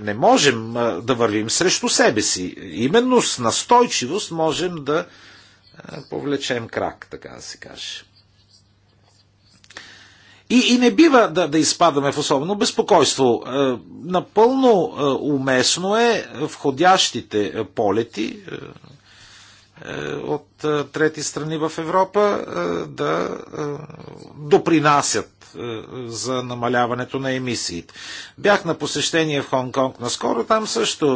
не можем е, да вървим срещу себе си. Именно с настойчивост можем да е, повлечем крак, така да се каже. И, и не бива да, да изпадаме в особено безпокойство. Е, напълно е, уместно е входящите е, полети от трети страни в Европа да допринасят е, за намаляването на емисиите. Бях на посещение в Хонг-Конг наскоро, там също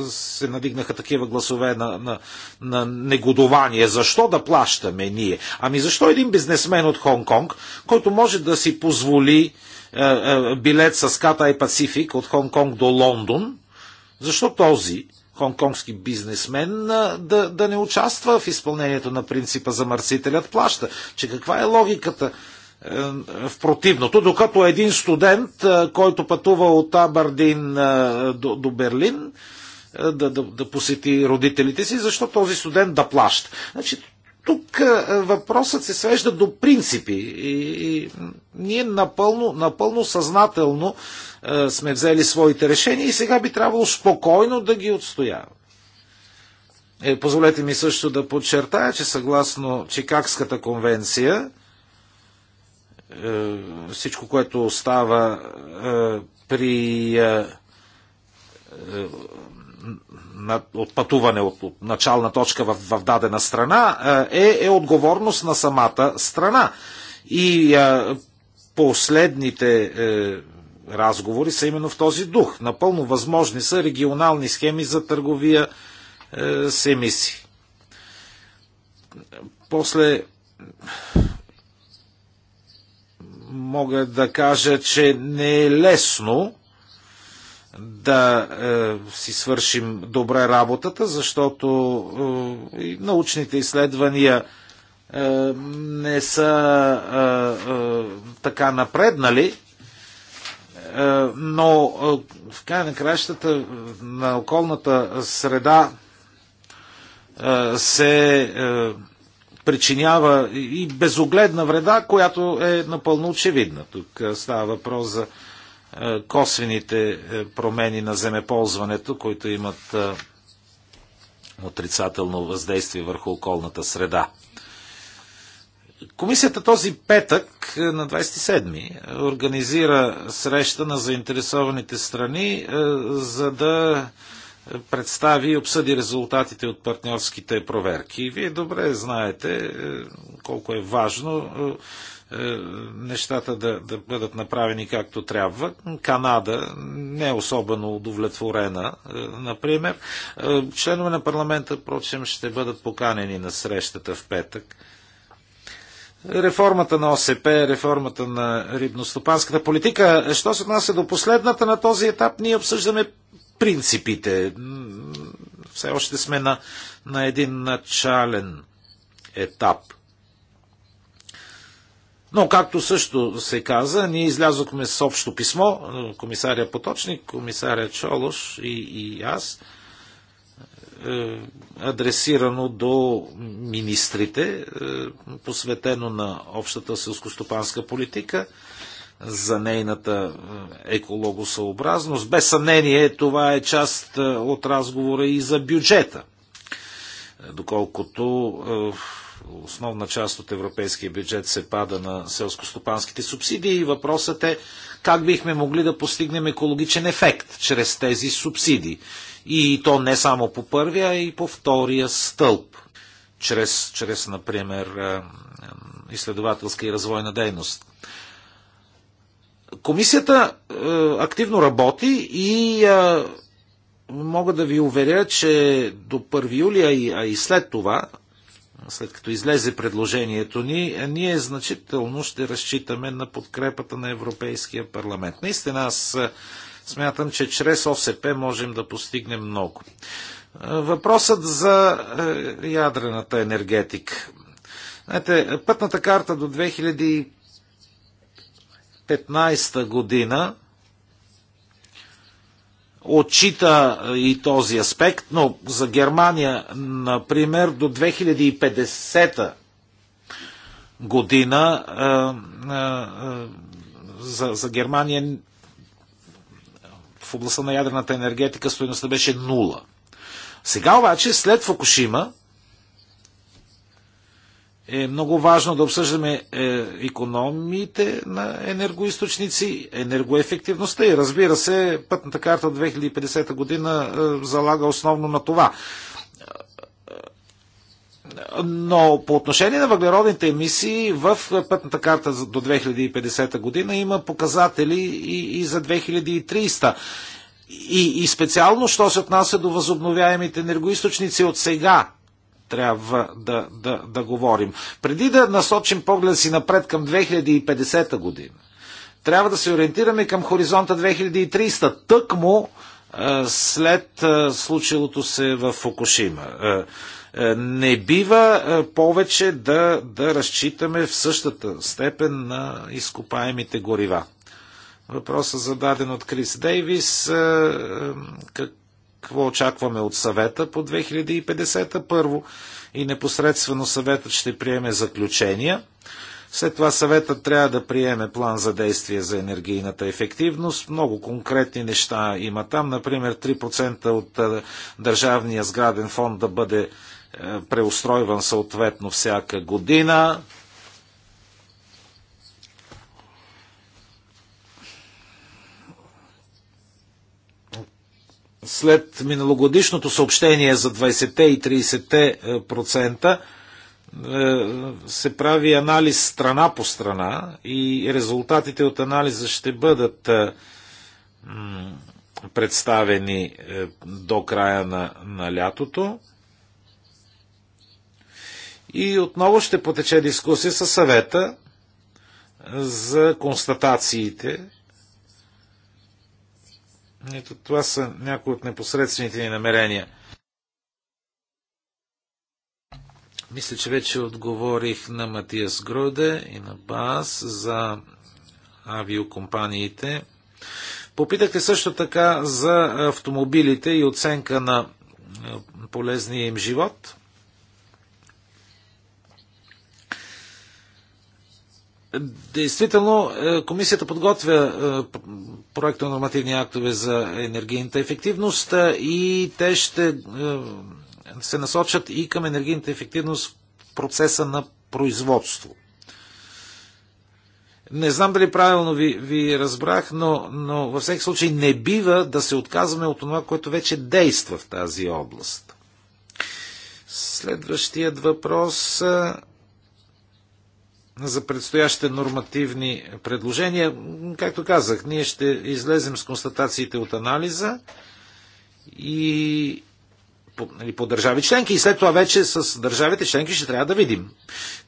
е, се надигнаха такива гласове на, на, на негодование. Защо да плащаме ние? Ами защо един бизнесмен от Хонг-Конг, който може да си позволи е, билет с Катай Пацифик от Хонг-Конг до Лондон, защо този хонконгски бизнесмен да, да не участва в изпълнението на принципа замърсителят плаща. Че каква е логиката е, в противното, докато един студент, е, който пътува от Абардин е, до, до Берлин, да, да, да посети родителите си, защо този студент да плаща? Значи, тук въпросът се свежда до принципи и, и ние напълно, напълно съзнателно е, сме взели своите решения и сега би трябвало спокойно да ги отстояваме. Е, позволете ми също да подчертая, че съгласно Чикагската конвенция, е, всичко, което остава е, при е, от пътуване от, от начална точка в, в дадена страна е, е отговорност на самата страна. И е, последните е, разговори са именно в този дух. Напълно възможни са регионални схеми за търговия е, с емисии. После мога да кажа, че не е лесно да е, си свършим добре работата, защото е, научните изследвания е, не са е, е, така напреднали, е, но е, в край на кращата на околната среда е, се. Е, причинява и безогледна вреда, която е напълно очевидна. Тук е, става въпрос за е, косвените е, промени на земеползването, които имат отрицателно въздействие върху околната среда. Комисията този петък на 27-ми организира среща на заинтересованите страни, за да представи и обсъди резултатите от партньорските проверки. Вие добре знаете е, колко е важно е, е, нещата да, да бъдат направени както трябва. Канада не е особено удовлетворена, например. Членове на парламента, впрочем, ще бъдат поканени на срещата в петък. Реформата на ОСП, реформата на рибностопанската политика. Що се отнася до последната на този етап, ние обсъждаме принципите. Все още сме на, на един начален етап. Но, както също се каза, ние излязохме с общо писмо, комисаря Поточник, комисаря Чолош и, и аз, е, адресирано до министрите, е, посветено на общата селскостопанска политика за нейната е, екологосъобразност. Без съмнение това е част е, от разговора и за бюджета. Е, доколкото основна част от европейския бюджет се пада на селскостопанските субсидии и въпросът е как бихме могли да постигнем екологичен ефект чрез тези субсидии. И то не само по първия, а и по втория стълб. Чрез, чрез например, изследователска и развойна дейност. Комисията е, активно работи и е, мога да ви уверя, че до 1 юли, а и след това, след като излезе предложението ни, е, ние значително ще разчитаме на подкрепата на Европейския парламент. Наистина аз смятам, че чрез ОСП можем да постигнем много. Въпросът за ядрената енергетика. Знаете, пътната карта до 2000. 2015 година отчита и този аспект, но за Германия, например, до 2050 година за, за Германия в областта на ядрената енергетика стоеността беше нула. Сега обаче, след Фукушима, е много важно да обсъждаме економиите на енергоисточници, енергоефективността и разбира се, пътната карта от 2050 година е, залага основно на това. Но по отношение на въглеродните емисии в пътната карта до 2050 година има показатели и, и за 2300. И, и специално, що се отнася до възобновяемите енергоисточници от сега трябва да, да, да говорим. Преди да насочим поглед си напред към 2050 година, трябва да се ориентираме към хоризонта 2300, тъкмо е, след е, случилото се в Фукушима. Е, не бива повече да, да разчитаме в същата степен на изкопаемите горива. Въпросът зададен от Крис Дейвис. Как, какво очакваме от съвета по 2050 първо и непосредствено съветът ще приеме заключения. След това съветът трябва да приеме план за действие за енергийната ефективност. Много конкретни неща има там. Например, 3% от е, държавния сграден фонд да бъде е, преустройван съответно всяка година. след миналогодишното съобщение за 20-те и 30-те е, процента е, се прави анализ страна по страна и резултатите от анализа ще бъдат е, представени до края на, на лятото. И отново ще потече дискусия със съвета за констатациите ето това са някои от непосредствените ни намерения. Мисля, че вече отговорих на Матиас Гроде и на Бас за авиокомпаниите. Попитахте също така за автомобилите и оценка на е, полезния им живот. Действително, е, комисията подготвя е, проекта нормативни актове за енергийната ефективност и те ще се насочат и към енергийната ефективност в процеса на производство. Не знам дали правилно ви, ви разбрах, но, но във всеки случай не бива да се отказваме от това, което вече действа в тази област. Следващият въпрос за предстоящите нормативни предложения. Както казах, ние ще излезем с констатациите от анализа и по, нали, по държави членки и след това вече с държавите членки ще трябва да видим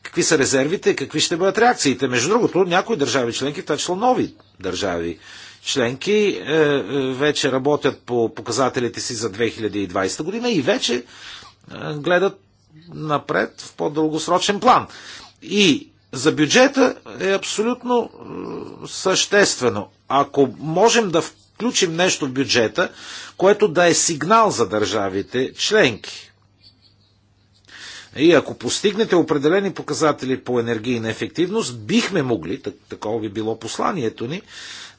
какви са резервите, какви ще бъдат реакциите. Между другото, някои държави членки, това число нови държави членки, е, е, вече работят по показателите си за 2020 година и вече е, гледат напред в по-дългосрочен план. И за бюджета е абсолютно е, съществено. Ако можем да включим нещо в бюджета, което да е сигнал за държавите членки. И ако постигнете определени показатели по енергийна ефективност, бихме могли, так, такова би било посланието ни,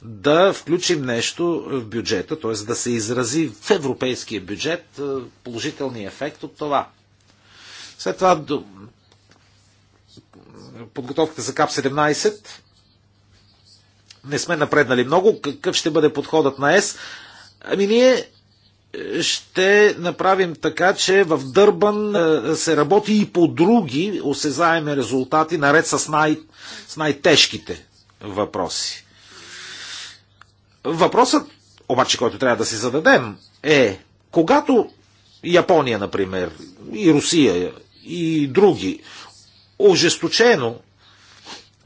да включим нещо в бюджета, т.е. да се изрази в европейския бюджет е, положителния ефект от това. След това подготовката за КАП-17. Не сме напреднали много. Какъв ще бъде подходът на ЕС? Ами ние е, ще направим така, че в Дърбан е, се работи и по други осезаеми резултати, наред с, най- с най-тежките въпроси. Въпросът, обаче, който трябва да си зададем е, когато Япония, например, и Русия, и други ожесточено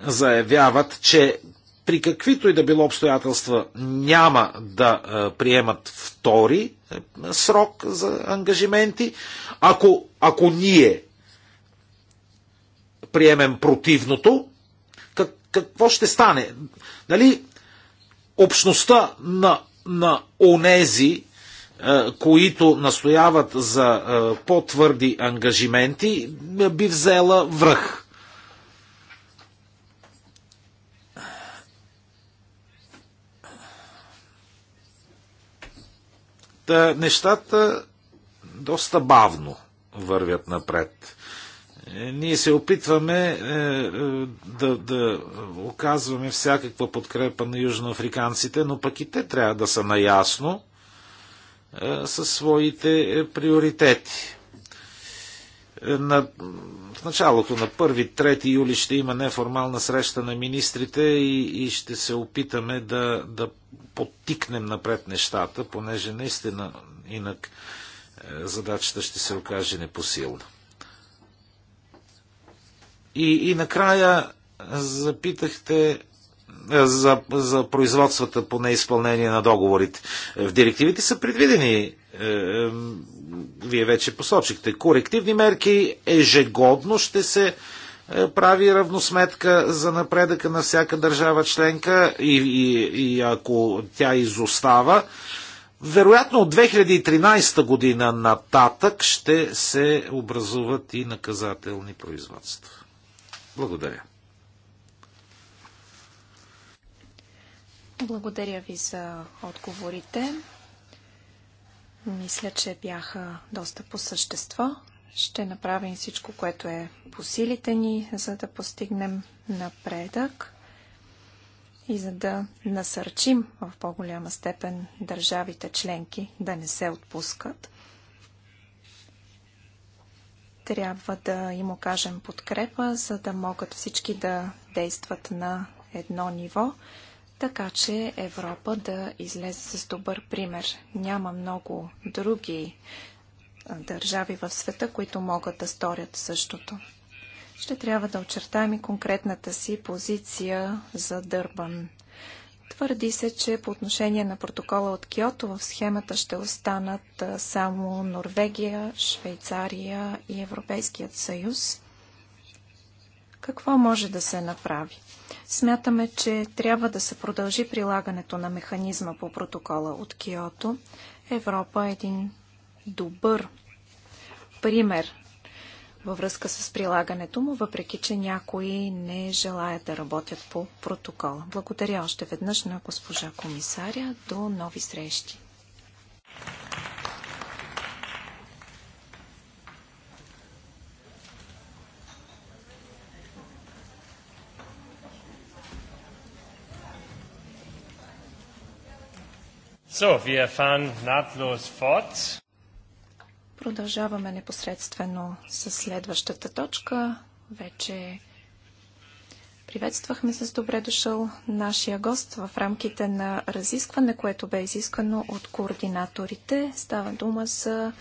заявяват, че при каквито и да било обстоятелства няма да е, приемат втори е, срок за ангажименти. Ако, ако ние приемем противното, как, какво ще стане? Нали, общността на, на онези, е, които настояват за е, по-твърди ангажименти, би взела връх. Та, нещата доста бавно вървят напред. Е, ние се опитваме е, да, да оказваме всякаква подкрепа на южноафриканците, но пък и те трябва да са наясно, е, със своите е, приоритети. Е, на, в началото на 1-3 юли ще има неформална среща на министрите и, и ще се опитаме да, да подтикнем напред нещата, понеже наистина инак задачата ще се окаже непосилна. И, и накрая запитахте за, за производствата по неизпълнение на договорите. Е, в директивите са предвидени, е, е, вие вече посочихте, корективни мерки ежегодно ще се прави равносметка за напредъка на всяка държава членка и, и, и ако тя изостава, вероятно от 2013 година нататък ще се образуват и наказателни производства. Благодаря. Благодаря ви за отговорите. Мисля, че бяха доста по същество. Ще направим всичко, което е по силите ни, за да постигнем напредък и за да насърчим в по-голяма степен държавите членки да не се отпускат. Трябва да им окажем подкрепа, за да могат всички да действат на едно ниво така че Европа да излезе с добър пример. Няма много други държави в света, които могат да сторят същото. Ще трябва да очертаем и конкретната си позиция за Дърбан. Твърди се, че по отношение на протокола от Киото в схемата ще останат само Норвегия, Швейцария и Европейският съюз. Какво може да се направи? Смятаме, че трябва да се продължи прилагането на механизма по протокола от Киото. Европа е един добър пример във връзка с прилагането му, въпреки че някои не желаят да работят по протокола. Благодаря още веднъж на госпожа комисаря. До нови срещи! Продължаваме непосредствено с следващата точка. Вече приветствахме с добре дошъл нашия гост в рамките на разискване, което бе изискано от координаторите. Става дума за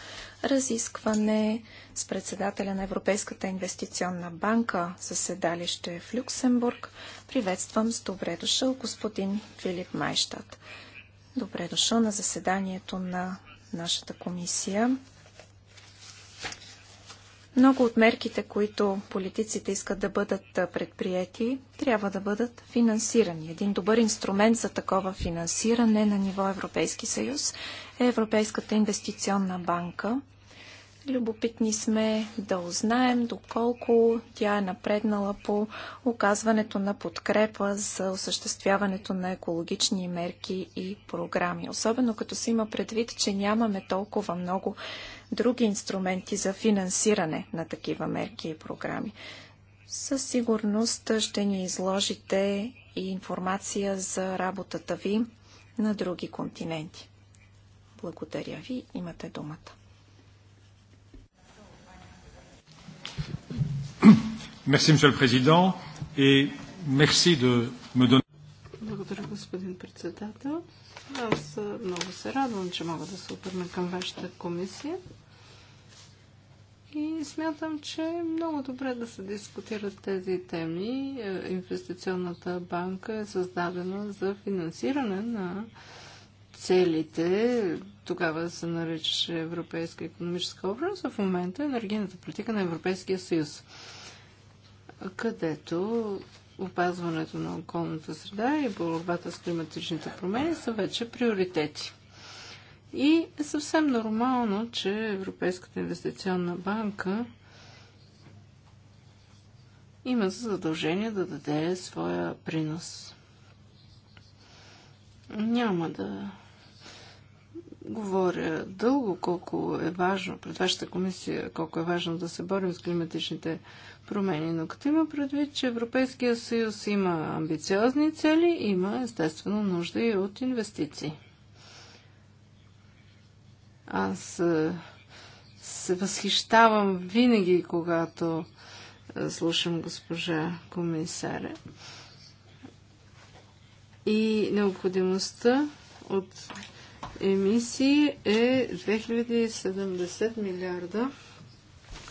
разискване с председателя на Европейската инвестиционна банка със седалище в Люксембург. Приветствам с добре дошъл господин Филип Майштадт. Добре дошъл на заседанието на нашата комисия. Много от мерките, които политиците искат да бъдат предприяти, трябва да бъдат финансирани. Един добър инструмент за такова финансиране на ниво Европейски съюз е Европейската инвестиционна банка. Любопитни сме да узнаем доколко тя е напреднала по оказването на подкрепа за осъществяването на екологични мерки и програми. Особено като се има предвид, че нямаме толкова много други инструменти за финансиране на такива мерки и програми. Със сигурност ще ни изложите и информация за работата ви на други континенти. Благодаря ви, имате думата. Merci, monsieur le président, et merci de me donner... Благодаря, господин председател. Аз много се радвам, че мога да се обърна към вашата комисия. И смятам, че е много добре да се дискутират тези теми. Инвестиционната банка е създадена за финансиране на целите. Тогава се наричаше Европейска економическа образ, а в момента е енергийната политика на Европейския съюз където опазването на околната среда и борбата с климатичните промени са вече приоритети. И е съвсем нормално, че Европейската инвестиционна банка има за задължение да даде своя принос. Няма да говоря дълго колко е важно пред вашата комисия, колко е важно да се борим с климатичните промени, но като има предвид, че Европейския съюз има амбициозни цели, има естествено нужда и от инвестиции. Аз е, се възхищавам винаги, когато е, слушам госпожа комисаря. И необходимостта от емисии е 2070 милиарда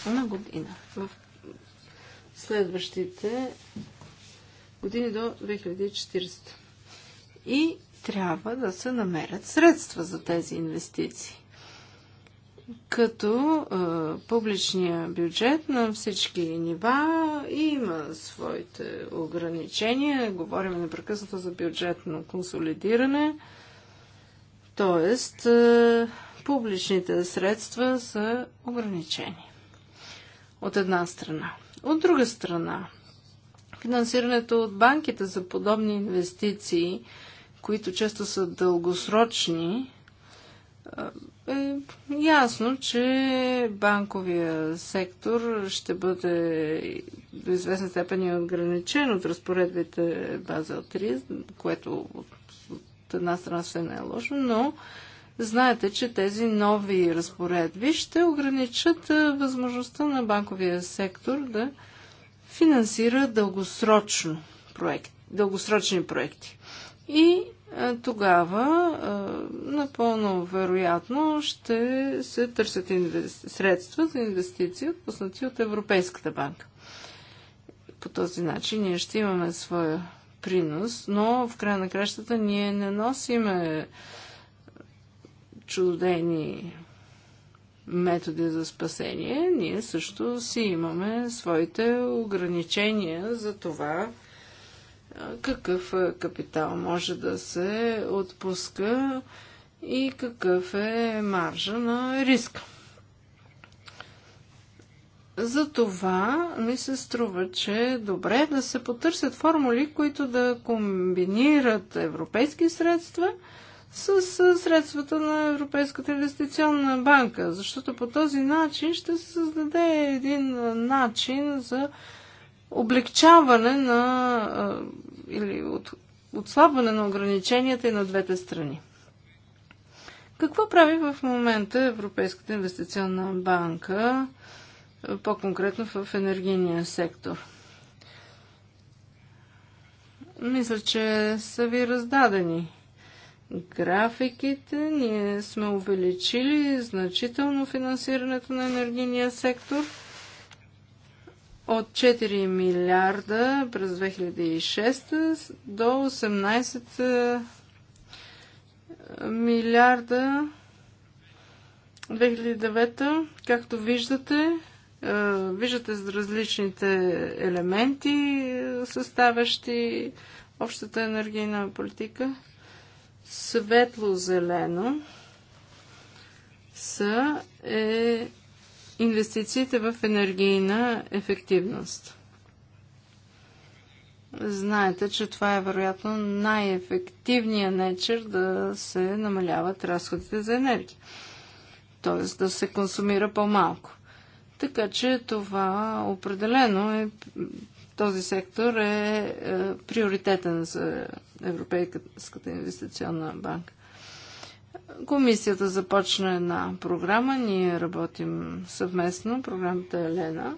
на година. В следващите години до 2040. И трябва да се намерят средства за тези инвестиции. Като е, публичния бюджет на всички нива има своите ограничения. Говорим непрекъснато за бюджетно консолидиране. Е, Тоест, е, публичните средства са ограничени. От една страна. От друга страна, финансирането от банките за подобни инвестиции, които често са дългосрочни, е, е ясно, че банковия сектор ще бъде до известна степен ограничен от разпоредбите от 3, което от от една страна се не е лошо, но знаете, че тези нови разпоредби ще ограничат възможността на банковия сектор да финансира дългосрочно проект, дългосрочни проекти. И тогава напълно вероятно ще се търсят инвести... средства за инвестиции, отпуснати от Европейската банка. По този начин ние ще имаме своя принос, но в края на кращата ние не носиме чудени методи за спасение, ние също си имаме своите ограничения за това какъв капитал може да се отпуска и какъв е маржа на риска. За това ми се струва, че е добре да се потърсят формули, които да комбинират европейски средства с средствата на Европейската инвестиционна банка, защото по този начин ще се създаде един начин за облегчаване на или от, отслабване на ограниченията и на двете страни. Какво прави в момента Европейската инвестиционна банка? по-конкретно в енергийния сектор. Мисля, че са ви раздадени графиките. Ние сме увеличили значително финансирането на енергийния сектор от 4 милиарда през 2006 до 18 е, милиарда 2009, както виждате, е, виждате за различните елементи, съставящи общата енергийна политика. Светло-зелено са е инвестициите в енергийна ефективност. Знаете, че това е вероятно най-ефективният начин да се намаляват разходите за енергия. Т.е. да се консумира по-малко. Така че това определено е, този сектор е, е приоритетен за Европейската инвестиционна банка. Комисията започна една програма, ние работим съвместно, програмата е Елена,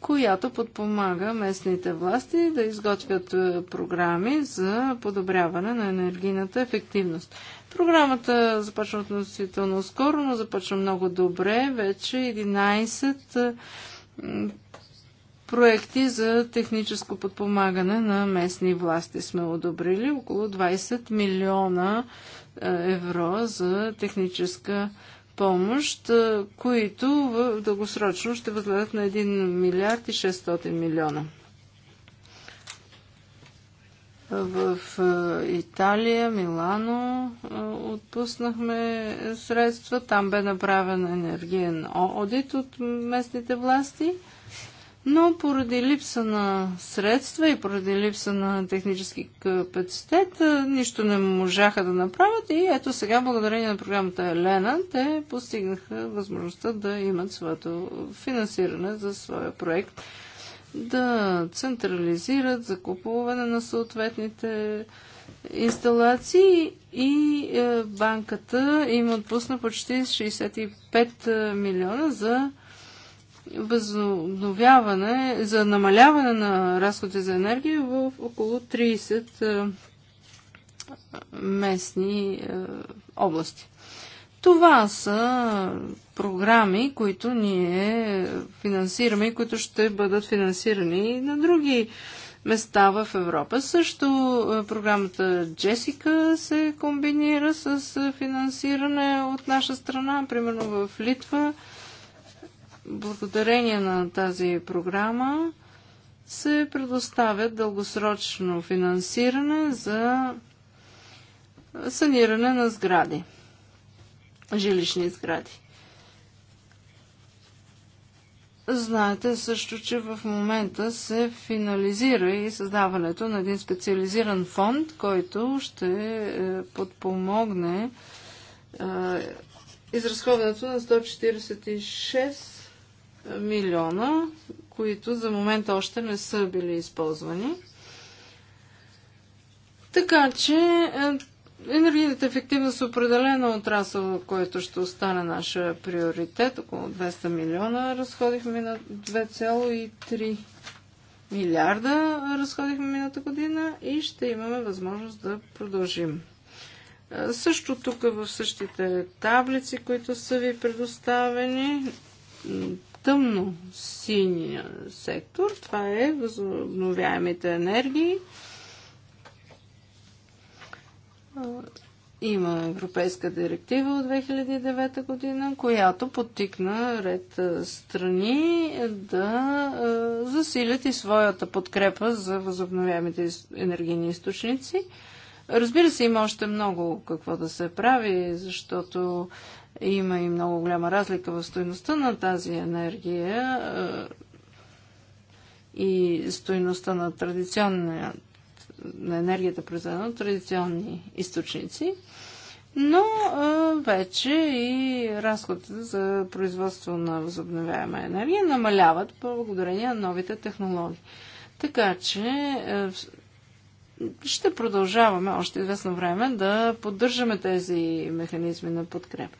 която подпомага местните власти да изготвят е, програми за подобряване на енергийната ефективност. Програмата започва относително скоро, но започва много добре. Вече 11 проекти за техническо подпомагане на местни власти сме одобрили. Около 20 милиона евро за техническа помощ, които в дългосрочно ще възгледат на 1 милиард и 600 милиона. В Италия, Милано отпуснахме средства. Там бе направен енергиен одит от местните власти. Но поради липса на средства и поради липса на технически капацитет, нищо не можаха да направят и ето сега, благодарение на програмата Елена, те постигнаха възможността да имат своето финансиране за своя проект да централизират закупуване на съответните инсталации и е, банката им отпусна почти 65 е, милиона за възобновяване, за намаляване на разходите за енергия в около 30 е, местни области. Това са програми, които ние финансираме и които ще бъдат финансирани и на други места в Европа. Също е, програмата Джесика се комбинира с е, финансиране от наша страна, примерно в Литва. Благодарение на тази програма се предоставят дългосрочно финансиране за саниране на сгради жилищни сгради. Знаете също, че в момента се финализира и създаването на един специализиран фонд, който ще е, подпомогне е, изразходването на 146 милиона, които за момента още не са били използвани. Така че е, Енергийната ефективност е определено отрасъл, който ще остане наша приоритет. Около 200 милиона разходихме на 2,3 милиарда разходихме миналата година и ще имаме възможност да продължим. Също тук е в същите таблици, които са ви предоставени, тъмно синия сектор, това е възобновяемите енергии има европейска директива от 2009 година, която подтикна ред страни е, да засилят и своята подкрепа за възобновяемите енергийни източници. Разбира се, има още много какво да се прави, защото има и много голяма разлика в стоеността на тази енергия и стоеността на традиционния на енергията, произведена от традиционни източници, но а, вече и разходите за производство на възобновяема енергия намаляват благодарение на новите технологии. Така че ще продължаваме още известно време да поддържаме тези механизми на подкреп.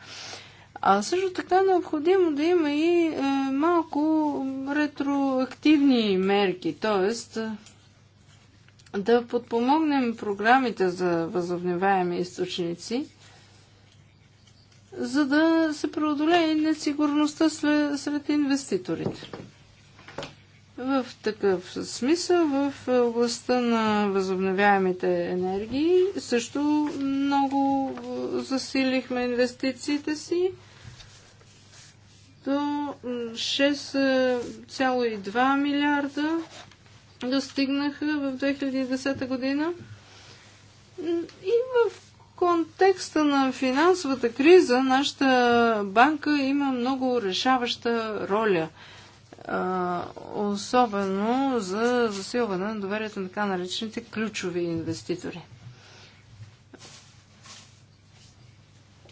А също така е необходимо да има и малко ретроактивни мерки, т.е да подпомогнем програмите за възобновяеми източници, за да се преодолее несигурността сред инвеститорите. В такъв смисъл в областта на възобновяемите енергии също много засилихме инвестициите си до 6,2 милиарда достигнаха в 2010 година. И в контекста на финансовата криза нашата банка има много решаваща роля. А, особено за засилване на доверието на така наречените ключови инвеститори.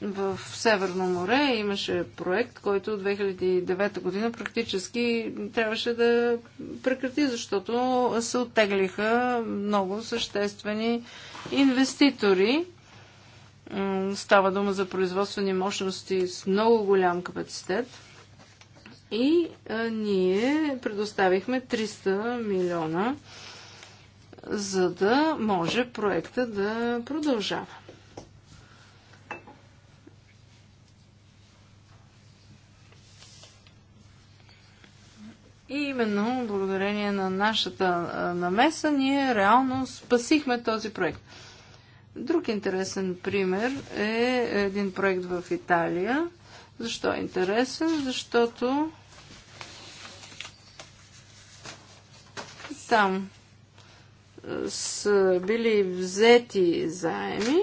в Северно море имаше проект, който от 2009 година практически трябваше да прекрати, защото се оттеглиха много съществени инвеститори. Става дума за производствени мощности с много голям капацитет. И ние предоставихме 300 милиона, за да може проекта да продължава. И именно благодарение на нашата намеса ние реално спасихме този проект. Друг интересен пример е един проект в Италия. Защо е интересен? Защото там са били взети заеми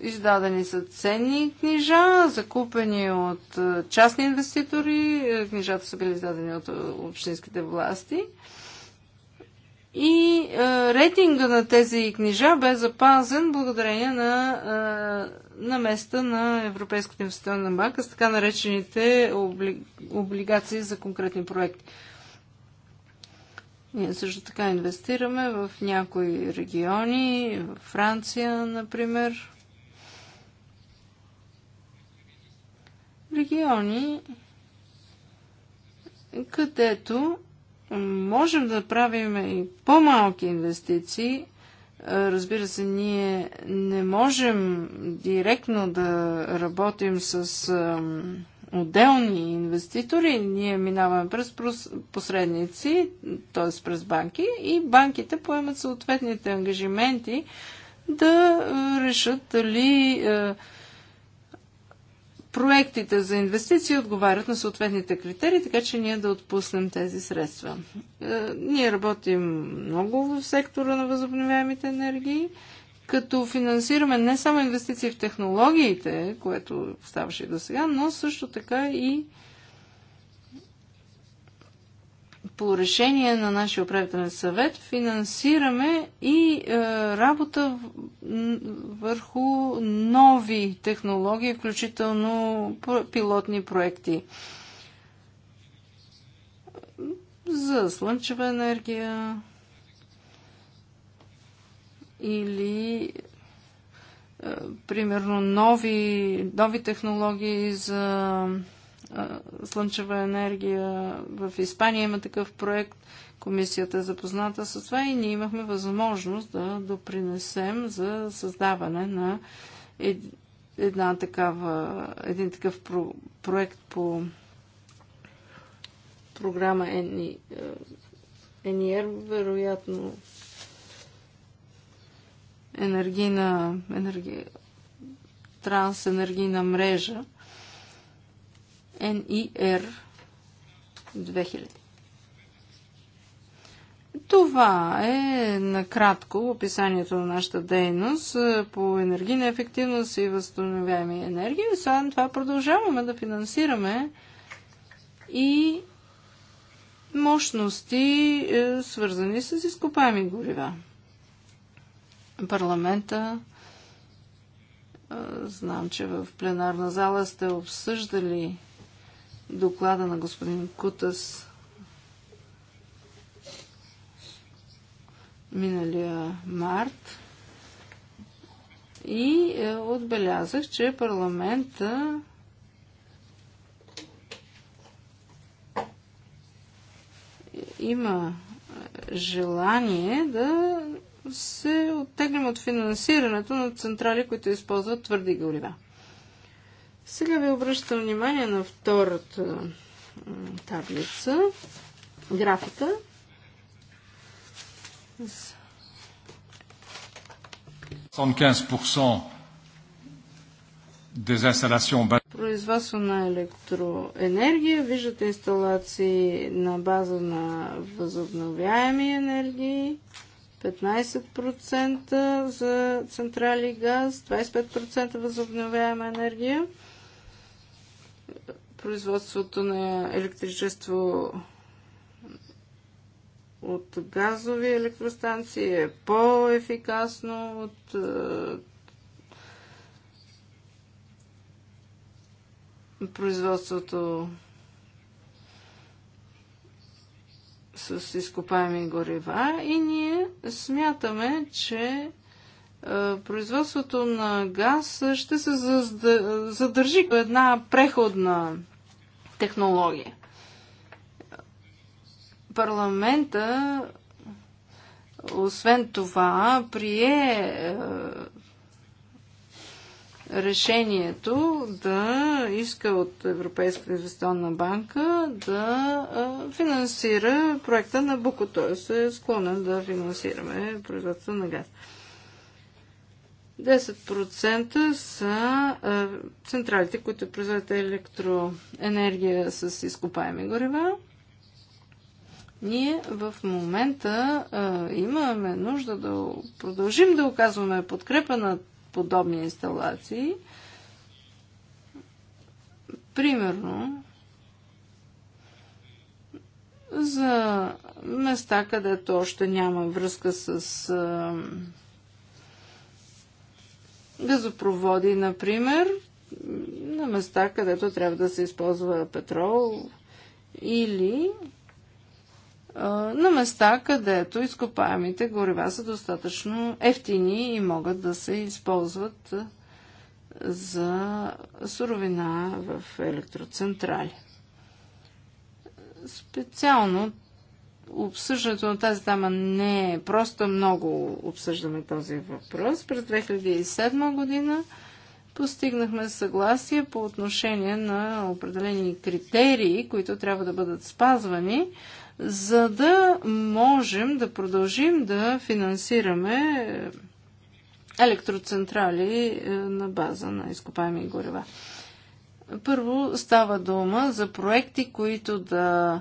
Издадени са ценни книжа, закупени от частни инвеститори. Е, книжата са били издадени от общинските власти. И е, рейтинга на тези книжа бе запазен благодарение на, е, на места на Европейската инвестиционна банка с така наречените обли... облигации за конкретни проекти. Ние също така инвестираме в някои региони, в Франция, например. Региони, където можем да правим и по-малки инвестиции. Разбира се, ние не можем директно да работим с отделни инвеститори, ние минаваме през посредници, т.е. през банки, и банките поемат съответните ангажименти да е, решат дали е, проектите за инвестиции отговарят на съответните критерии, така че ние да отпуснем тези средства. Е, ние работим много в сектора на възобновяемите енергии. Е, като финансираме не само инвестиции в технологиите, което ставаше и до сега, но също така и по решение на нашия управителен съвет финансираме и е, работа върху нови технологии, включително пилотни проекти за слънчева енергия, или е, примерно нови, нови технологии за е, слънчева енергия. В Испания има такъв проект. Комисията е запозната с това и ние имахме възможност да допринесем за създаване на една такава, един такъв про, проект по програма е, ЕНИЕР, вероятно енергийна, енерги... трансенергийна мрежа NIR 2000. Това е накратко описанието на нашата дейност е, по енергийна ефективност и възстановяеми и Освен това продължаваме да финансираме и мощности, е, свързани с изкопаеми горива парламента. Знам, че в пленарна зала сте обсъждали доклада на господин Кутас миналия март и е, отбелязах, че парламента има желание да се оттеглим от финансирането на централи, които използват твърди горива. Сега ви обръщам внимание на втората таблица, графика. производство на електроенергия, виждате инсталации на база на възобновяеми енергии, 15% за централи газ, 25% възобновяема енергия, производството на електричество от газови електростанции е по-ефикасно от е, производството с изкопаеми горива и ние смятаме, че е, производството на газ ще се задържи една преходна технология. Парламента, освен това, прие е, решението да иска от Европейска инвестиционна банка да финансира проекта на Буко, т.е. е склонен да финансираме производство на газ. 10% са централите, които произвеждат електроенергия с изкопаеми горива. Ние в момента а, имаме нужда да продължим да оказваме подкрепа на подобни инсталации. Примерно, за места, където още няма връзка с а, газопроводи, например, на места, където трябва да се използва петрол или на места, където изкопаемите горива са достатъчно ефтини и могат да се използват за суровина в електроцентрали. Специално обсъждането на тази тема не е просто много обсъждаме този въпрос. През 2007 година постигнахме съгласие по отношение на определени критерии, които трябва да бъдат спазвани, за да можем да продължим да финансираме електроцентрали е, на база на изкопаеми горева. Първо става дума за проекти, които да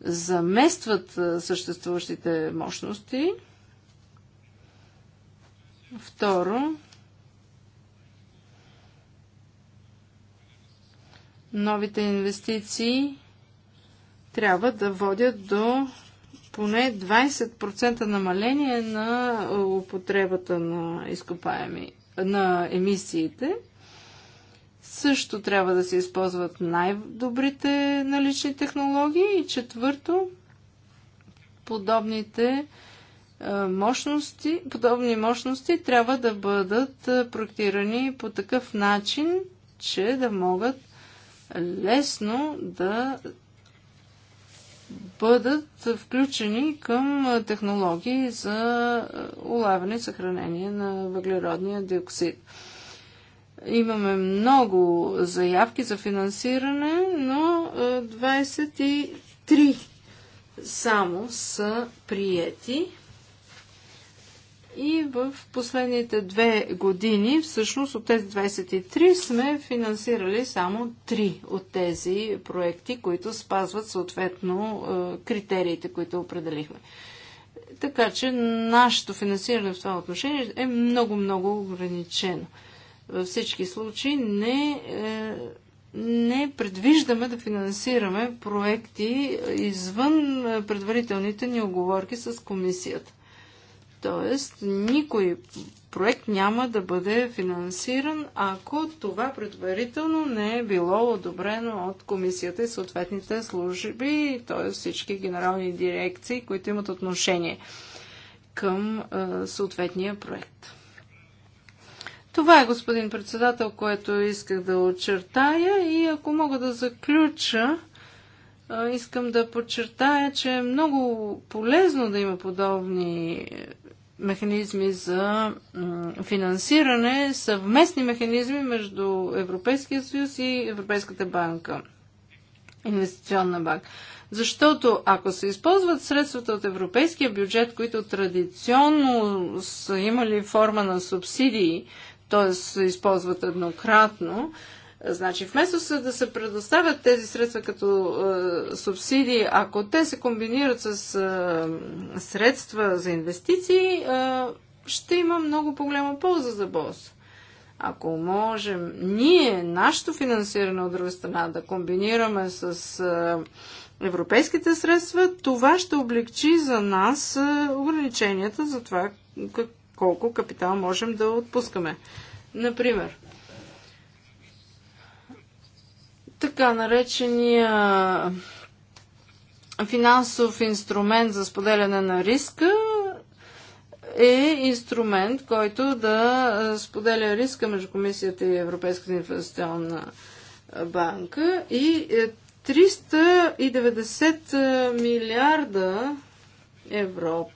заместват е, съществуващите мощности. Второ, новите инвестиции трябва да водят до поне 20% намаление на употребата на изкопаеми, на емисиите. Също трябва да се използват най-добрите налични технологии. И четвърто, подобните мощности, подобни мощности трябва да бъдат проектирани по такъв начин, че да могат лесно да бъдат включени към технологии за улавяне и съхранение на въглеродния диоксид. Имаме много заявки за финансиране, но 23 само са приети. И в последните две години, всъщност от тези 23, сме финансирали само три от тези проекти, които спазват съответно е, критериите, които определихме. Така че нашето финансиране в това отношение е много-много ограничено. Във всички случаи не, е, не предвиждаме да финансираме проекти извън е, предварителните ни оговорки с комисията. Тоест, никой проект няма да бъде финансиран, ако това предварително не е било одобрено от комисията и съответните служби, т.е. всички генерални дирекции, които имат отношение към е, съответния проект. Това е, господин председател, което исках да очертая и ако мога да заключа, искам да подчертая, че е много полезно да има подобни е, механизми за финансиране, съвместни механизми между Европейския съюз и Европейската банка, инвестиционна банка. Защото ако се използват средствата от европейския бюджет, които традиционно са имали форма на субсидии, т.е. се използват еднократно, Значи, вместо се да се предоставят тези средства като е, субсидии, ако те се комбинират с е, средства за инвестиции, е, ще има много по-голяма полза за БОС. Ако можем ние, нашето финансиране от друга страна, да комбинираме с е, европейските средства, това ще облегчи за нас е, ограниченията за това как, колко капитал можем да отпускаме. Например, Така наречения финансов инструмент за споделяне на риска е инструмент, който да споделя риска между Комисията и Европейската инвестиционна банка и 390 е, милиарда евро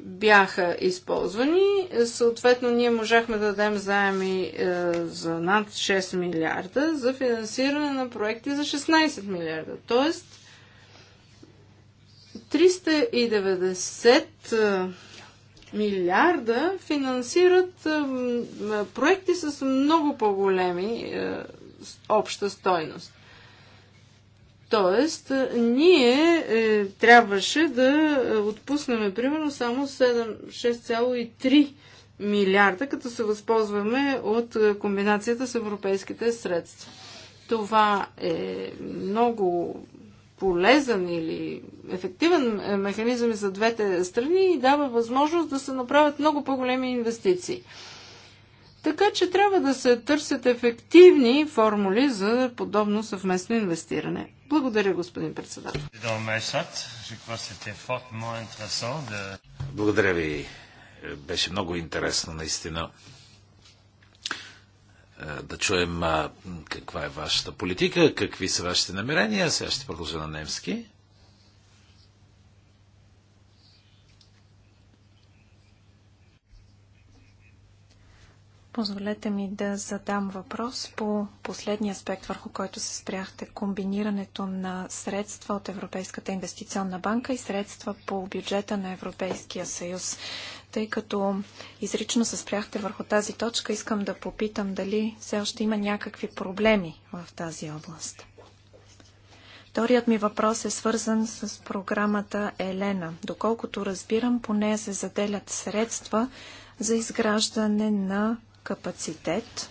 бяха използвани. Съответно, ние можахме да дадем заеми е, за над 6 милиарда за финансиране на проекти за 16 милиарда. Тоест, 390 е, милиарда финансират е, проекти с много по-големи обща стойност. Тоест, ние е, трябваше да отпуснем примерно само 6,3 милиарда, като се възползваме от е, комбинацията с европейските средства. Това е много полезен или ефективен е, механизъм за двете страни и дава възможност да се направят много по-големи инвестиции. Така че трябва да се търсят ефективни формули за подобно съвместно инвестиране. Благодаря, господин председател. Благодаря ви. Беше много интересно, наистина, да чуем каква е вашата политика, какви са вашите намерения. Сега ще продължа на немски. Позволете ми да задам въпрос по последния аспект, върху който се спряхте комбинирането на средства от Европейската инвестиционна банка и средства по бюджета на Европейския съюз. Тъй като изрично се спряхте върху тази точка, искам да попитам дали все още има някакви проблеми в тази област. Вторият ми въпрос е свързан с програмата Елена. Доколкото разбирам, по нея се заделят средства за изграждане на капацитет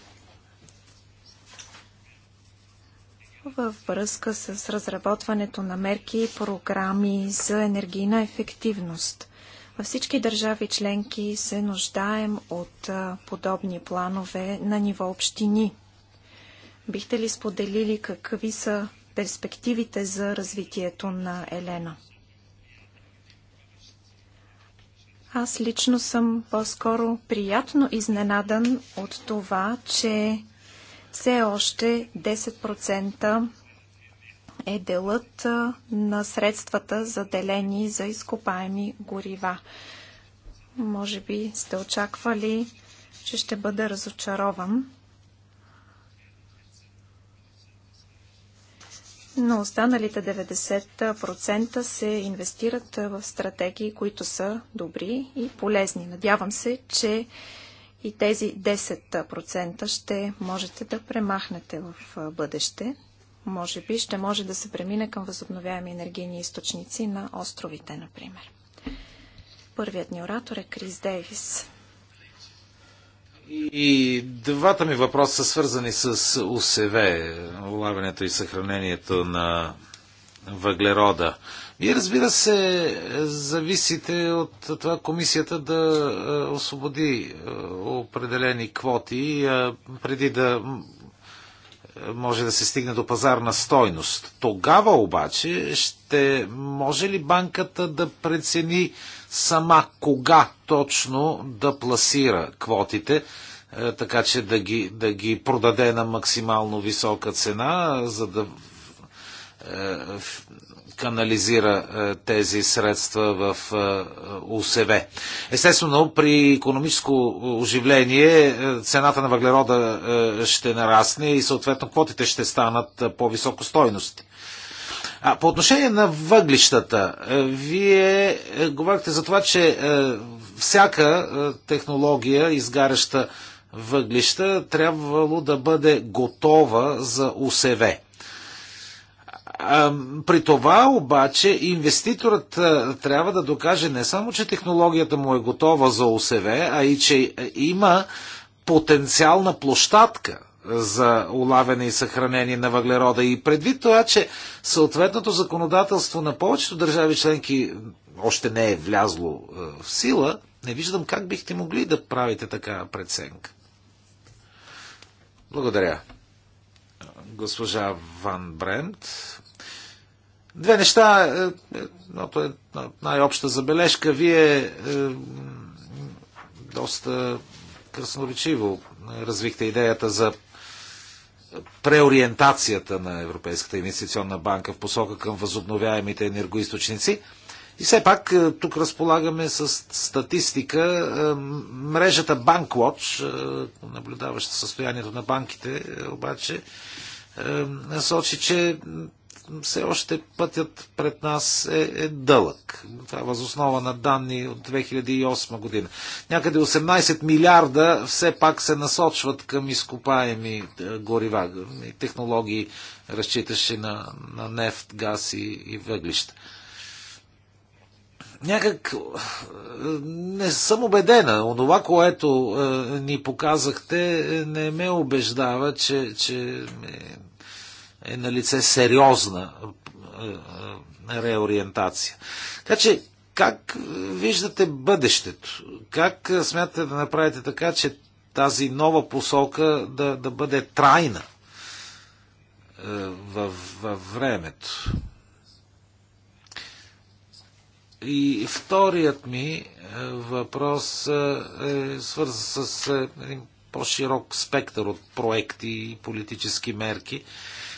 във връзка с разработването на мерки и програми за енергийна ефективност. Във всички държави членки се нуждаем от подобни планове на ниво общини. Бихте ли споделили какви са перспективите за развитието на Елена? Аз лично съм по-скоро приятно изненадан от това, че все още 10% е делът на средствата заделени за изкопаеми горива. Може би сте очаквали, че ще бъда разочарован. но останалите 90% се инвестират в стратегии, които са добри и полезни. Надявам се, че и тези 10% ще можете да премахнете в бъдеще. Може би ще може да се премине към възобновяеми енергийни източници на островите, например. Първият ни оратор е Крис Дейвис. И двата ми въпроса са свързани с ОСВ, улавянето и съхранението на въглерода. И разбира се, зависите от това комисията да е, освободи е, определени квоти е, преди да може да се стигне до пазарна стойност. Тогава обаче ще може ли банката да прецени сама кога точно да пласира квотите, е, така че да ги, да ги продаде на максимално висока цена, за да е, канализира е, тези средства в УСВ. Естествено, при економическо оживление цената на въглерода ще нарасне и съответно квотите ще станат по-високо стойности. А, по отношение на въглищата, е, вие е, говорите за това, че е, всяка технология, изгаряща въглища, трябвало да бъде готова за УСВ. При това обаче инвеститорът трябва да докаже не само, че технологията му е готова за ОСВ, а и че има потенциална площадка за улавяне и съхранение на въглерода. И предвид това, че съответното законодателство на повечето държави членки още не е влязло е, в сила, не виждам как бихте могли да правите такава преценка. Благодаря. Госпожа Ван Брент. Две неща. Е, е, едното е най-обща забележка. Вие е, доста красноречиво развихте идеята за преориентацията на Европейската инвестиционна банка в посока към възобновяемите енергоисточници. И все пак е, тук разполагаме с статистика. Е, мрежата BankWatch, е, наблюдаваща състоянието на банките, обаче сочи, че все още пътят пред нас е, е дълъг. Това е възоснова на данни от 2008 година. Някъде 18 милиарда все пак се насочват към изкопаеми е, горива. Технологии разчиташе на, на нефт, газ и, и въглища някак е, не съм убедена. Онова, което е, ни показахте, е, не ме убеждава, че, че е на лице сериозна е, е, реориентация. Така че, как виждате бъдещето? Как смятате да направите така, че тази нова посока да, да бъде трайна е, във, във времето? И вторият ми въпрос е свързан с един по-широк спектър от проекти и политически мерки.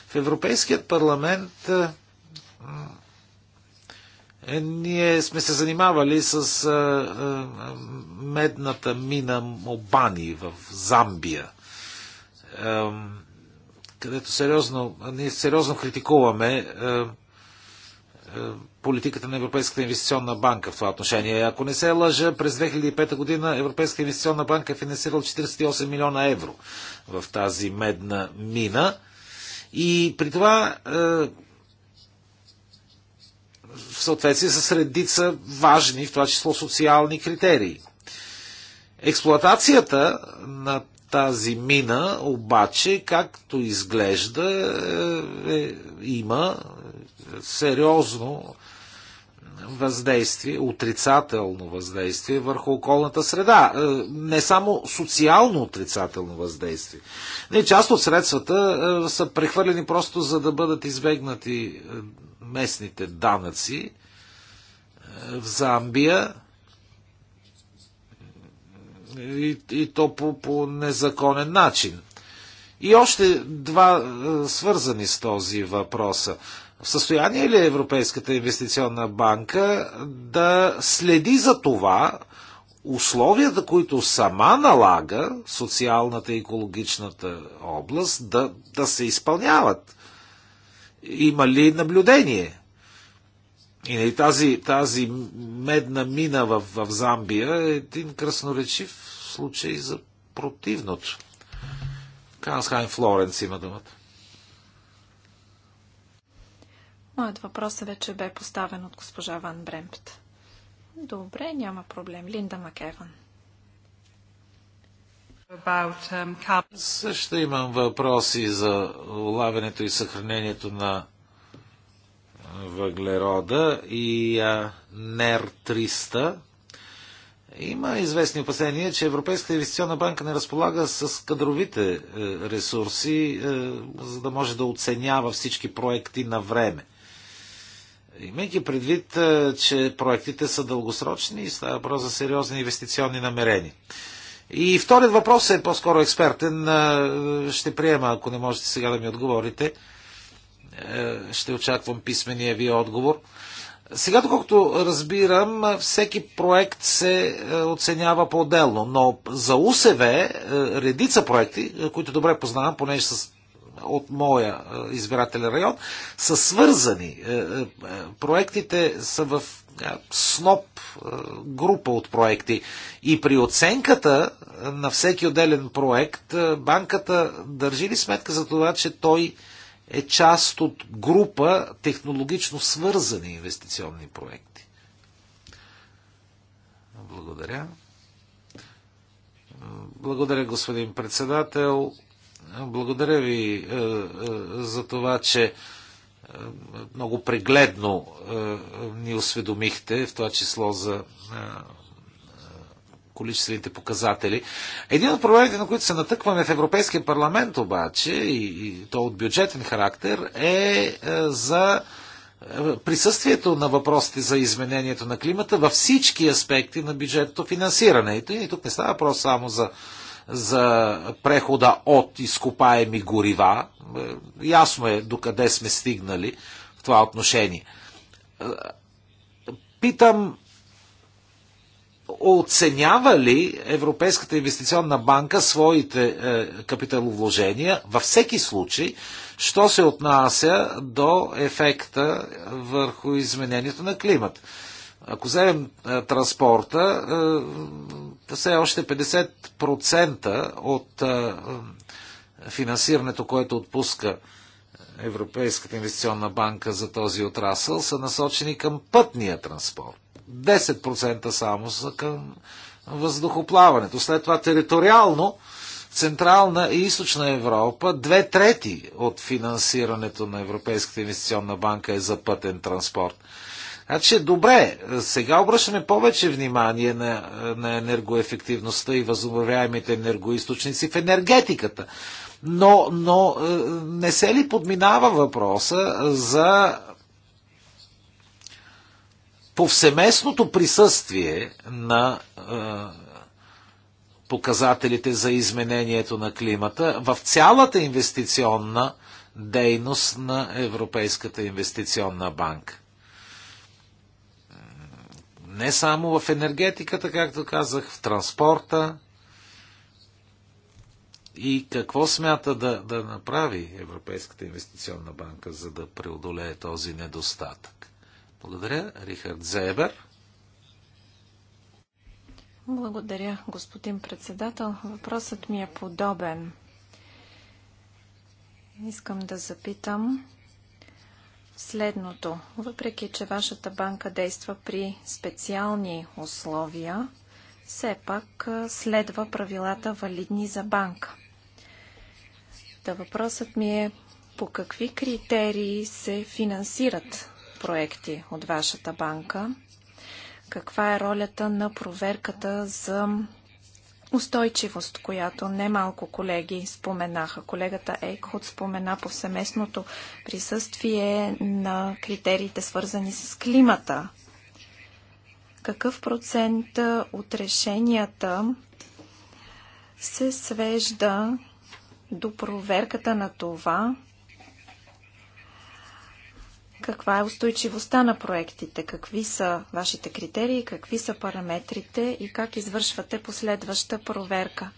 В Европейският парламент е, ние сме се занимавали с е, е, медната мина Мобани в Замбия, е, където сериозно, ние сериозно критикуваме е, политиката на Европейската инвестиционна банка в това отношение. Ако не се лъжа, през 2005 година Европейската инвестиционна банка е финансирала 48 милиона евро в тази медна мина и при това е, в съответствие с редица важни, в това число социални критерии. Експлоатацията на тази мина обаче, както изглежда, е, е има сериозно въздействие, отрицателно въздействие върху околната среда. Е, не само социално отрицателно въздействие. Не, част от средствата е, са прехвърлени просто за да бъдат избегнати е, местните данъци в Замбия и, и то по, по незаконен начин. И още два свързани с този въпроса. В състояние ли е Европейската инвестиционна банка да следи за това условията, които сама налага социалната и екологичната област, да, да се изпълняват? Има ли наблюдение? И нали, тази, тази медна мина в, в Замбия е един красноречив случай за противното. Кансхайн Флоренс има думата. Моят въпрос вече бе поставен от госпожа Ван Бремпт. Добре, няма проблем. Линда Макеван. About, um, Също имам въпроси за улавянето и съхранението на въглерода и НЕР 300. Има известни опасения, че Европейската инвестиционна банка не разполага с кадровите е, ресурси, е, за да може да оценява всички проекти на време. Имайки предвид, че проектите са дългосрочни и става въпрос за сериозни инвестиционни намерения. И вторият въпрос е по-скоро експертен. Ще приема, ако не можете сега да ми отговорите. Ще очаквам писмения ви отговор. Сега, доколкото разбирам, всеки проект се оценява по-отделно, но за УСВ редица проекти, които добре познавам, понеже с от моя е, избирателен район, са свързани. Е, е, проектите са в сноп група от проекти. И при оценката на всеки отделен проект, банката държи ли сметка за това, че той е част от група технологично свързани инвестиционни проекти? Благодаря. Благодаря, господин председател. Благодаря ви е, е, за това, че е, много прегледно ни осведомихте, в това число за количествените показатели. Един от проблемите, на които се натъкваме в Европейския парламент обаче, и то от бюджетен характер, е за присъствието на въпросите за изменението на климата във всички аспекти на бюджетното финансиране. И тук не става въпрос само за за прехода от изкопаеми горива. Е, ясно е докъде сме стигнали в това отношение. Е, питам, оценява ли Европейската инвестиционна банка своите е, капиталовложения във всеки случай, що се отнася до ефекта върху изменението на климат? Ако вземем транспорта, все още 50% от финансирането, което отпуска Европейската инвестиционна банка за този отрасъл, са насочени към пътния транспорт. 10% само са към въздухоплаването. След това териториално Централна и Източна Европа, две трети от финансирането на Европейската инвестиционна банка е за пътен транспорт. Значи, добре, сега обръщаме повече внимание на, на енергоефективността и възобновяемите енергоисточници в енергетиката. Но, но е, не се ли подминава въпроса за повсеместното присъствие на е, показателите за изменението на климата в цялата инвестиционна дейност на Европейската инвестиционна банка. Не само в енергетиката, както казах, в транспорта. И какво смята да, да направи Европейската инвестиционна банка, за да преодолее този недостатък? Благодаря, Рихард Зебер. Благодаря, господин председател. Въпросът ми е подобен. Искам да запитам следното. Въпреки, че вашата банка действа при специални условия, все пак следва правилата валидни за банка. Да въпросът ми е по какви критерии се финансират проекти от вашата банка? Каква е ролята на проверката за устойчивост, която немалко колеги споменаха. Колегата Ейкхот спомена повсеместното присъствие на критериите, свързани с климата. Какъв процент от решенията се свежда до проверката на това, каква е устойчивостта на проектите, какви са вашите критерии, какви са параметрите и как извършвате последваща проверка.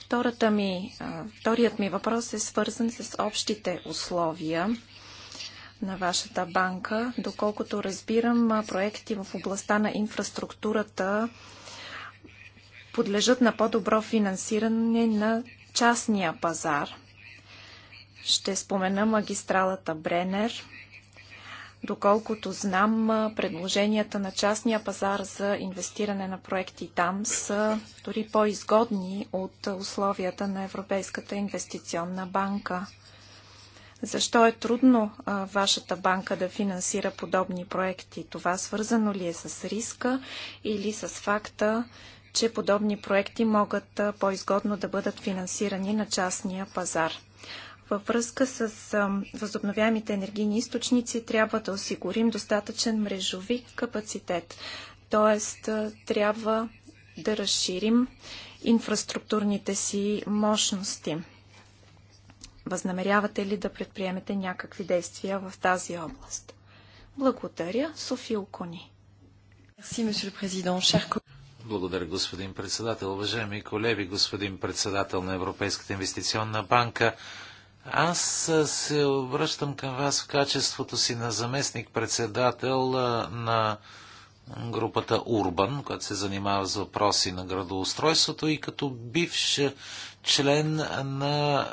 Втората ми, вторият ми въпрос е свързан с общите условия на вашата банка. Доколкото разбирам, проекти в областта на инфраструктурата подлежат на по-добро финансиране на частния пазар. Ще спомена магистралата Бренер, Доколкото знам, предложенията на частния пазар за инвестиране на проекти там са дори по-изгодни от условията на Европейската инвестиционна банка. Защо е трудно а, вашата банка да финансира подобни проекти? Това свързано ли е с риска или с факта, че подобни проекти могат по-изгодно да бъдат финансирани на частния пазар? Във връзка с възобновяемите енергийни източници трябва да осигурим достатъчен мрежови капацитет. Тоест, трябва да разширим инфраструктурните си мощности. Възнамерявате ли да предприемете някакви действия в тази област? Благодаря, Софи Окони. Благодаря, господин председател. Уважаеми колеги, господин председател на Европейската инвестиционна банка, аз се обръщам към вас в качеството си на заместник-председател на групата Урбан, която се занимава с въпроси на градоустройството и като бивш член на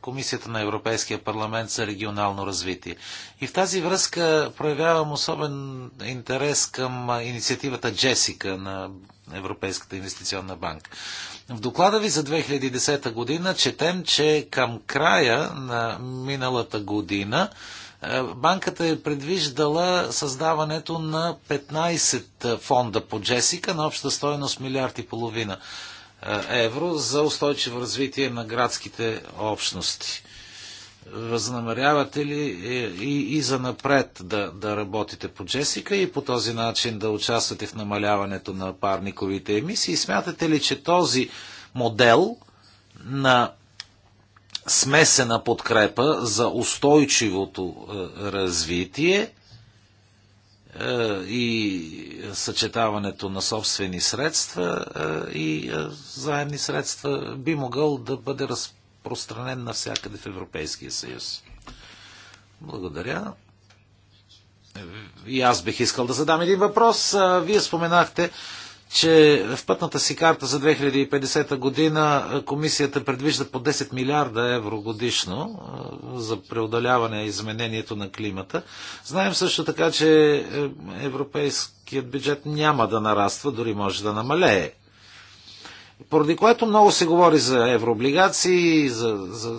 Комисията на Европейския парламент за регионално развитие. И в тази връзка проявявам особен интерес към инициативата Джесика на Европейската инвестиционна банка. В доклада ви за 2010 година четем, че към края на миналата година е, банката е предвиждала създаването на 15 е, фонда по Джесика на обща стоеност милиард и половина е, евро за устойчиво развитие на градските общности. Възнамерявате ли е, и, и за напред да, да работите по Джесика и по този начин да участвате в намаляването на парниковите емисии? Смятате ли, че този модел на смесена подкрепа за устойчивото е, развитие е, и съчетаването на собствени средства и заемни средства би могъл да бъде разпределен разпространен навсякъде в Европейския съюз. Благодаря. И аз бих искал да задам един въпрос. Вие споменахте, че в пътната си карта за 2050 година комисията предвижда по 10 милиарда евро годишно за преодоляване и изменението на климата. Знаем също така, че е, европейският бюджет няма да нараства, дори може да намалее поради което много се говори за еврооблигации, за, за,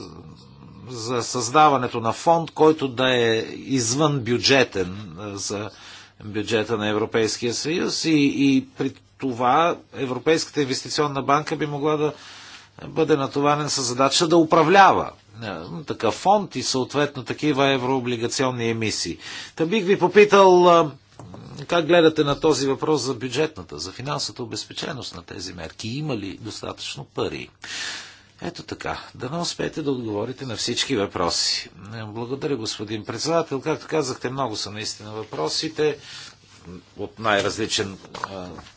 за създаването на фонд, който да е извън бюджетен за бюджета на Европейския съюз и, и при това Европейската инвестиционна банка би могла да бъде натоварен с задача да управлява такъв фонд и съответно такива еврооблигационни емисии. Та бих ви попитал как гледате на този въпрос за бюджетната, за финансовата обезпеченост на тези мерки? Има ли достатъчно пари? Ето така. Да не успеете да отговорите на всички въпроси. Е, благодаря, господин председател. Както казахте, много са наистина въпросите от най-различен е,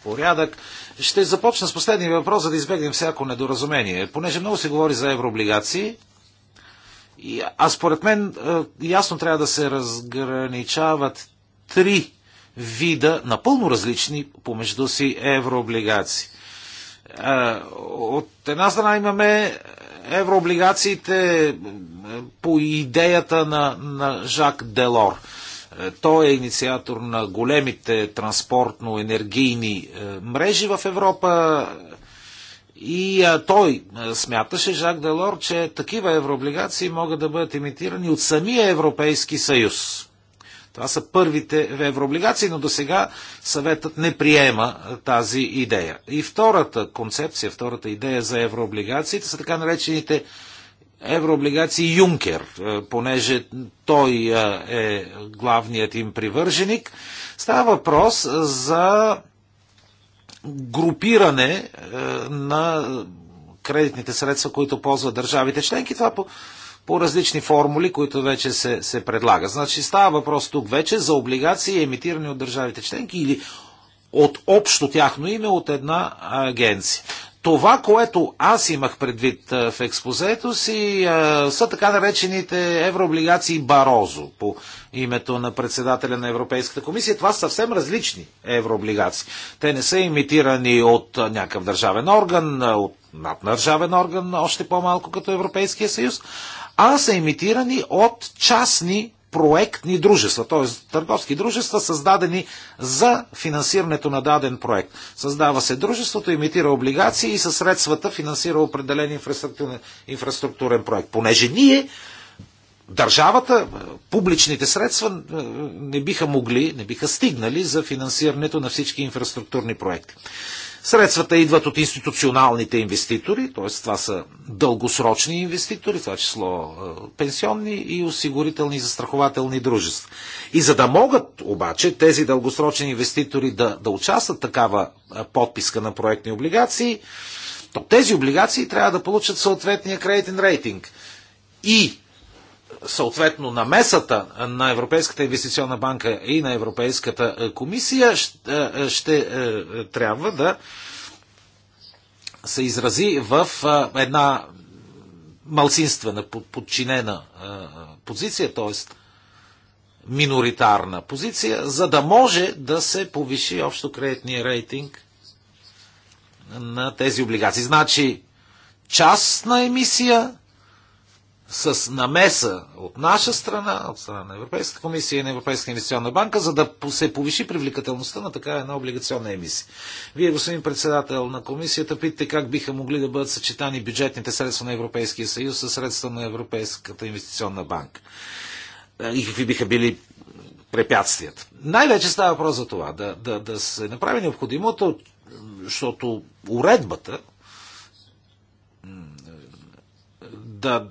порядък. Ще започна с последния въпрос, за да избегнем всяко недоразумение. Понеже много се говори за еврооблигации, а според мен е, ясно трябва да се разграничават три вида, напълно различни помежду си еврооблигации. От една страна имаме еврооблигациите по идеята на, на Жак Делор. Е, той е инициатор на големите транспортно-енергийни е, мрежи в Европа. И той е, смяташе, Жак Делор, че такива еврооблигации могат да бъдат имитирани от самия Европейски съюз. Това са първите в еврооблигации, но до сега съветът не приема тази идея. И втората концепция, втората идея за еврооблигациите са така наречените еврооблигации Юнкер, понеже той е главният им привърженик. Става въпрос за групиране на кредитните средства, които ползват държавите членки. Това по по различни формули, които вече се, се предлагат. Значи става въпрос тук вече за облигации, емитирани от държавите членки или от общо тяхно име от една агенция. Това, което аз имах предвид в експозето си, са така наречените еврооблигации Барозо по името на председателя на Европейската комисия. Това са съвсем различни еврооблигации. Те не са имитирани от някакъв държавен орган, от наддържавен орган, още по-малко като Европейския съюз, а са имитирани от частни проектни дружества, т.е. търговски дружества, създадени за финансирането на даден проект. Създава се дружеството, имитира облигации и със средствата финансира определен инфраструктурен, проект. Понеже ние, държавата, публичните средства не биха могли, не биха стигнали за финансирането на всички инфраструктурни проекти. Средствата идват от институционалните инвеститори, т.е. това са дългосрочни инвеститори, това число пенсионни и осигурителни и застрахователни дружества. И за да могат обаче тези дългосрочни инвеститори да, да участват такава подписка на проектни облигации, то тези облигации трябва да получат съответния кредитен рейтинг. И съответно намесата на Европейската инвестиционна банка и на Европейската комисия е, е, ще, ще трябва да се изрази в е, една малцинствена, подчинена позиция, т.е. миноритарна позиция, за да може да се повиши общо кредитния рейтинг на тези облигации. Значи, частна емисия с намеса от наша страна, от страна на Европейската комисия и на Европейска инвестиционна банка, за да се повиши привлекателността на такава една облигационна емисия. Вие, господин председател на комисията, питате как биха могли да бъдат съчетани бюджетните средства на Европейския съюз с средства на Европейската инвестиционна банка. И какви биха били препятствията. Най-вече става въпрос за това, да, да, да се направи необходимото, защото уредбата, да,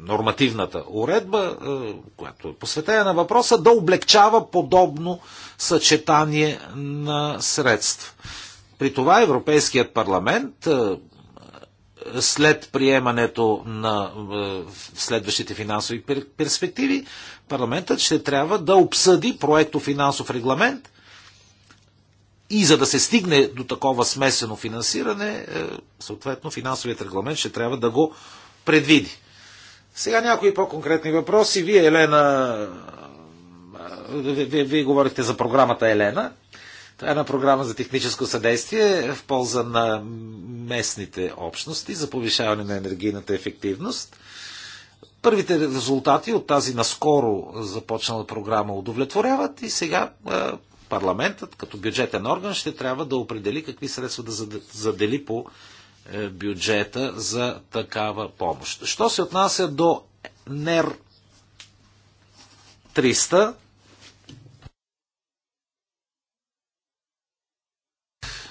нормативната уредба, е, която е посветена на въпроса, да облегчава подобно съчетание на средства. При това Европейският парламент е, след приемането на е, следващите финансови перспективи, парламентът ще трябва да обсъди проекто финансов регламент и за да се стигне до такова смесено финансиране, съответно финансовият регламент ще трябва да го предвиди. Сега някои по-конкретни въпроси. Вие, Елена, вие, вие говорихте за програмата Елена. Това е една програма за техническо съдействие в полза на местните общности за повишаване на енергийната ефективност. Първите резултати от тази наскоро започнала програма удовлетворяват и сега парламентът като бюджетен орган ще трябва да определи какви средства да задели по е, бюджета за такава помощ. Що се отнася до НЕР 300,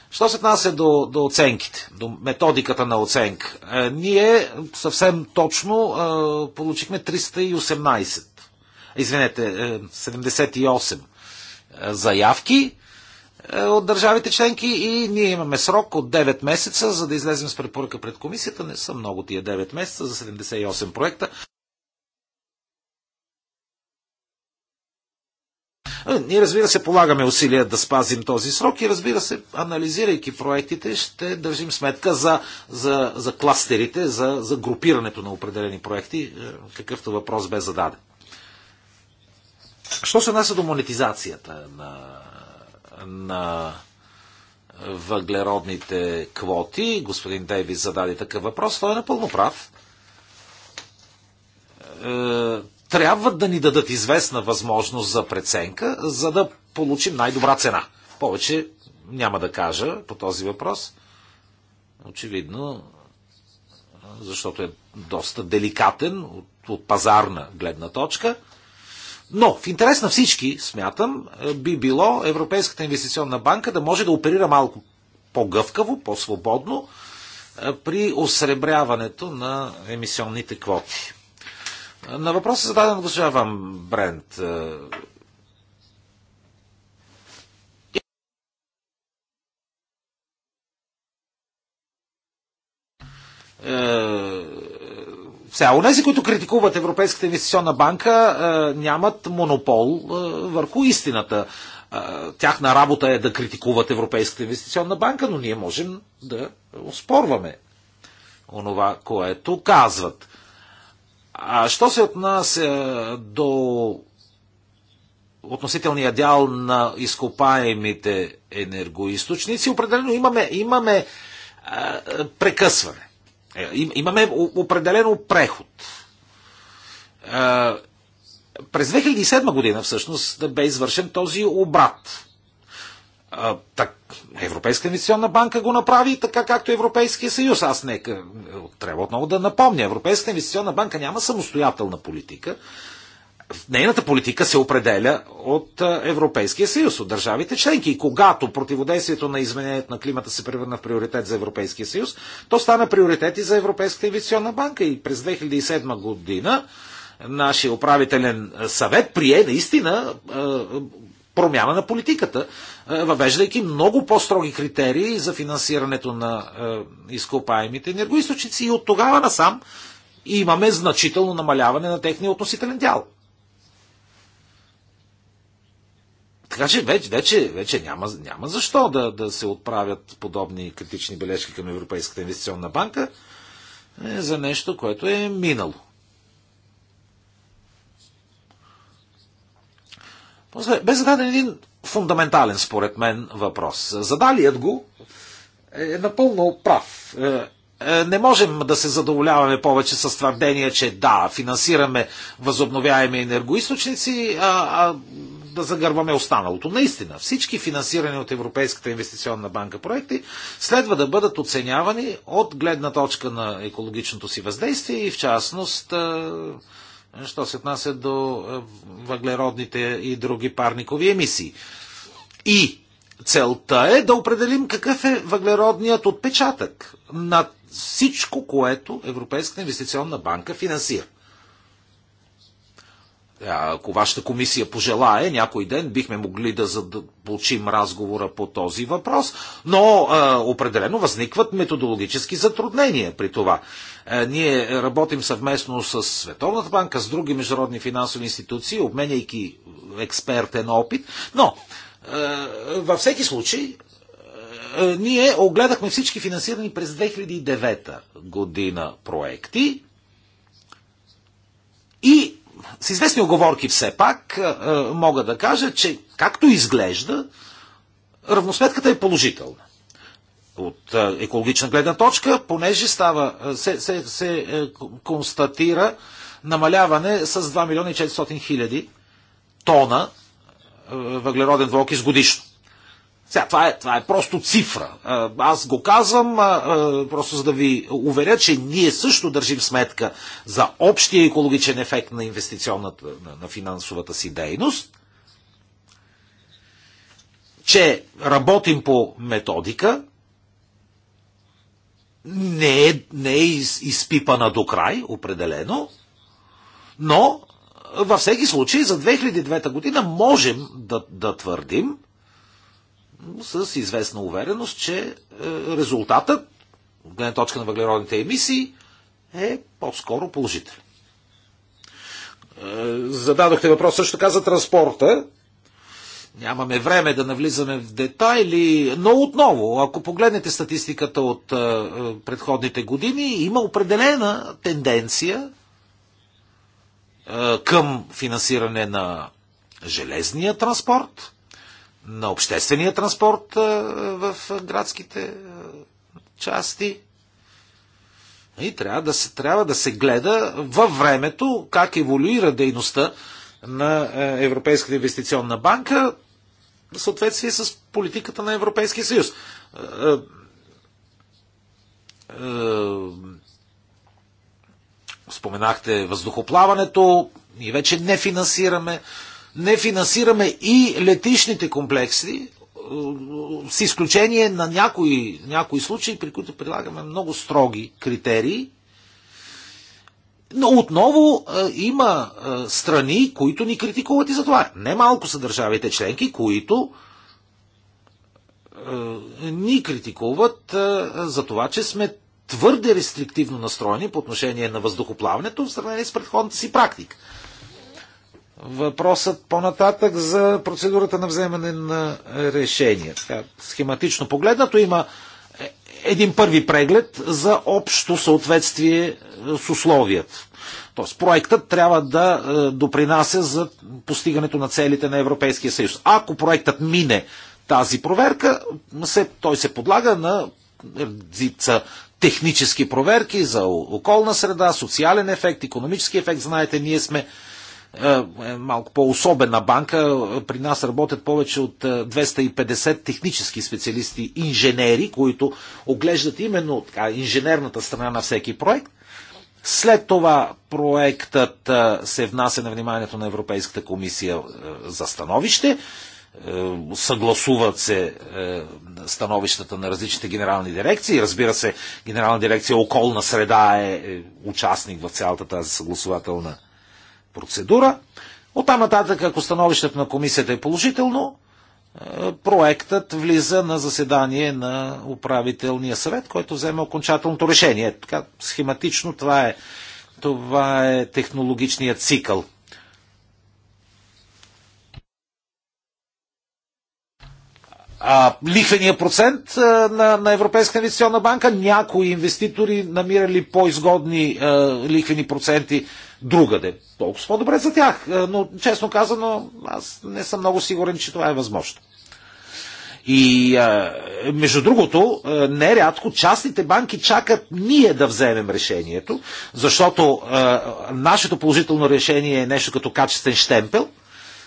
Що се отнася до, до оценките, до методиката на оценка? Е, ние съвсем точно е, получихме 318, извинете, е, 78 е, заявки е, от държавите членки и ние имаме срок от 9 месеца, за да излезем с препоръка пред комисията. Не са много тия 9 месеца за 78 проекта. Е, ние, разбира се, полагаме усилия да спазим този срок и, разбира се, анализирайки проектите, ще държим сметка за, за, за кластерите, за, за групирането на определени проекти, е, какъвто въпрос бе зададен. Що се нася до монетизацията на на въглеродните квоти. Господин Дейвис зададе такъв въпрос. Той е напълно прав. Е, Трябва да ни дадат известна възможност за преценка, за да получим най-добра цена. Повече няма да кажа по този въпрос. Очевидно, защото е доста деликатен от, от пазарна гледна точка – но в интерес на всички, смятам, е, би било Европейската инвестиционна банка да може да оперира малко по-гъвкаво, по-свободно е, при осребряването на емисионните квоти. Е, на въпроса зададен от госпожа Ван Брент. Сега, онези, които критикуват Европейската инвестиционна банка, е, нямат монопол е, върху истината. Е, тяхна работа е да критикуват Европейската инвестиционна банка, но ние можем да оспорваме онова, което казват. А що се отнася до относителния дял на изкопаемите енергоисточници, определено имаме, имаме прекъсване е, имаме определено преход. През 2007 година всъщност бе извършен този обрат. Так, Европейска инвестиционна банка го направи така както Европейския съюз. Аз нека е, трябва отново да напомня. Европейска инвестиционна банка няма самостоятелна политика нейната политика се определя от Европейския съюз, от държавите членки. И когато противодействието на изменението на климата се превърна в приоритет за Европейския съюз, то стана приоритет и за Европейската инвестиционна банка. И през 2007 година нашия управителен съвет прие наистина промяна на политиката, въвеждайки много по-строги критерии за финансирането на изкопаемите енергоисточници. И от тогава насам имаме значително намаляване на техния относителен дял. Така че вече, вече, вече няма, няма защо да, да се отправят подобни критични бележки към Европейската инвестиционна банка е, за нещо, което е минало. После бе зададен един фундаментален, според мен, въпрос. Задалият го е, е напълно прав. Е, е, не можем да се задоволяваме повече с твърдения, че да, финансираме възобновяеми енергоисточници, а, а да загърваме останалото. Наистина, всички финансирани от Европейската инвестиционна банка проекти следва да бъдат оценявани от гледна точка на екологичното си въздействие и в частност що се отнася до въглеродните и други парникови емисии. И целта е да определим какъв е въглеродният отпечатък на всичко, което Европейската инвестиционна банка финансира. Ако вашата комисия пожелае, някой ден бихме могли да задълбочим разговора по този въпрос, но а, определено възникват методологически затруднения при това. А, ние работим съвместно с Световната банка, с други международни финансови институции, обменяйки експертен опит, но а, във всеки случай а, ние огледахме всички финансирани през 2009 година проекти и с известни оговорки все пак е, е, мога да кажа, че както изглежда, равносметката е положителна. От е, екологична гледна точка, понеже става, се, се, се констатира намаляване с 2 милиона и 400 хиляди тона въглероден двуокис годишно. Сега, това, е, това е просто цифра. Аз го казвам, просто за да ви уверя, че ние също държим сметка за общия екологичен ефект на инвестиционната, на финансовата си дейност, че работим по методика, не е, не е из, изпипана до край, определено, но във всеки случай за 2009 година можем да, да твърдим, с известна увереност, че е, резултатът, от гледна точка на въглеродните емисии, е по-скоро положителен. Е, зададохте въпрос също така за транспорта. Нямаме време да навлизаме в детайли, но отново, ако погледнете статистиката от е, предходните години, има определена тенденция към финансиране на железния транспорт, на обществения транспорт в градските части. И трябва да се, трябва да се гледа във времето как еволюира дейността на Европейската инвестиционна банка в съответствие с политиката на Европейския съюз. Споменахте въздухоплаването и вече не финансираме не финансираме и летишните комплекси, с изключение на някои, някои случаи, при които прилагаме много строги критерии. Но отново е, има е, страни, които ни критикуват и за това. Немалко са държавите членки, които е, ни критикуват за това, че сме твърде рестриктивно настроени по отношение на въздухоплаването в сравнение с предходната си практика въпросът по-нататък за процедурата на вземане на решения. Така, схематично погледнато има е, един първи преглед за общо съответствие е, с условията. Тоест, проектът трябва да е, допринася за постигането на целите на Европейския съюз. Ако проектът мине тази проверка, той се подлага на редица технически проверки за околна среда, социален ефект, економически ефект. Знаете, ние сме е, е, малко по-особена банка. При нас работят повече от 250 е, технически специалисти, инженери, които оглеждат именно така, инженерната страна на всеки проект. След това проектът се внася на вниманието на Европейската комисия за становище. Съгласуват се становищата на различните генерални дирекции. Разбира се, генерална дирекция околна среда е участник в цялата тази съгласувателна процедура. Оттам нататък, ако становището на комисията е положително, е, проектът влиза на заседание на управителния съвет, който взема окончателното решение. Така, схематично това е, това е технологичният цикъл. а, лихвения процент а, на, на Европейска инвестиционна банка. Някои инвеститори намирали по-изгодни а, лихвени проценти другаде. Толкова по-добре за тях. А, но, честно казано, аз не съм много сигурен, че това е възможно. И а, между другото, а, нерядко частните банки чакат ние да вземем решението, защото а, нашето положително решение е нещо като качествен штемпел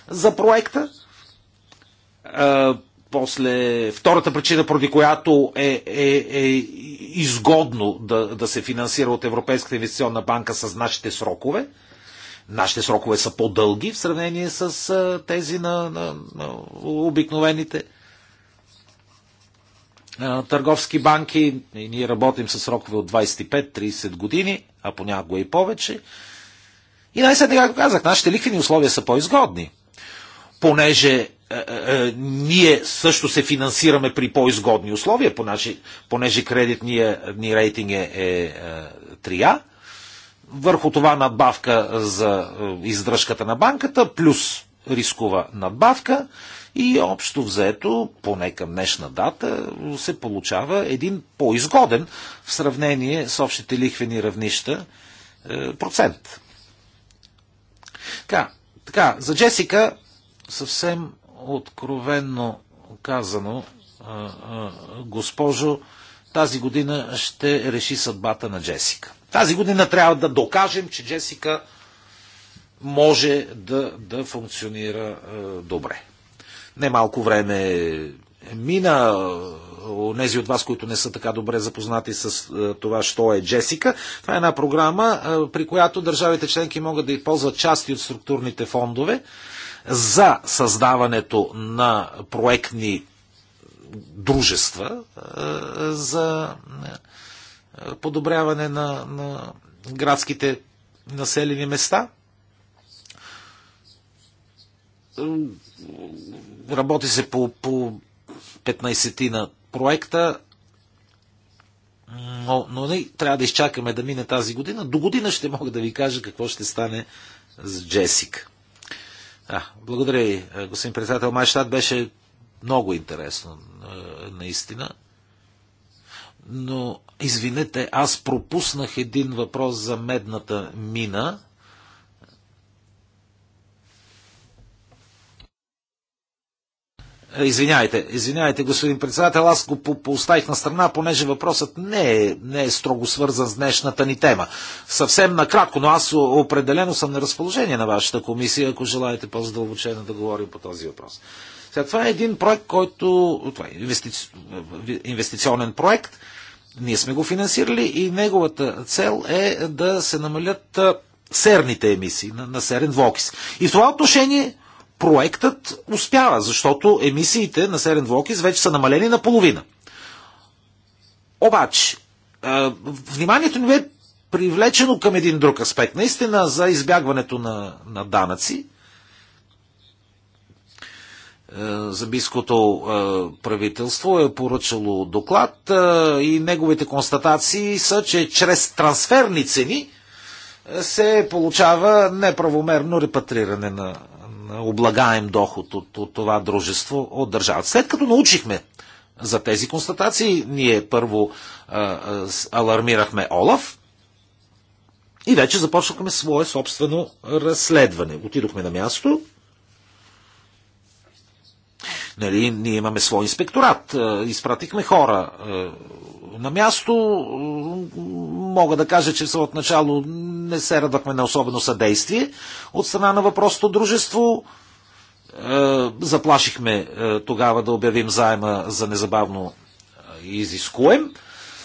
за проекта. А, после втората причина, поради която е, е, е изгодно да, да се финансира от Европейската инвестиционна банка с нашите срокове. Нашите срокове са по-дълги в сравнение с тези на, на, на обикновените търговски банки. И ние работим с срокове от 25-30 години, а понякога и повече. И най-сетне, както казах, нашите лихвени условия са по-изгодни, понеже е, е, е, ние също се финансираме при по-изгодни условия, понеже, понеже кредитния ни рейтинг е, е 3А. Върху това надбавка за издръжката на банката, плюс рискова надбавка и общо взето, поне към днешна дата, се получава един по-изгоден в сравнение с общите лихвени равнища процент. Така, така за Джесика съвсем откровенно казано, госпожо, тази година ще реши съдбата на Джесика. Тази година трябва да докажем, че Джесика може да, да функционира е, добре. Немалко време е мина. Онези от вас, които не са така добре запознати с е, това, що е Джесика. Това е една програма, е, при която държавите членки могат да използват части от структурните фондове, за създаването на проектни дружества е, за е, подобряване на, на градските населени места. Работи се по, по 15 на проекта, но, но не, трябва да изчакаме да мине тази година. До година ще мога да ви кажа какво ще стане с Джесика. А, благодаря ви, господин председател. Майштат беше много интересно, наистина. Но, извинете, аз пропуснах един въпрос за медната мина. Е, извинявайте, извинявайте, господин председател, аз го поставих на страна, понеже въпросът не е, не е строго свързан с днешната ни тема. Съвсем накратко, но аз определено съм на разположение на вашата комисия, ако желаете по-задълбочено да говорим по този въпрос. Сега, това е един проект, който... Това е инвестици... инвестиционен проект. Ние сме го финансирали и неговата цел е да се намалят серните емисии на, на серен двуокис. И в това отношение проектът успява, защото емисиите на серен двуокис вече са намалени на половина. Обаче, вниманието ни бе привлечено към един друг аспект. Наистина за избягването на, на данъци. Замбийското правителство е поръчало доклад и неговите констатации са, че чрез трансферни цени се получава неправомерно репатриране на облагаем доход от, от това дружество от държавата. След като научихме за тези констатации, ние първо а, а, алармирахме Олаф и вече започнахме свое собствено разследване. Отидохме на място. Нали, ние имаме свой инспекторат. Изпратихме хора на място мога да кажа, че отначало не се радвахме на особено съдействие от страна на въпросното дружество. Е, заплашихме е, тогава да обявим заема за незабавно е, изискуем.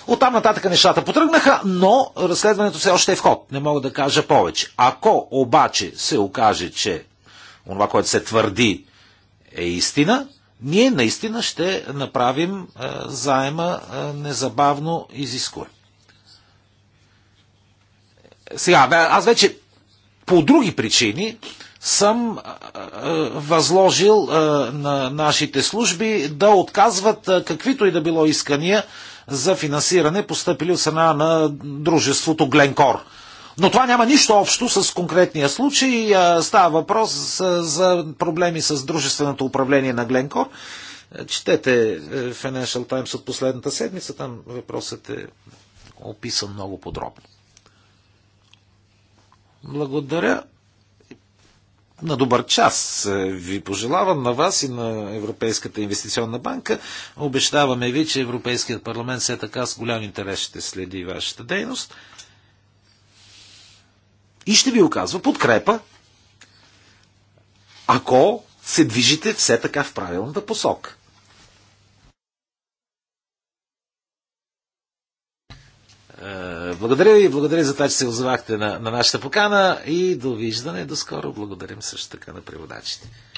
От там нататък нещата потръгнаха, но разследването все още е в ход. Не мога да кажа повече. Ако обаче се окаже, че онова, което се твърди е истина, ние наистина ще направим е, заема е, незабавно изискуем. Сега, аз вече по други причини съм е, възложил на нашите служби да отказват каквито и да било искания за финансиране, постъпили от страна на дружеството Гленкор но това няма нищо общо с конкретния случай. Става въпрос за проблеми с дружественото управление на Гленкор. Е, четете е, Financial Times от последната седмица, там въпросът е описан много подробно. Благодаря. На добър час е, ви пожелавам на вас и на Европейската инвестиционна банка. Обещаваме ви, че Европейският парламент все така с голям интерес ще следи вашата дейност и ще ви оказва подкрепа, ако се движите все така в правилната посока. Е, благодаря ви, благодаря за това, че се озовахте на, на нашата покана и довиждане. До скоро. Благодарим също така на преводачите.